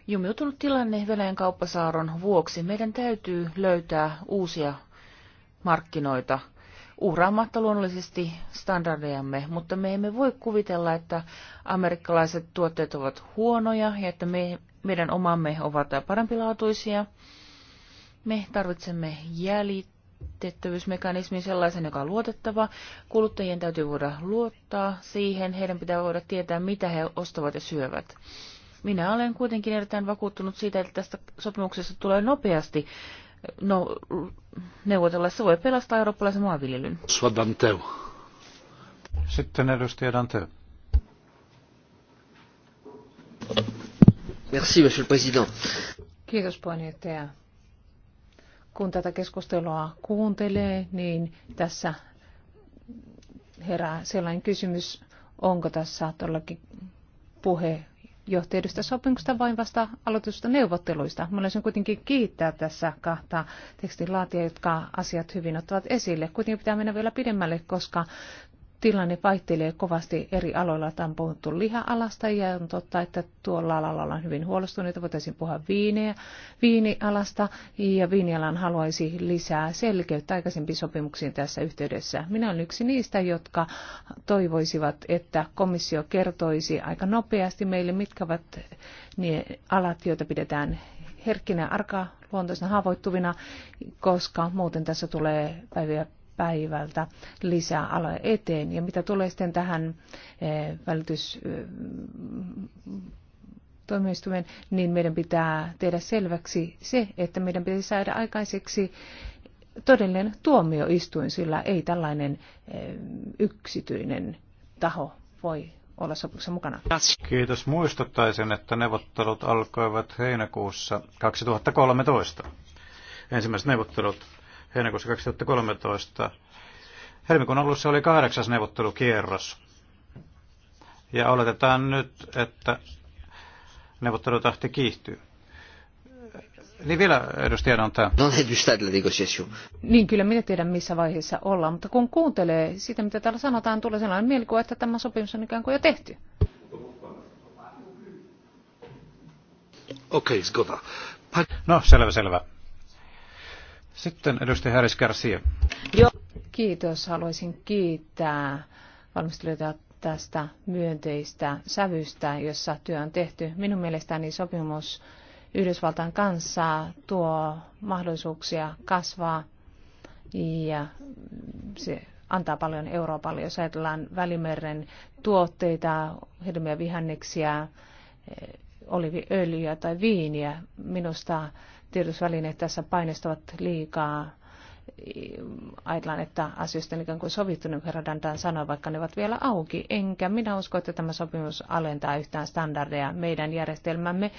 jumiutunut tilanne Venäjän kauppasaaron vuoksi. Meidän täytyy löytää uusia markkinoita – uhraamatta luonnollisesti standardejamme, mutta me emme voi kuvitella, että amerikkalaiset tuotteet ovat huonoja ja että me, meidän omamme ovat parempilaatuisia. Me tarvitsemme jäljitettävyysmekanismi sellaisen, joka on luotettava. Kuluttajien täytyy voida luottaa siihen. Heidän pitää voida tietää, mitä he ostavat ja syövät. Minä olen kuitenkin erittäin vakuuttunut siitä, että tästä sopimuksesta tulee nopeasti no, neuvotella. Se voi pelastaa eurooppalaisen maanviljelyn. Sitten edustaja Dante. Merci, monsieur le président. Kiitos puheenjohtaja. Kun tätä keskustelua kuuntelee, niin tässä herää sellainen kysymys, onko tässä todellakin puhe jo tehdystä sopimuksesta, vasta aloitusta neuvotteluista. Mä olisin kuitenkin kiittää tässä kahta tekstin laatia, jotka asiat hyvin ottavat esille. Kuitenkin pitää mennä vielä pidemmälle, koska tilanne vaihtelee kovasti eri aloilla. Tämä on puhuttu liha-alasta ja on totta, että tuolla alalla ollaan hyvin huolestuneita. Voitaisiin puhua viineä, viinialasta ja viinialan haluaisi lisää selkeyttä aikaisempiin sopimuksiin tässä yhteydessä. Minä olen yksi niistä, jotka toivoisivat, että komissio kertoisi aika nopeasti meille, mitkä ovat ne alat, joita pidetään herkkinä, arka luontoisena haavoittuvina, koska muuten tässä tulee päiviä päivältä lisää ala eteen. Ja mitä tulee sitten tähän eh, välitys eh, toimistuminen, niin meidän pitää tehdä selväksi se, että meidän pitäisi saada aikaiseksi todellinen tuomioistuin, sillä ei tällainen eh, yksityinen taho voi olla sopimuksessa mukana. Kiitos. Muistuttaisin, että neuvottelut alkoivat heinäkuussa 2013. Ensimmäiset neuvottelut heinäkuussa 2013. Helmikuun alussa oli kahdeksas neuvottelukierros. Ja oletetaan nyt, että neuvottelutahti kiihtyy. Niin vielä edustaja Dantin. Niin kyllä minä tiedän missä vaiheessa ollaan, mutta kun kuuntelee sitä mitä täällä sanotaan, tulee sellainen mielikuva, että tämä sopimus on ikään kuin jo tehty. Okei, okay, No selvä, selvä. Sitten edustaja Garcia. Joo, kiitos. Haluaisin kiittää valmistelijoita tästä myönteistä sävystä, jossa työ on tehty. Minun mielestäni sopimus Yhdysvaltain kanssa tuo mahdollisuuksia kasvaa ja se antaa paljon Euroopalle, jos ajatellaan Välimeren tuotteita, hedelmiä, vihanneksia, oliviöljyä tai viiniä. Minusta tiedotusvälineet tässä painostavat liikaa. Ajatellaan, että asioista on ikään kuin sovittu, niin kuin Radandan sanoi, vaikka ne ovat vielä auki. Enkä minä usko, että tämä sopimus alentaa yhtään standardeja. Meidän järjestelmämme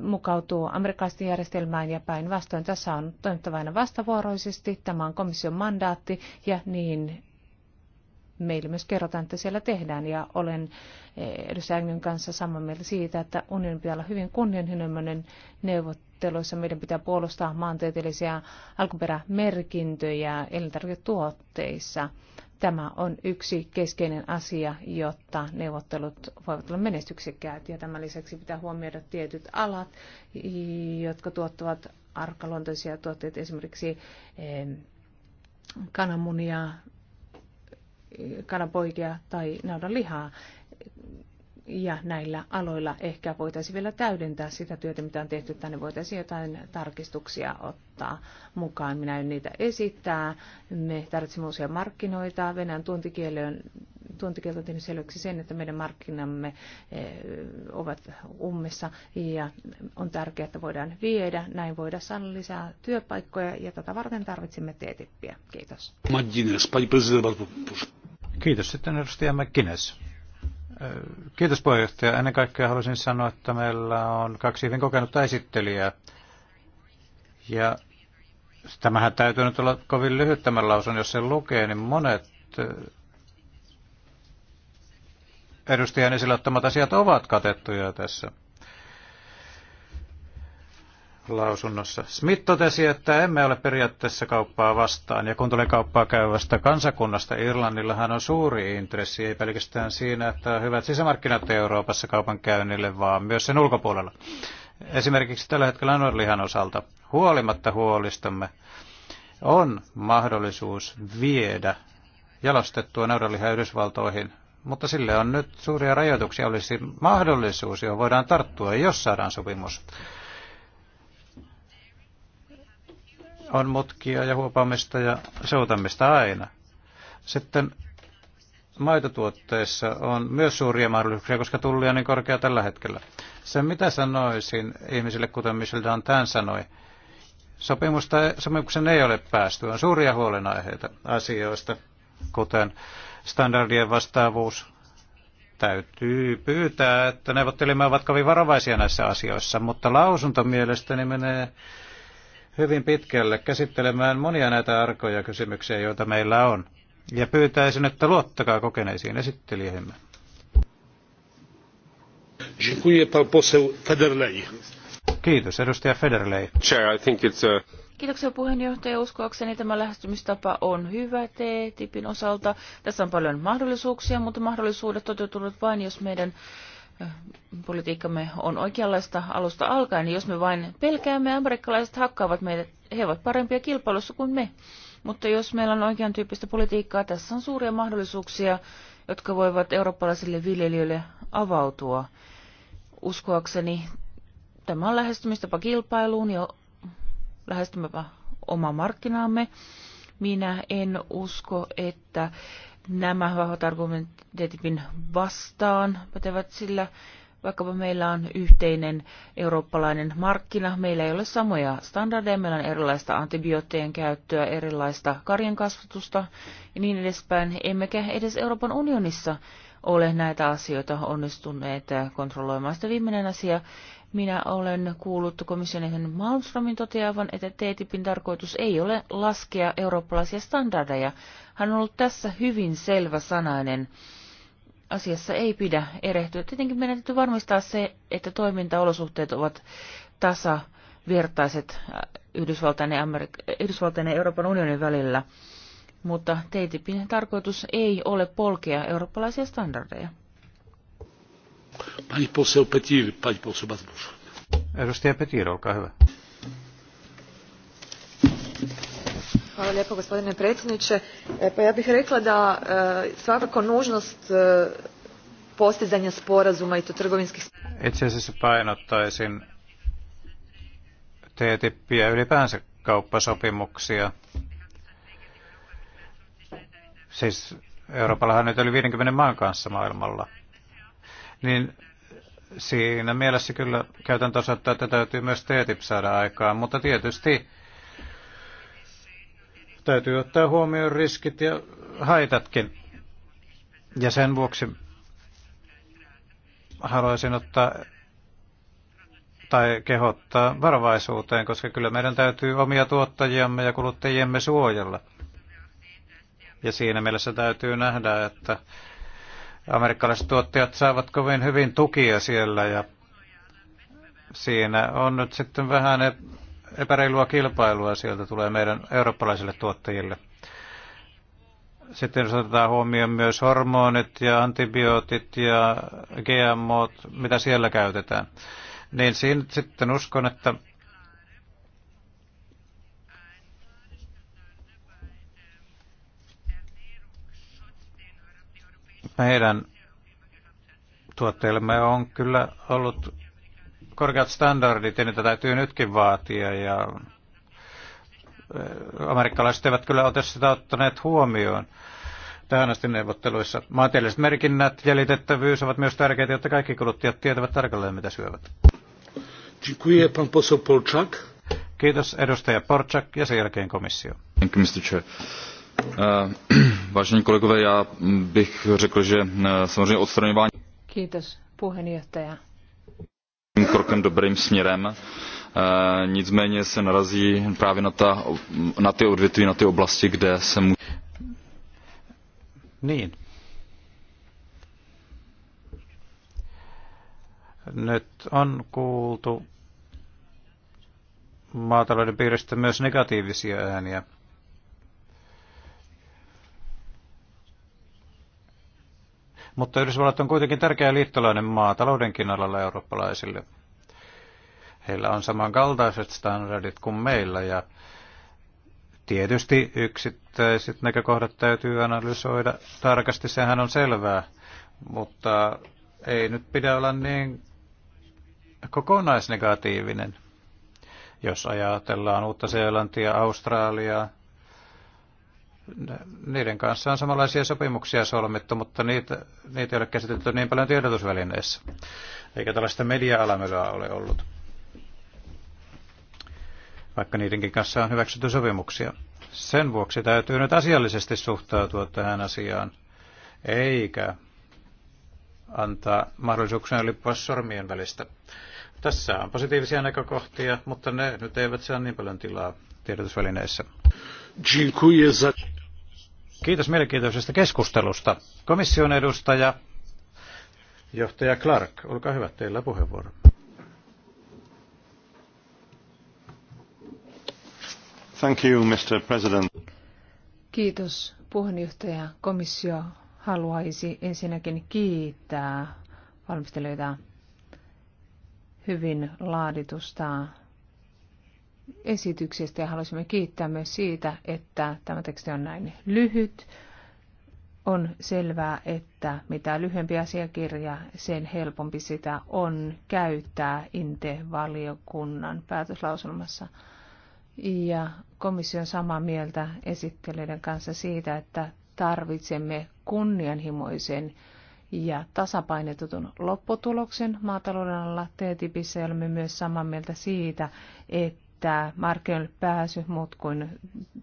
mukautuu amerikkalaisten järjestelmään ja päinvastoin. Tässä on toimittava aina vastavuoroisesti. Tämä on komission mandaatti ja niin meille myös kerrotaan, että siellä tehdään. Ja olen eh, edustaja Engin kanssa samaa mieltä siitä, että unionin pitää olla hyvin kunnianhimoinen neuvotteluissa. Meidän pitää puolustaa maantieteellisiä alkuperämerkintöjä elintarviketuotteissa. Tämä on yksi keskeinen asia, jotta neuvottelut voivat olla menestyksekkäät. Ja tämän lisäksi pitää huomioida tietyt alat, jotka tuottavat arkaluontoisia tuotteita, esimerkiksi eh, kananmunia, kalapoikia tai naudan lihaa. Ja näillä aloilla ehkä voitaisiin vielä täydentää sitä työtä, mitä on tehty tänne. Voitaisiin jotain tarkistuksia ottaa mukaan. Minä en niitä esittää. Me tarvitsemme uusia markkinoita. Venäjän tuontikielön tuontikielto on tehnyt selväksi sen, että meidän markkinamme eh, ovat ummessa ja on tärkeää, että voidaan viedä. Näin voidaan saada lisää työpaikkoja ja tätä varten tarvitsemme TTIPiä. Kiitos. Kiitos sitten edustaja McGuinness. Kiitos puheenjohtaja. Ennen kaikkea haluaisin sanoa, että meillä on kaksi hyvin kokenutta esittelijää. Ja tämähän täytyy nyt olla kovin lyhyt tämän lausun, jos sen lukee, niin monet edustajan esille ottamat asiat ovat katettuja tässä lausunnossa. Smith totesi, että emme ole periaatteessa kauppaa vastaan, ja kun tulee kauppaa käyvästä kansakunnasta, Irlannillahan on suuri intressi, ei pelkästään siinä, että on hyvät sisämarkkinat Euroopassa kaupan käynnille, vaan myös sen ulkopuolella. Esimerkiksi tällä hetkellä Norlihan osalta, huolimatta huolistamme, on mahdollisuus viedä jalostettua naudanlihaa Yhdysvaltoihin, mutta sille on nyt suuria rajoituksia. Olisi mahdollisuus, johon voidaan tarttua, jos saadaan sopimus on mutkia ja huopaamista ja soutamista aina. Sitten maitotuotteissa on myös suuria mahdollisuuksia, koska tulli on niin korkea tällä hetkellä. Se mitä sanoisin ihmisille, kuten Michel Dantin sanoi, sopimusta, sopimuksen ei ole päästy. On suuria huolenaiheita asioista, kuten standardien vastaavuus. Täytyy pyytää, että neuvottelimme ovat kovin varovaisia näissä asioissa, mutta lausunto mielestäni menee hyvin pitkälle käsittelemään monia näitä arkoja kysymyksiä, joita meillä on. Ja pyytäisin, että luottakaa kokeneisiin esittelijöihimme. Kiitos, edustaja Federley. Chair, I think it's a... Kiitoksia puheenjohtaja. Uskoakseni tämä lähestymistapa on hyvä TTIPin osalta. Tässä on paljon mahdollisuuksia, mutta mahdollisuudet toteutuvat vain, jos meidän politiikkamme on oikeanlaista alusta alkaen. Jos me vain pelkäämme, amerikkalaiset hakkaavat meidät. He ovat parempia kilpailussa kuin me. Mutta jos meillä on oikean tyyppistä politiikkaa, tässä on suuria mahdollisuuksia, jotka voivat eurooppalaisille viljelijöille avautua. Uskoakseni tämä on lähestymistapa kilpailuun ja lähestymäpä oma markkinaamme. Minä en usko, että nämä vahvat argumentit vastaan pätevät sillä, vaikkapa meillä on yhteinen eurooppalainen markkina, meillä ei ole samoja standardeja, meillä on erilaista antibioottien käyttöä, erilaista karjan kasvatusta ja niin edespäin, emmekä edes Euroopan unionissa ole näitä asioita onnistuneet kontrolloimaan. Sitä viimeinen asia, minä olen kuullut komission Malmströmin toteavan, että TTIPin tarkoitus ei ole laskea eurooppalaisia standardeja. Hän on ollut tässä hyvin selvä sanainen. Asiassa ei pidä erehtyä. Tietenkin meidän täytyy varmistaa se, että toimintaolosuhteet ovat tasavertaiset äh, Yhdysvaltain ja, Amerik- äh, Yhdysvaltain ja Euroopan unionin välillä. Mutta TTIPin tarkoitus ei ole polkea eurooppalaisia standardeja. Pani poseł Petir, pani poseł, Edustaja Petir, olkaa hyvä. Hvala lijepo gospodine predsjedniče. E, pa ja bih rekla da e, svakako nužnost e, postizanja sporazuma i to trgovinskih... Itse asiassa painottaisin ylipäänsä kauppasopimuksia. Siis Euroopallahan nyt oli 50 maan kanssa maailmalla niin siinä mielessä kyllä käytäntö osoittaa, että täytyy myös TTIP saada aikaan, mutta tietysti täytyy ottaa huomioon riskit ja haitatkin. Ja sen vuoksi haluaisin ottaa tai kehottaa varovaisuuteen, koska kyllä meidän täytyy omia tuottajiamme ja kuluttajiemme suojella. Ja siinä mielessä täytyy nähdä, että Amerikkalaiset tuottajat saavat kovin hyvin tukia siellä ja siinä on nyt sitten vähän epäreilua kilpailua sieltä tulee meidän eurooppalaisille tuottajille. Sitten jos otetaan huomioon myös hormonit ja antibiootit ja GMOt, mitä siellä käytetään, niin siinä sitten uskon, että Meidän tuotteillemme on kyllä ollut korkeat standardit ja niitä täytyy nytkin vaatia ja eh, amerikkalaiset eivät kyllä ole sitä ottaneet huomioon tähän asti neuvotteluissa. Maantieteelliset merkinnät, jäljitettävyys ovat myös tärkeitä, jotta kaikki kuluttajat tietävät tarkalleen, mitä syövät. Kiitos edustaja Porchak ja sen jälkeen komissio. Thank you, Mr. Chair. Eh, [clears throat] vážení kolegové, já bych řekl, že eh, samozřejmě odstraňování Kiitos puheenjohtaja. krokem dobrým směrem. Eh, nicméně se narazí právě na, ta, na ty odvětví, na ty oblasti, kde se mu... Niin. Nyt on kuultu maatalouden piiristä myös negatiivisia ääniä. Mutta Yhdysvallat on kuitenkin tärkeä liittolainen maa taloudenkin alalla eurooppalaisille. Heillä on samankaltaiset standardit kuin meillä ja tietysti yksittäiset näkökohdat täytyy analysoida tarkasti, sehän on selvää, mutta ei nyt pidä olla niin kokonaisnegatiivinen. Jos ajatellaan Uutta-Seelantia, Australiaa, niiden kanssa on samanlaisia sopimuksia solmittu, mutta niitä, niitä ei ole käsitelty niin paljon tiedotusvälineissä. Eikä tällaista media-alamylöä ole ollut, vaikka niidenkin kanssa on hyväksytty sopimuksia. Sen vuoksi täytyy nyt asiallisesti suhtautua tähän asiaan, eikä antaa mahdollisuuksia lippua sormien välistä. Tässä on positiivisia näkökohtia, mutta ne nyt eivät saa niin paljon tilaa tiedotusvälineissä. Kiitos mielenkiintoisesta keskustelusta. Komission edustaja, johtaja Clark, olkaa hyvä, teillä puheenvuoro. Thank you, Mr. President. Kiitos puheenjohtaja. Komissio haluaisi ensinnäkin kiittää valmistelijoita hyvin laaditusta esityksestä ja haluaisimme kiittää myös siitä, että tämä teksti on näin lyhyt. On selvää, että mitä lyhyempi asiakirja, sen helpompi sitä on käyttää INTE-valiokunnan päätöslauselmassa. Ja komissio on samaa mieltä esittelijöiden kanssa siitä, että tarvitsemme kunnianhimoisen ja tasapainotetun lopputuloksen maatalouden alla. TTIPissä olemme myös samaa mieltä siitä, että tämä markkinoille pääsy, muut kuin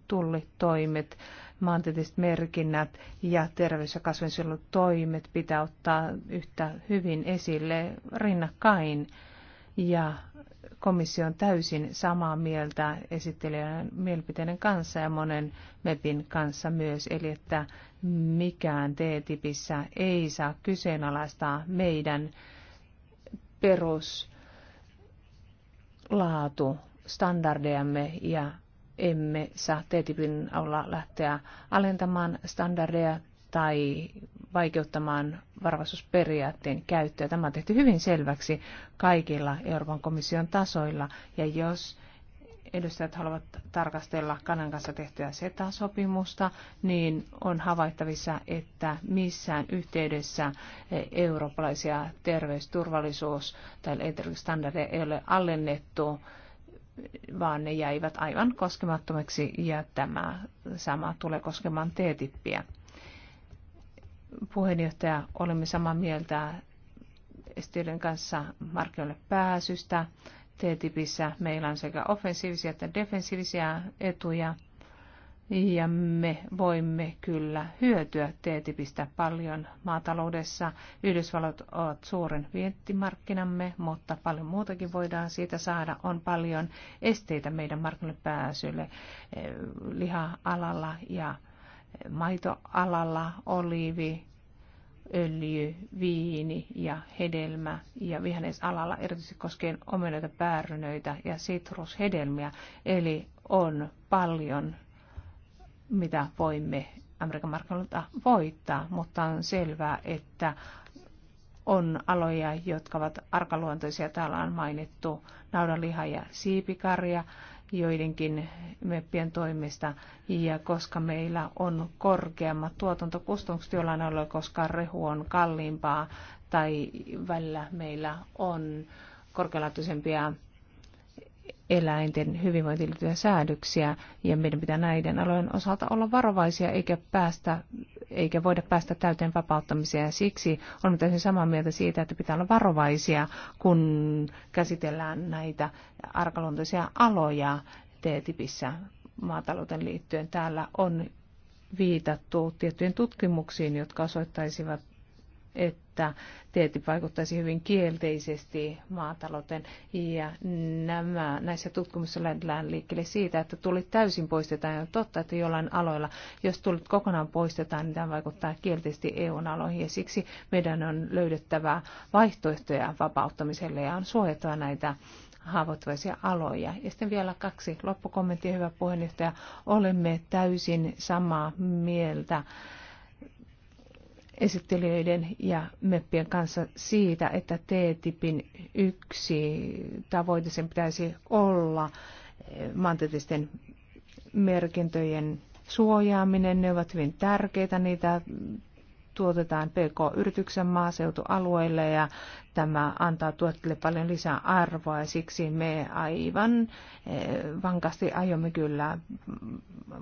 tullitoimet, maantieteelliset merkinnät ja terveys- ja kasvinsuojelutoimet pitää ottaa yhtä hyvin esille rinnakkain. Ja komissio on täysin samaa mieltä esittelijän mielipiteiden kanssa ja monen MEPin kanssa myös, eli että mikään T-tipissä ei saa kyseenalaistaa meidän peruslaatu standardejamme ja emme saa TTIPin olla lähteä alentamaan standardeja tai vaikeuttamaan varvaisuusperiaatteen käyttöä. Tämä on tehty hyvin selväksi kaikilla Euroopan komission tasoilla. Ja jos edustajat haluavat tarkastella Kanan kanssa tehtyä SETA-sopimusta, niin on havaittavissa, että missään yhteydessä eurooppalaisia terveysturvallisuus- tai standardeja ei ole allennettu vaan ne jäivät aivan koskemattomiksi ja tämä sama tulee koskemaan T-tippiä. Puheenjohtaja, olemme samaa mieltä estiöiden kanssa markkinoille pääsystä. T-tipissä meillä on sekä offensiivisia että defensiivisiä etuja – ja me voimme kyllä hyötyä TTIPistä paljon maataloudessa. Yhdysvallat ovat suuren vientimarkkinamme, mutta paljon muutakin voidaan siitä saada. On paljon esteitä meidän markkinoille pääsylle liha-alalla ja maitoalalla, oliivi, öljy, viini ja hedelmä ja vihannesalalla erityisesti koskien omenoita, päärynöitä ja sitrushedelmiä. Eli on paljon mitä voimme Amerikan markkinoilta voittaa, mutta on selvää, että on aloja, jotka ovat arkaluontoisia. Täällä on mainittu naudanliha ja siipikarja joidenkin meppien toimista. Ja koska meillä on korkeammat tuotantokustannukset jollain alueella, koska rehu on kalliimpaa tai välillä meillä on korkealaatuisempia eläinten hyvinvointiin liittyviä säädöksiä ja meidän pitää näiden alojen osalta olla varovaisia eikä, päästä, eikä voida päästä täyteen vapauttamiseen. Ja siksi on täysin samaa mieltä siitä, että pitää olla varovaisia, kun käsitellään näitä arkaluontoisia aloja TTIPissä maatalouteen liittyen. Täällä on viitattu tiettyjen tutkimuksiin, jotka osoittaisivat että TTIP vaikuttaisi hyvin kielteisesti maatalouteen. Ja nämä, näissä tutkimuksissa lähdetään liikkeelle siitä, että tulit täysin poistetaan. Ja on totta, että jollain aloilla, jos tulit kokonaan poistetaan, niin tämä vaikuttaa kielteisesti EU-aloihin. Ja siksi meidän on löydettävä vaihtoehtoja vapauttamiselle ja on suojattava näitä haavoittuvaisia aloja. Ja sitten vielä kaksi loppukommenttia, hyvä puheenjohtaja. Olemme täysin samaa mieltä esittelijöiden ja meppien kanssa siitä, että T-tipin yksi tavoite sen pitäisi olla eh, maantieteellisten merkintöjen suojaaminen. Ne ovat hyvin tärkeitä, niitä tuotetaan PK-yrityksen maaseutualueille ja tämä antaa tuotteille paljon lisää arvoa ja siksi me aivan eh, vankasti aiomme kyllä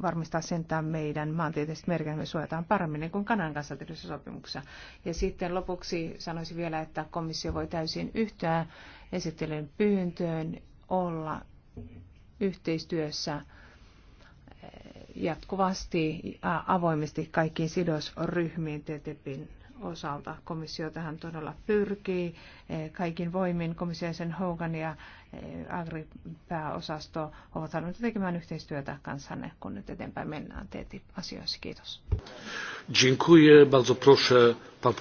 varmistaa sen, että meidän maantieteelliset merkimme suojataan paremmin niin kuin Kanan kanssa tehdyssä sopimuksessa. Ja sitten lopuksi sanoisin vielä, että komissio voi täysin yhtään esittelyn pyyntöön olla yhteistyössä jatkuvasti avoimesti kaikkiin sidosryhmiin TTIPin osalta. Komissio tähän todella pyrkii eh, kaikin voimin. komission sen Hogan ja eh, Agri-pääosasto ovat halunneet tekemään yhteistyötä kanssanne, kun nyt eteenpäin mennään TTIP-asioissa. Kiitos. Dziękuję, bardzo proszę, pan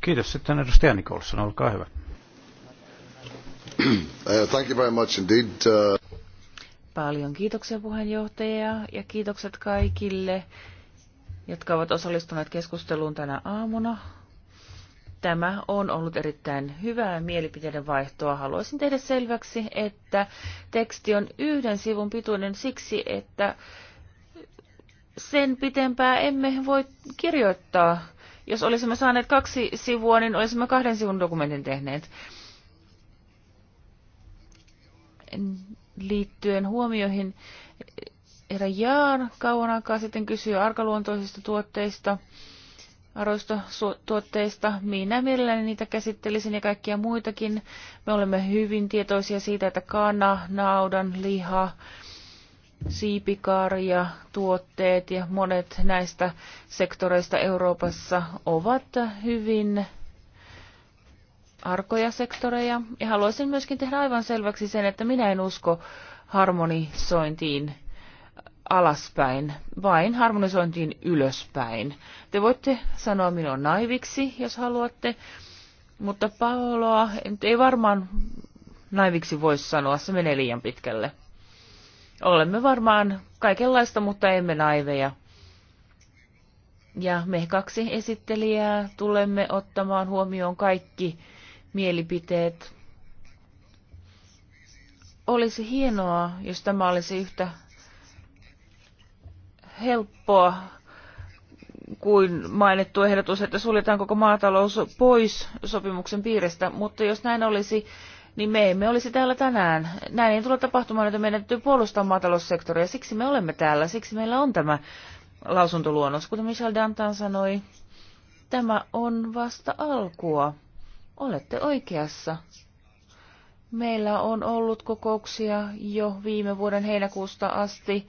Kiitos. Sitten edustaja Nikolson, olkaa hyvä. [clears throat] Uh, thank you very much indeed. Uh, Paljon kiitoksia puheenjohtaja ja kiitokset kaikille, jotka ovat osallistuneet keskusteluun tänä aamuna. Tämä on ollut erittäin hyvää mielipiteiden vaihtoa. Haluaisin tehdä selväksi, että teksti on yhden sivun pituinen siksi, että sen pitempää emme voi kirjoittaa. Jos olisimme saaneet kaksi sivua, niin olisimme kahden sivun dokumentin tehneet liittyen huomioihin. Herra Jaan kauan aikaa sitten kysyi arkaluontoisista tuotteista, arvoista tuotteista. Minä mielelläni niitä käsittelisin ja kaikkia muitakin. Me olemme hyvin tietoisia siitä, että kana, naudan, liha, siipikarja, tuotteet ja monet näistä sektoreista Euroopassa ovat hyvin arkoja sektoreja. Ja haluaisin myöskin tehdä aivan selväksi sen, että minä en usko harmonisointiin alaspäin, vain harmonisointiin ylöspäin. Te voitte sanoa minua naiviksi, jos haluatte, mutta Paoloa ei varmaan naiviksi voi sanoa, se menee liian pitkälle. Olemme varmaan kaikenlaista, mutta emme naiveja. Ja me kaksi esittelijää tulemme ottamaan huomioon kaikki mielipiteet. Olisi hienoa, jos tämä olisi yhtä helppoa kuin mainittu ehdotus, että suljetaan koko maatalous pois sopimuksen piiristä, mutta jos näin olisi, niin me emme olisi täällä tänään. Näin ei tule tapahtumaan, että meidän täytyy puolustaa maataloussektoria. Siksi me olemme täällä, siksi meillä on tämä lausuntoluonnos. Kuten Michel Dantan sanoi, tämä on vasta alkua. Olette oikeassa. Meillä on ollut kokouksia jo viime vuoden heinäkuusta asti,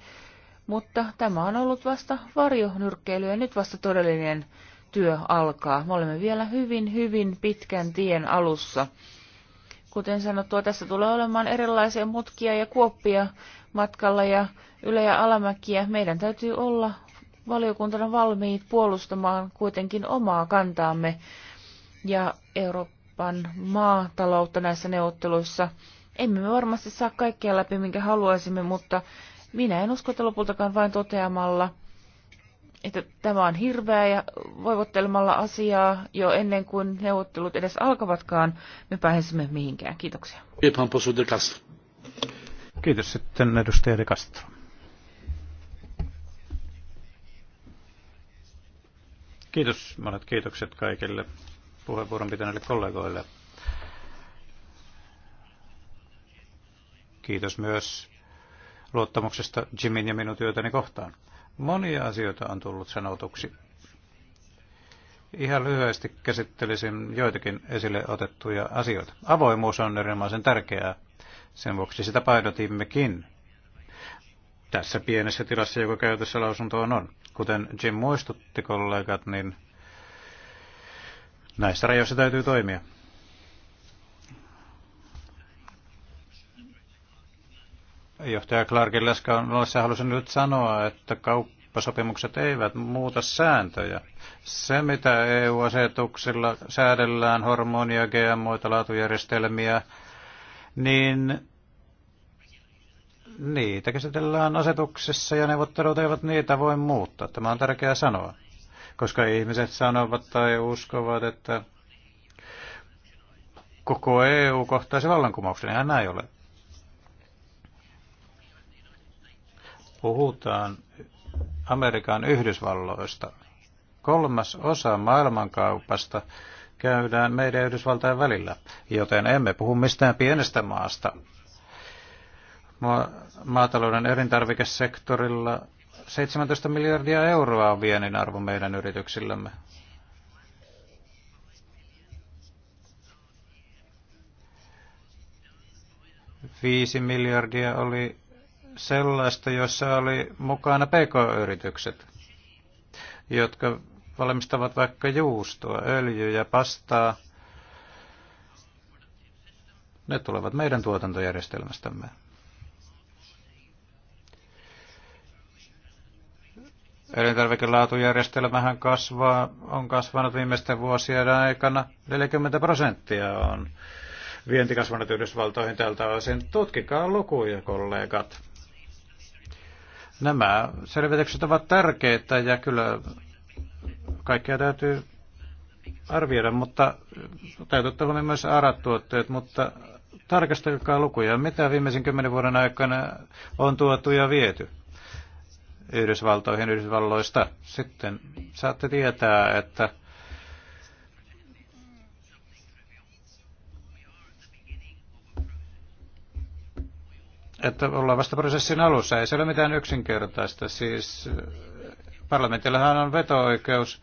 mutta tämä on ollut vasta varjonyrkkeily ja nyt vasta todellinen työ alkaa. Me olemme vielä hyvin, hyvin pitkän tien alussa. Kuten sanottua, tässä tulee olemaan erilaisia mutkia ja kuoppia matkalla ja ylä- ja alamäkiä. Meidän täytyy olla valiokuntana valmiit puolustamaan kuitenkin omaa kantaamme ja Eurooppaa Euroopan maataloutta näissä neuvotteluissa. Emme me varmasti saa kaikkea läpi, minkä haluaisimme, mutta minä en usko, että lopultakaan vain toteamalla, että tämä on hirveä ja voivottelemalla asiaa jo ennen kuin neuvottelut edes alkavatkaan, me pääsemme mihinkään. Kiitoksia. Kiitos sitten edustaja De Castro. Kiitos, monet kiitokset kaikille puheenvuoron pitäneille kollegoille. Kiitos myös luottamuksesta Jimin ja minun työtäni kohtaan. Monia asioita on tullut sanotuksi. Ihan lyhyesti käsittelisin joitakin esille otettuja asioita. Avoimuus on erinomaisen tärkeää. Sen vuoksi sitä painotimmekin tässä pienessä tilassa, joka käytössä lausuntoon on. Kuten Jim muistutti kollegat, niin Näissä rajoissa täytyy toimia. Johtaja Clarkin on ollessa halusin nyt sanoa, että kauppasopimukset eivät muuta sääntöjä. Se, mitä EU-asetuksilla säädellään, hormonia, GMOita, laatujärjestelmiä, niin niitä käsitellään asetuksessa ja neuvottelut eivät niitä voi muuttaa. Tämä on tärkeää sanoa koska ihmiset sanovat tai uskovat, että koko EU kohtaisi vallankumouksen. Eihän näin ole. Puhutaan Amerikan Yhdysvalloista. Kolmas osa maailmankaupasta käydään meidän ja Yhdysvaltain välillä, joten emme puhu mistään pienestä maasta. Maatalouden elintarvikesektorilla 17 miljardia euroa on viennin arvo meidän yrityksillämme. Viisi miljardia oli sellaista, jossa oli mukana pk-yritykset, jotka valmistavat vaikka juustoa, öljyä, pastaa. Ne tulevat meidän tuotantojärjestelmästämme. Elintarvikelaatujärjestelmähän kasvaa, on kasvanut viimeisten vuosien aikana. 40 prosenttia on vienti kasvanut Yhdysvaltoihin tältä osin. Tutkikaa lukuja, kollegat. Nämä selvitykset ovat tärkeitä ja kyllä kaikkea täytyy arvioida, mutta täytyy myös ARA-tuotteet, mutta tarkastakaa lukuja, mitä viimeisen kymmenen vuoden aikana on tuotu ja viety. Yhdysvaltoihin Yhdysvalloista, sitten saatte tietää, että että ollaan vasta prosessin alussa. Ei se ole mitään yksinkertaista. Siis eh, parlamentillahan on veto-oikeus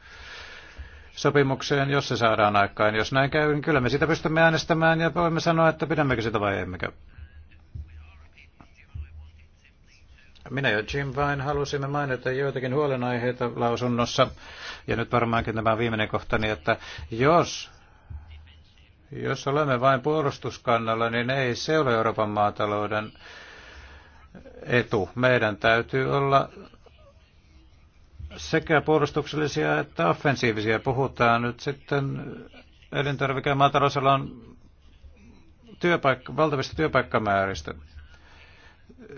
sopimukseen, jos se saadaan aikaan. Jos näin käy, niin kyllä me sitä pystymme äänestämään ja voimme sanoa, että pidämmekö sitä vai emmekö. Minä ja Jim vain halusimme mainita joitakin huolenaiheita lausunnossa, ja nyt varmaankin tämä viimeinen kohta, niin että jos, jos olemme vain puolustuskannalla, niin ei se ole Euroopan maatalouden etu. Meidän täytyy olla sekä puolustuksellisia että offensiivisia. Puhutaan nyt sitten elintarvike- ja maatalousalan työpaikka, valtavista työpaikkamääristä.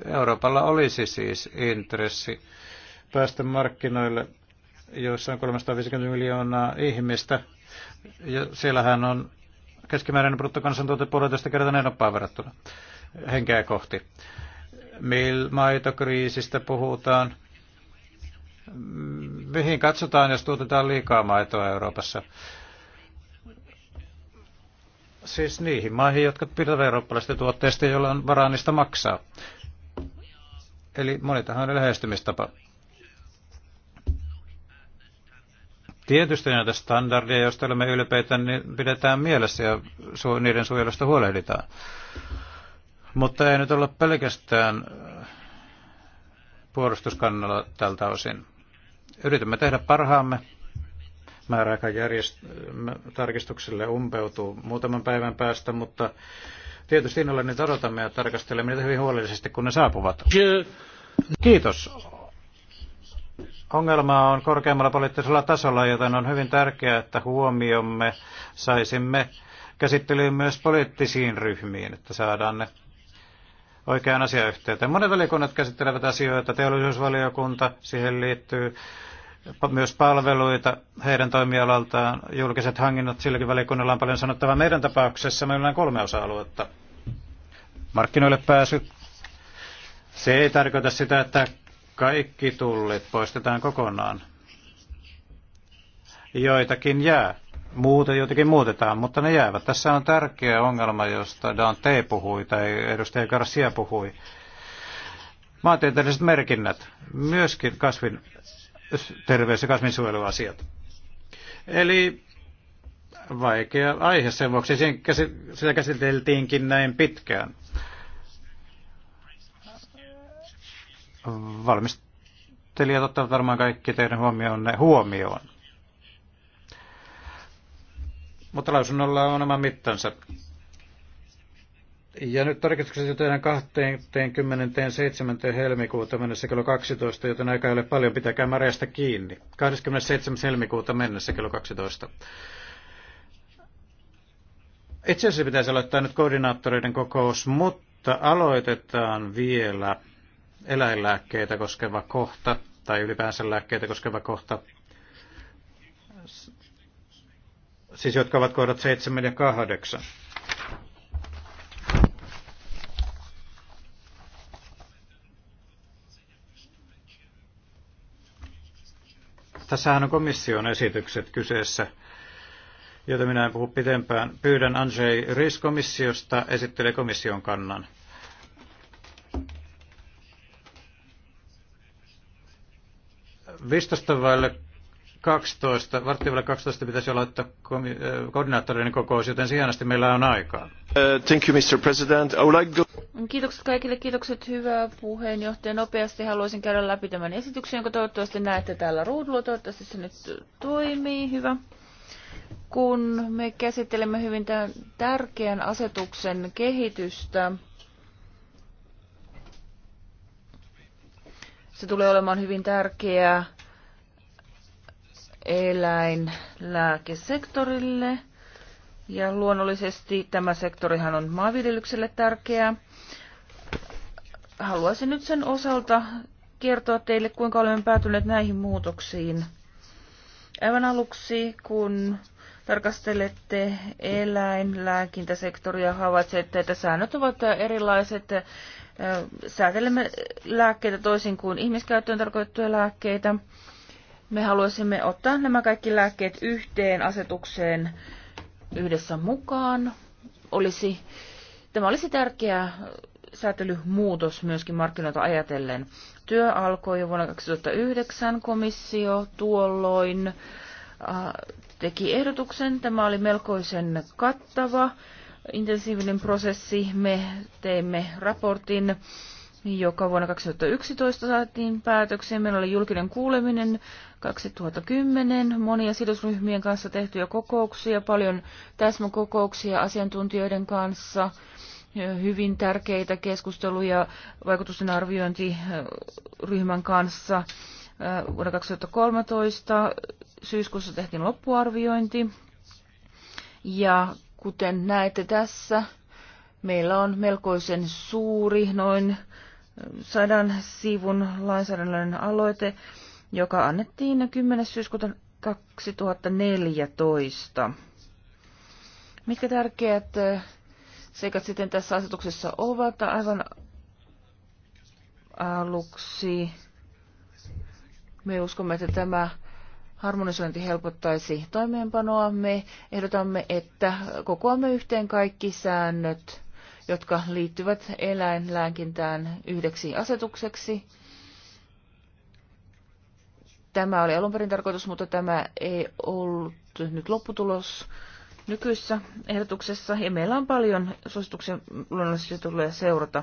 Euroopalla olisi siis intressi päästä markkinoille, joissa on 350 miljoonaa ihmistä. Ja siellähän on keskimääräinen bruttokansantuote puolitoista kertaa enempää verrattuna henkeä kohti. Mil maitokriisistä puhutaan, mihin katsotaan, jos tuotetaan liikaa maitoa Euroopassa? Siis niihin maihin, jotka pitävät eurooppalaisista tuotteista, joilla on varaa niistä maksaa. Eli monitahoinen lähestymistapa. Tietysti näitä standardeja, joista olemme ylpeitä, niin pidetään mielessä ja niiden suojelusta huolehditaan. Mutta ei nyt olla pelkästään puolustuskannalla tältä osin. Yritämme tehdä parhaamme. Määräaika järjest- tarkistukselle umpeutuu muutaman päivän päästä, mutta Tietysti innolla niitä odotamme ja tarkastelemme niitä hyvin huolellisesti, kun ne saapuvat. Kiitos. Ongelma on korkeammalla poliittisella tasolla, joten on hyvin tärkeää, että huomiomme saisimme käsittelyyn myös poliittisiin ryhmiin, että saadaan ne oikeaan asiayhteyteen. Monet valiokunnat käsittelevät asioita, teollisuusvaliokunta, siihen liittyy myös palveluita heidän toimialaltaan, julkiset hankinnat, silläkin välikunnalla on paljon sanottavaa. Meidän tapauksessa meillä on kolme osa-aluetta. Markkinoille pääsy. Se ei tarkoita sitä, että kaikki tullit poistetaan kokonaan. Joitakin jää. Muuta jotenkin muutetaan, mutta ne jäävät. Tässä on tärkeä ongelma, josta Dante puhui tai edustaja Garcia puhui. Maantieteelliset merkinnät, myöskin kasvin terveys- ja kasvinsuojeluasiat. Eli vaikea aihe sen vuoksi, sitä käsiteltiinkin näin pitkään. Valmistelijat ottavat varmaan kaikki teidän huomionne huomioon. Mutta lausunnolla on oma mittansa. Ja nyt tarkistukset tehdään 27. helmikuuta mennessä kello 12, joten aika ei ole paljon, pitäkää märeästä kiinni. 27. helmikuuta mennessä kello 12. Itse asiassa pitäisi aloittaa nyt koordinaattoreiden kokous, mutta aloitetaan vielä eläinlääkkeitä koskeva kohta, tai ylipäänsä lääkkeitä koskeva kohta, siis jotka ovat kohdat 7 ja 8. Tässähän on komission esitykset kyseessä, joita minä en puhu pitempään. Pyydän Andrzej Ries komissiosta esittelee komission kannan. Vistosta vaille 12, varttivalle 12 pitäisi olla että kokous, joten sijaisesti meillä on aikaa. Uh, thank you, Mr. President. I would like to... Kiitokset kaikille, kiitokset hyvää puheenjohtaja. Nopeasti haluaisin käydä läpi tämän esityksen, jonka toivottavasti näette täällä ruudulla. Toivottavasti se nyt toimii. Hyvä. Kun me käsittelemme hyvin tämän tärkeän asetuksen kehitystä, se tulee olemaan hyvin tärkeää eläinlääkesektorille. Ja luonnollisesti tämä sektorihan on maanviljelykselle tärkeä. Haluaisin nyt sen osalta kertoa teille, kuinka olemme päätyneet näihin muutoksiin. Aivan aluksi, kun tarkastelette eläinlääkintäsektoria, havaitsette, että säännöt ovat erilaiset. Säätelemme lääkkeitä toisin kuin ihmiskäyttöön tarkoitettuja lääkkeitä. Me haluaisimme ottaa nämä kaikki lääkkeet yhteen asetukseen yhdessä mukaan. Olisi, tämä olisi tärkeä säätelymuutos myöskin markkinoita ajatellen. Työ alkoi jo vuonna 2009. Komissio tuolloin äh, teki ehdotuksen. Tämä oli melkoisen kattava, intensiivinen prosessi. Me teimme raportin äh, joka vuonna 2011 saatiin päätöksiä. Meillä oli julkinen kuuleminen 2010, monia sidosryhmien kanssa tehtyjä kokouksia, paljon täsmäkokouksia asiantuntijoiden kanssa, hyvin tärkeitä keskusteluja vaikutusten arviointiryhmän kanssa. Vuonna 2013 syyskuussa tehtiin loppuarviointi ja kuten näette tässä, meillä on melkoisen suuri, noin sadan sivun lainsäädännöllinen aloite, joka annettiin 10. syyskuuta 2014. Mitkä tärkeät eh, seikat sitten tässä asetuksessa ovat? Aivan aluksi me uskomme, että tämä harmonisointi helpottaisi toimeenpanoa. Me ehdotamme, että kokoamme yhteen kaikki säännöt jotka liittyvät eläinlääkintään yhdeksi asetukseksi. Tämä oli alun perin tarkoitus, mutta tämä ei ollut nyt lopputulos nykyisessä ehdotuksessa. Ja meillä on paljon suosituksia luonnollisesti tulee seurata.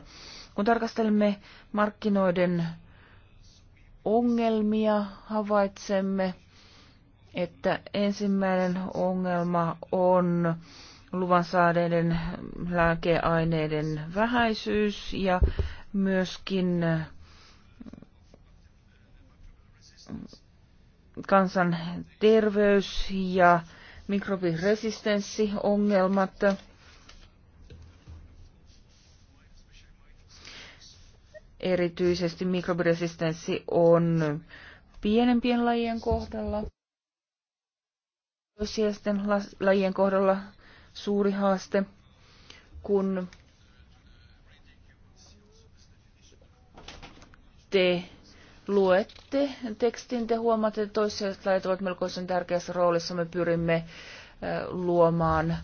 Kun tarkastelemme markkinoiden ongelmia, havaitsemme, että ensimmäinen ongelma on luvan saaneiden lääkeaineiden vähäisyys ja myöskin kansan terveys ja mikrobiresistenssiongelmat. Erityisesti mikrobiresistenssi on pienempien lajien kohdalla, toisiaisten lajien kohdalla suuri haaste, kun te luette tekstin, te huomaatte, että toiset lait ovat melkoisen tärkeässä roolissa. Me pyrimme luomaan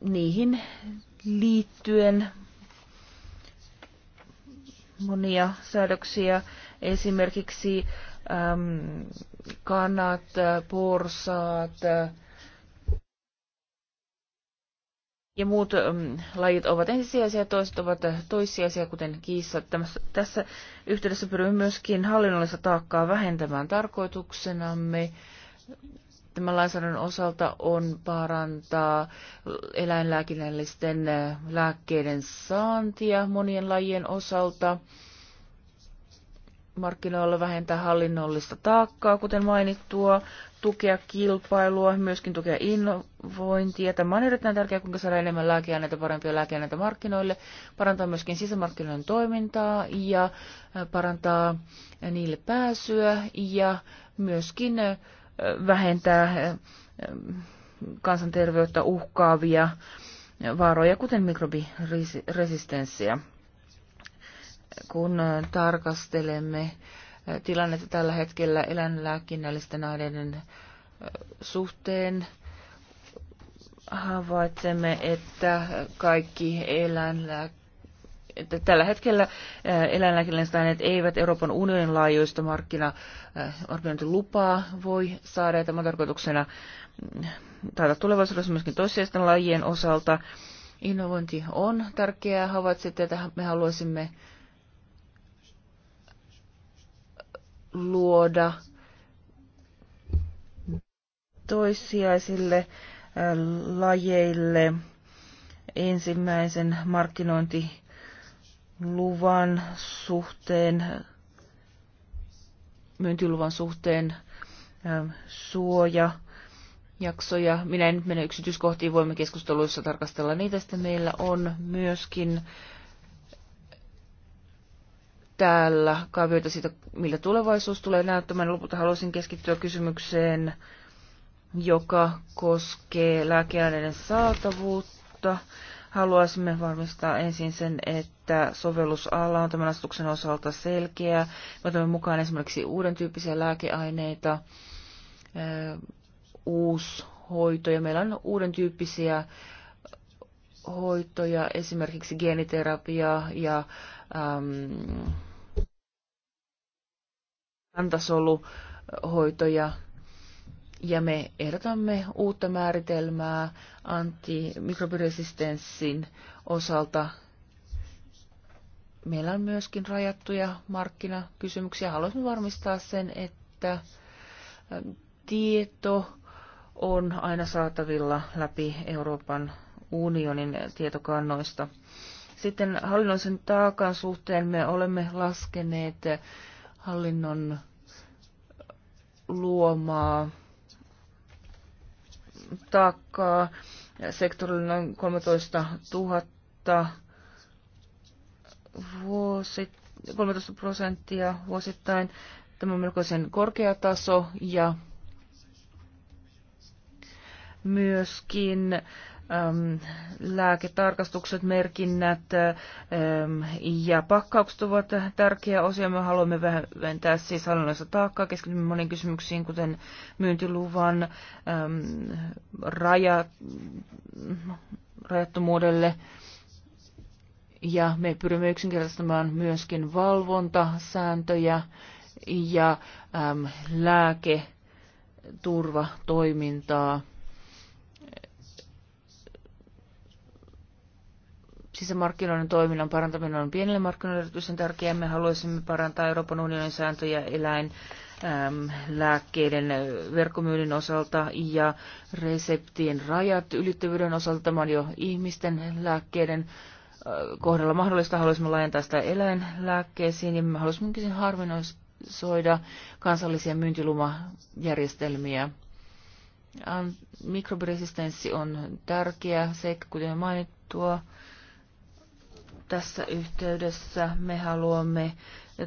niihin liittyen monia säädöksiä, esimerkiksi kannat, kanat, porsaat, ja muut um, lajit ovat ensisijaisia, toiset ovat toissijaisia, kuten kiissat. Tässä yhteydessä pyrimme myöskin hallinnollista taakkaa vähentämään tarkoituksenamme. Tämän lainsäädännön osalta on parantaa eläinlääkinnällisten äh, lääkkeiden saantia monien lajien osalta markkinoilla vähentää hallinnollista taakkaa, kuten mainittua, tukea kilpailua, myöskin tukea innovointia. Tämä on erittäin tärkeää, kuinka saada enemmän lääkeaineita, parempia lääkeaineita markkinoille, parantaa myöskin sisämarkkinoiden toimintaa ja äh, parantaa niille pääsyä ja myöskin äh, vähentää äh, kansanterveyttä uhkaavia vaaroja, kuten mikrobiresistenssiä kun äh, tarkastelemme äh, tilannetta tällä hetkellä eläinlääkinnällisten aineiden äh, suhteen, havaitsemme, että kaikki eläinlääkinnälliset tällä hetkellä eläinlääkinnälliset aineet eivät Euroopan unionin laajuista markkina, markkinointilupaa voi saada. Ja tämän tarkoituksena mm, taata tulevaisuudessa myöskin toissijaisten lajien osalta. Innovointi on tärkeää. Havaitsette, että me haluaisimme luoda toissijaisille lajeille ensimmäisen markkinointiluvan suhteen, myyntiluvan suhteen suojajaksoja. Minä en nyt mene yksityiskohtiin, voimme keskusteluissa tarkastella niitä. Sitten meillä on myöskin täällä kaaviota siitä, millä tulevaisuus tulee näyttämään. Lopulta haluaisin keskittyä kysymykseen, joka koskee lääkeaineiden saatavuutta. Haluaisimme varmistaa ensin sen, että sovellusala on tämän asetuksen osalta selkeä. Me otamme mukaan esimerkiksi uuden tyyppisiä lääkeaineita, uusi hoito, ja meillä on uuden tyyppisiä hoitoja, esimerkiksi geeniterapia ja äm, antasoluhoitoja. Ja me ehdotamme uutta määritelmää antimikrobiresistenssin osalta. Meillä on myöskin rajattuja markkinakysymyksiä. Haluaisin varmistaa sen, että ähm, tieto on aina saatavilla läpi Euroopan unionin tietokannoista. Sitten hallinnollisen taakan suhteen me olemme laskeneet hallinnon luomaa taakkaa. Sektorilla noin 13 000 vuosi, 13 prosenttia vuosittain. Tämä on melkoisen korkea taso ja myöskin äh, Ähm, lääketarkastukset, merkinnät ähm, ja pakkaukset ovat tärkeä osia. Me haluamme vähentää siis hallinnollista taakkaa. Keskitymme moniin kysymyksiin, kuten myyntiluvan, ähm, raja, rajattomuudelle. Ja me pyrimme yksinkertaistamaan myöskin valvontasääntöjä ja äm, lääketurvatoimintaa. sisämarkkinoiden toiminnan parantaminen on pienille markkinoille erityisen tärkeää. Me haluaisimme parantaa Euroopan unionin sääntöjä eläin lääkkeiden verkkomyynnin osalta ja reseptien rajat ylittävyyden osalta. Tämä on jo ihmisten lääkkeiden kohdalla mahdollista. Haluaisimme laajentaa sitä eläinlääkkeisiin ja me harvinaisoida harminoisoida kansallisia myyntilumajärjestelmiä. Mikrobiresistenssi on tärkeä seikka, kuten mainittua tässä yhteydessä me haluamme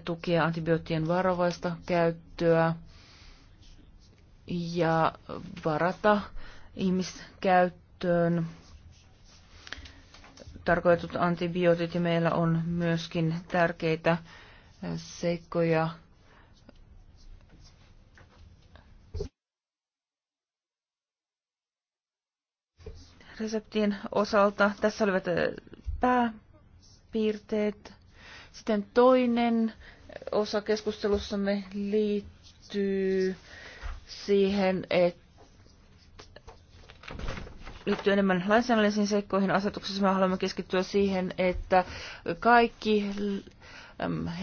tukea antibioottien varovaista käyttöä ja varata ihmiskäyttöön tarkoitut antibiootit ja meillä on myöskin tärkeitä seikkoja reseptien osalta. Tässä olivat äh, pää piirteet. Sitten toinen osa keskustelussamme liittyy siihen, että liittyy enemmän lainsäädännöllisiin seikkoihin asetuksessa. Me haluamme keskittyä siihen, että kaikki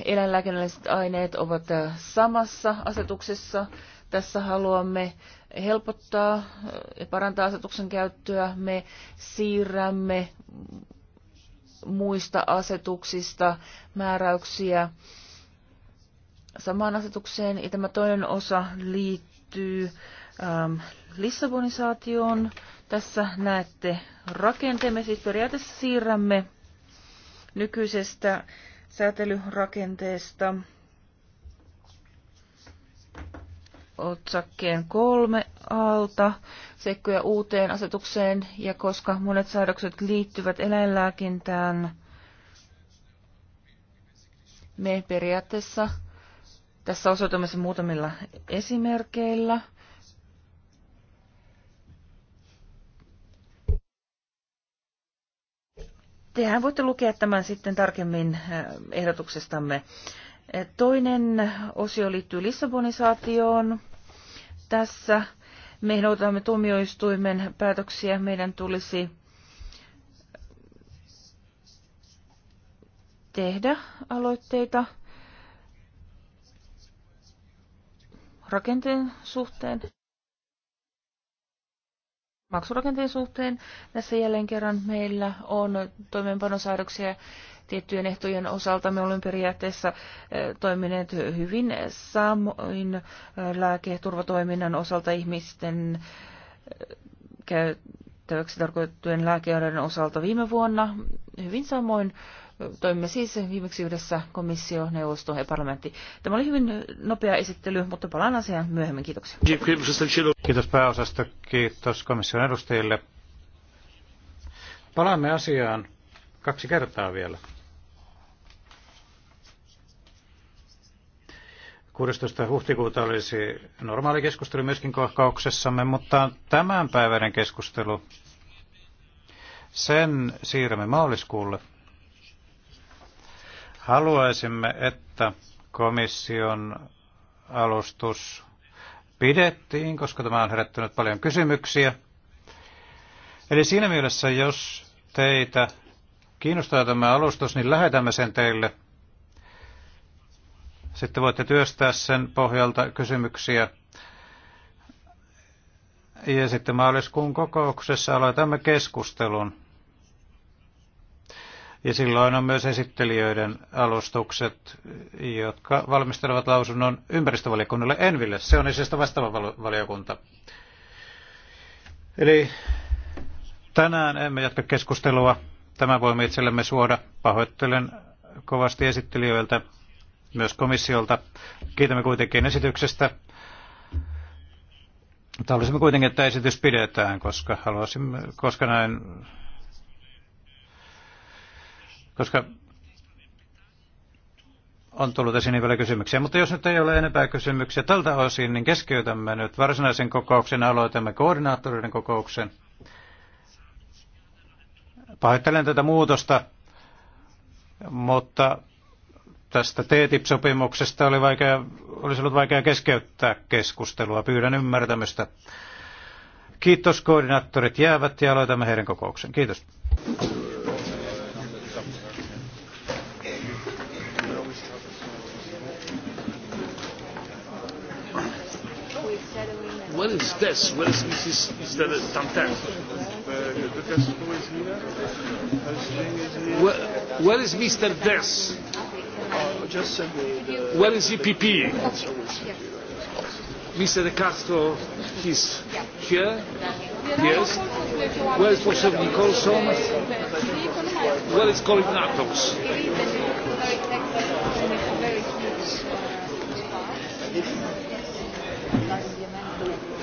eläinlääkinnälliset aineet ovat äh, samassa asetuksessa. Tässä haluamme helpottaa äh, ja parantaa asetuksen käyttöä. Me siirrämme muista asetuksista määräyksiä samaan asetukseen. Ja tämä toinen osa liittyy ähm, Lissabonisaatioon. Tässä näette rakenteemme, siis periaatteessa siirrämme nykyisestä säätelyrakenteesta otsakkeen kolme alta seikkoja uuteen asetukseen ja koska monet säädökset liittyvät eläinlääkintään, me periaatteessa tässä osoitamme se muutamilla esimerkkeillä. Tehän voitte lukea tämän sitten tarkemmin eh, ehdotuksestamme. Eh, toinen osio liittyy Lissabonisaatioon tässä me odotamme tuomioistuimen päätöksiä. Meidän tulisi tehdä aloitteita rakenteen suhteen maksurakenteen suhteen. Tässä jälleen kerran meillä on toimeenpanosäädöksiä tiettyjen ehtojen osalta. Me olemme periaatteessa eh, toimineet hyvin samoin eh, lääketurvatoiminnan osalta ihmisten eh, käyttäväksi tarkoitettujen lääkeiden osalta viime vuonna. Hyvin samoin Toimimme siis viimeksi yhdessä komissio, neuvosto ja parlamentti. Tämä oli hyvin nopea esittely, mutta palaan asiaan myöhemmin. Kiitoksia. Kiitos pääosasta. Kiitos komission edustajille. Palaamme asiaan kaksi kertaa vielä. 16. huhtikuuta olisi normaali keskustelu myöskin kohkauksessamme, mutta tämänpäiväinen keskustelu, sen siirrämme maaliskuulle – Haluaisimme, että komission alustus pidettiin, koska tämä on herättänyt paljon kysymyksiä. Eli siinä mielessä, jos teitä kiinnostaa tämä alustus, niin lähetämme sen teille. Sitten voitte työstää sen pohjalta kysymyksiä. Ja sitten maaliskuun kokouksessa aloitamme keskustelun ja silloin on myös esittelijöiden alustukset, jotka valmistelevat lausunnon ympäristövaliokunnalle Enville. Se on itse vastaava valiokunta. Eli tänään emme jatka keskustelua. Tämä voimme itsellemme suoda. Pahoittelen kovasti esittelijöiltä, myös komissiolta. Kiitämme kuitenkin esityksestä. Mutta haluaisimme kuitenkin, että esitys pidetään, koska, haluaisimme, koska näin koska on tullut esiin niin paljon kysymyksiä. Mutta jos nyt ei ole enempää kysymyksiä tältä osin, niin keskeytämme nyt varsinaisen kokouksen, aloitamme koordinaattoreiden kokouksen. Pahoittelen tätä muutosta, mutta tästä TTIP-sopimuksesta oli vaikea, olisi ollut vaikea keskeyttää keskustelua. Pyydän ymmärtämystä. Kiitos koordinaattorit jäävät ja aloitamme heidän kokouksen. Kiitos. is this? Where is this Is that Tantan? Where, where is Mr. Des? Where is EPP? Mr. De Castro, he's here. Yes. Where is Professor Nicholson? Where is Colin Natos? Thank you.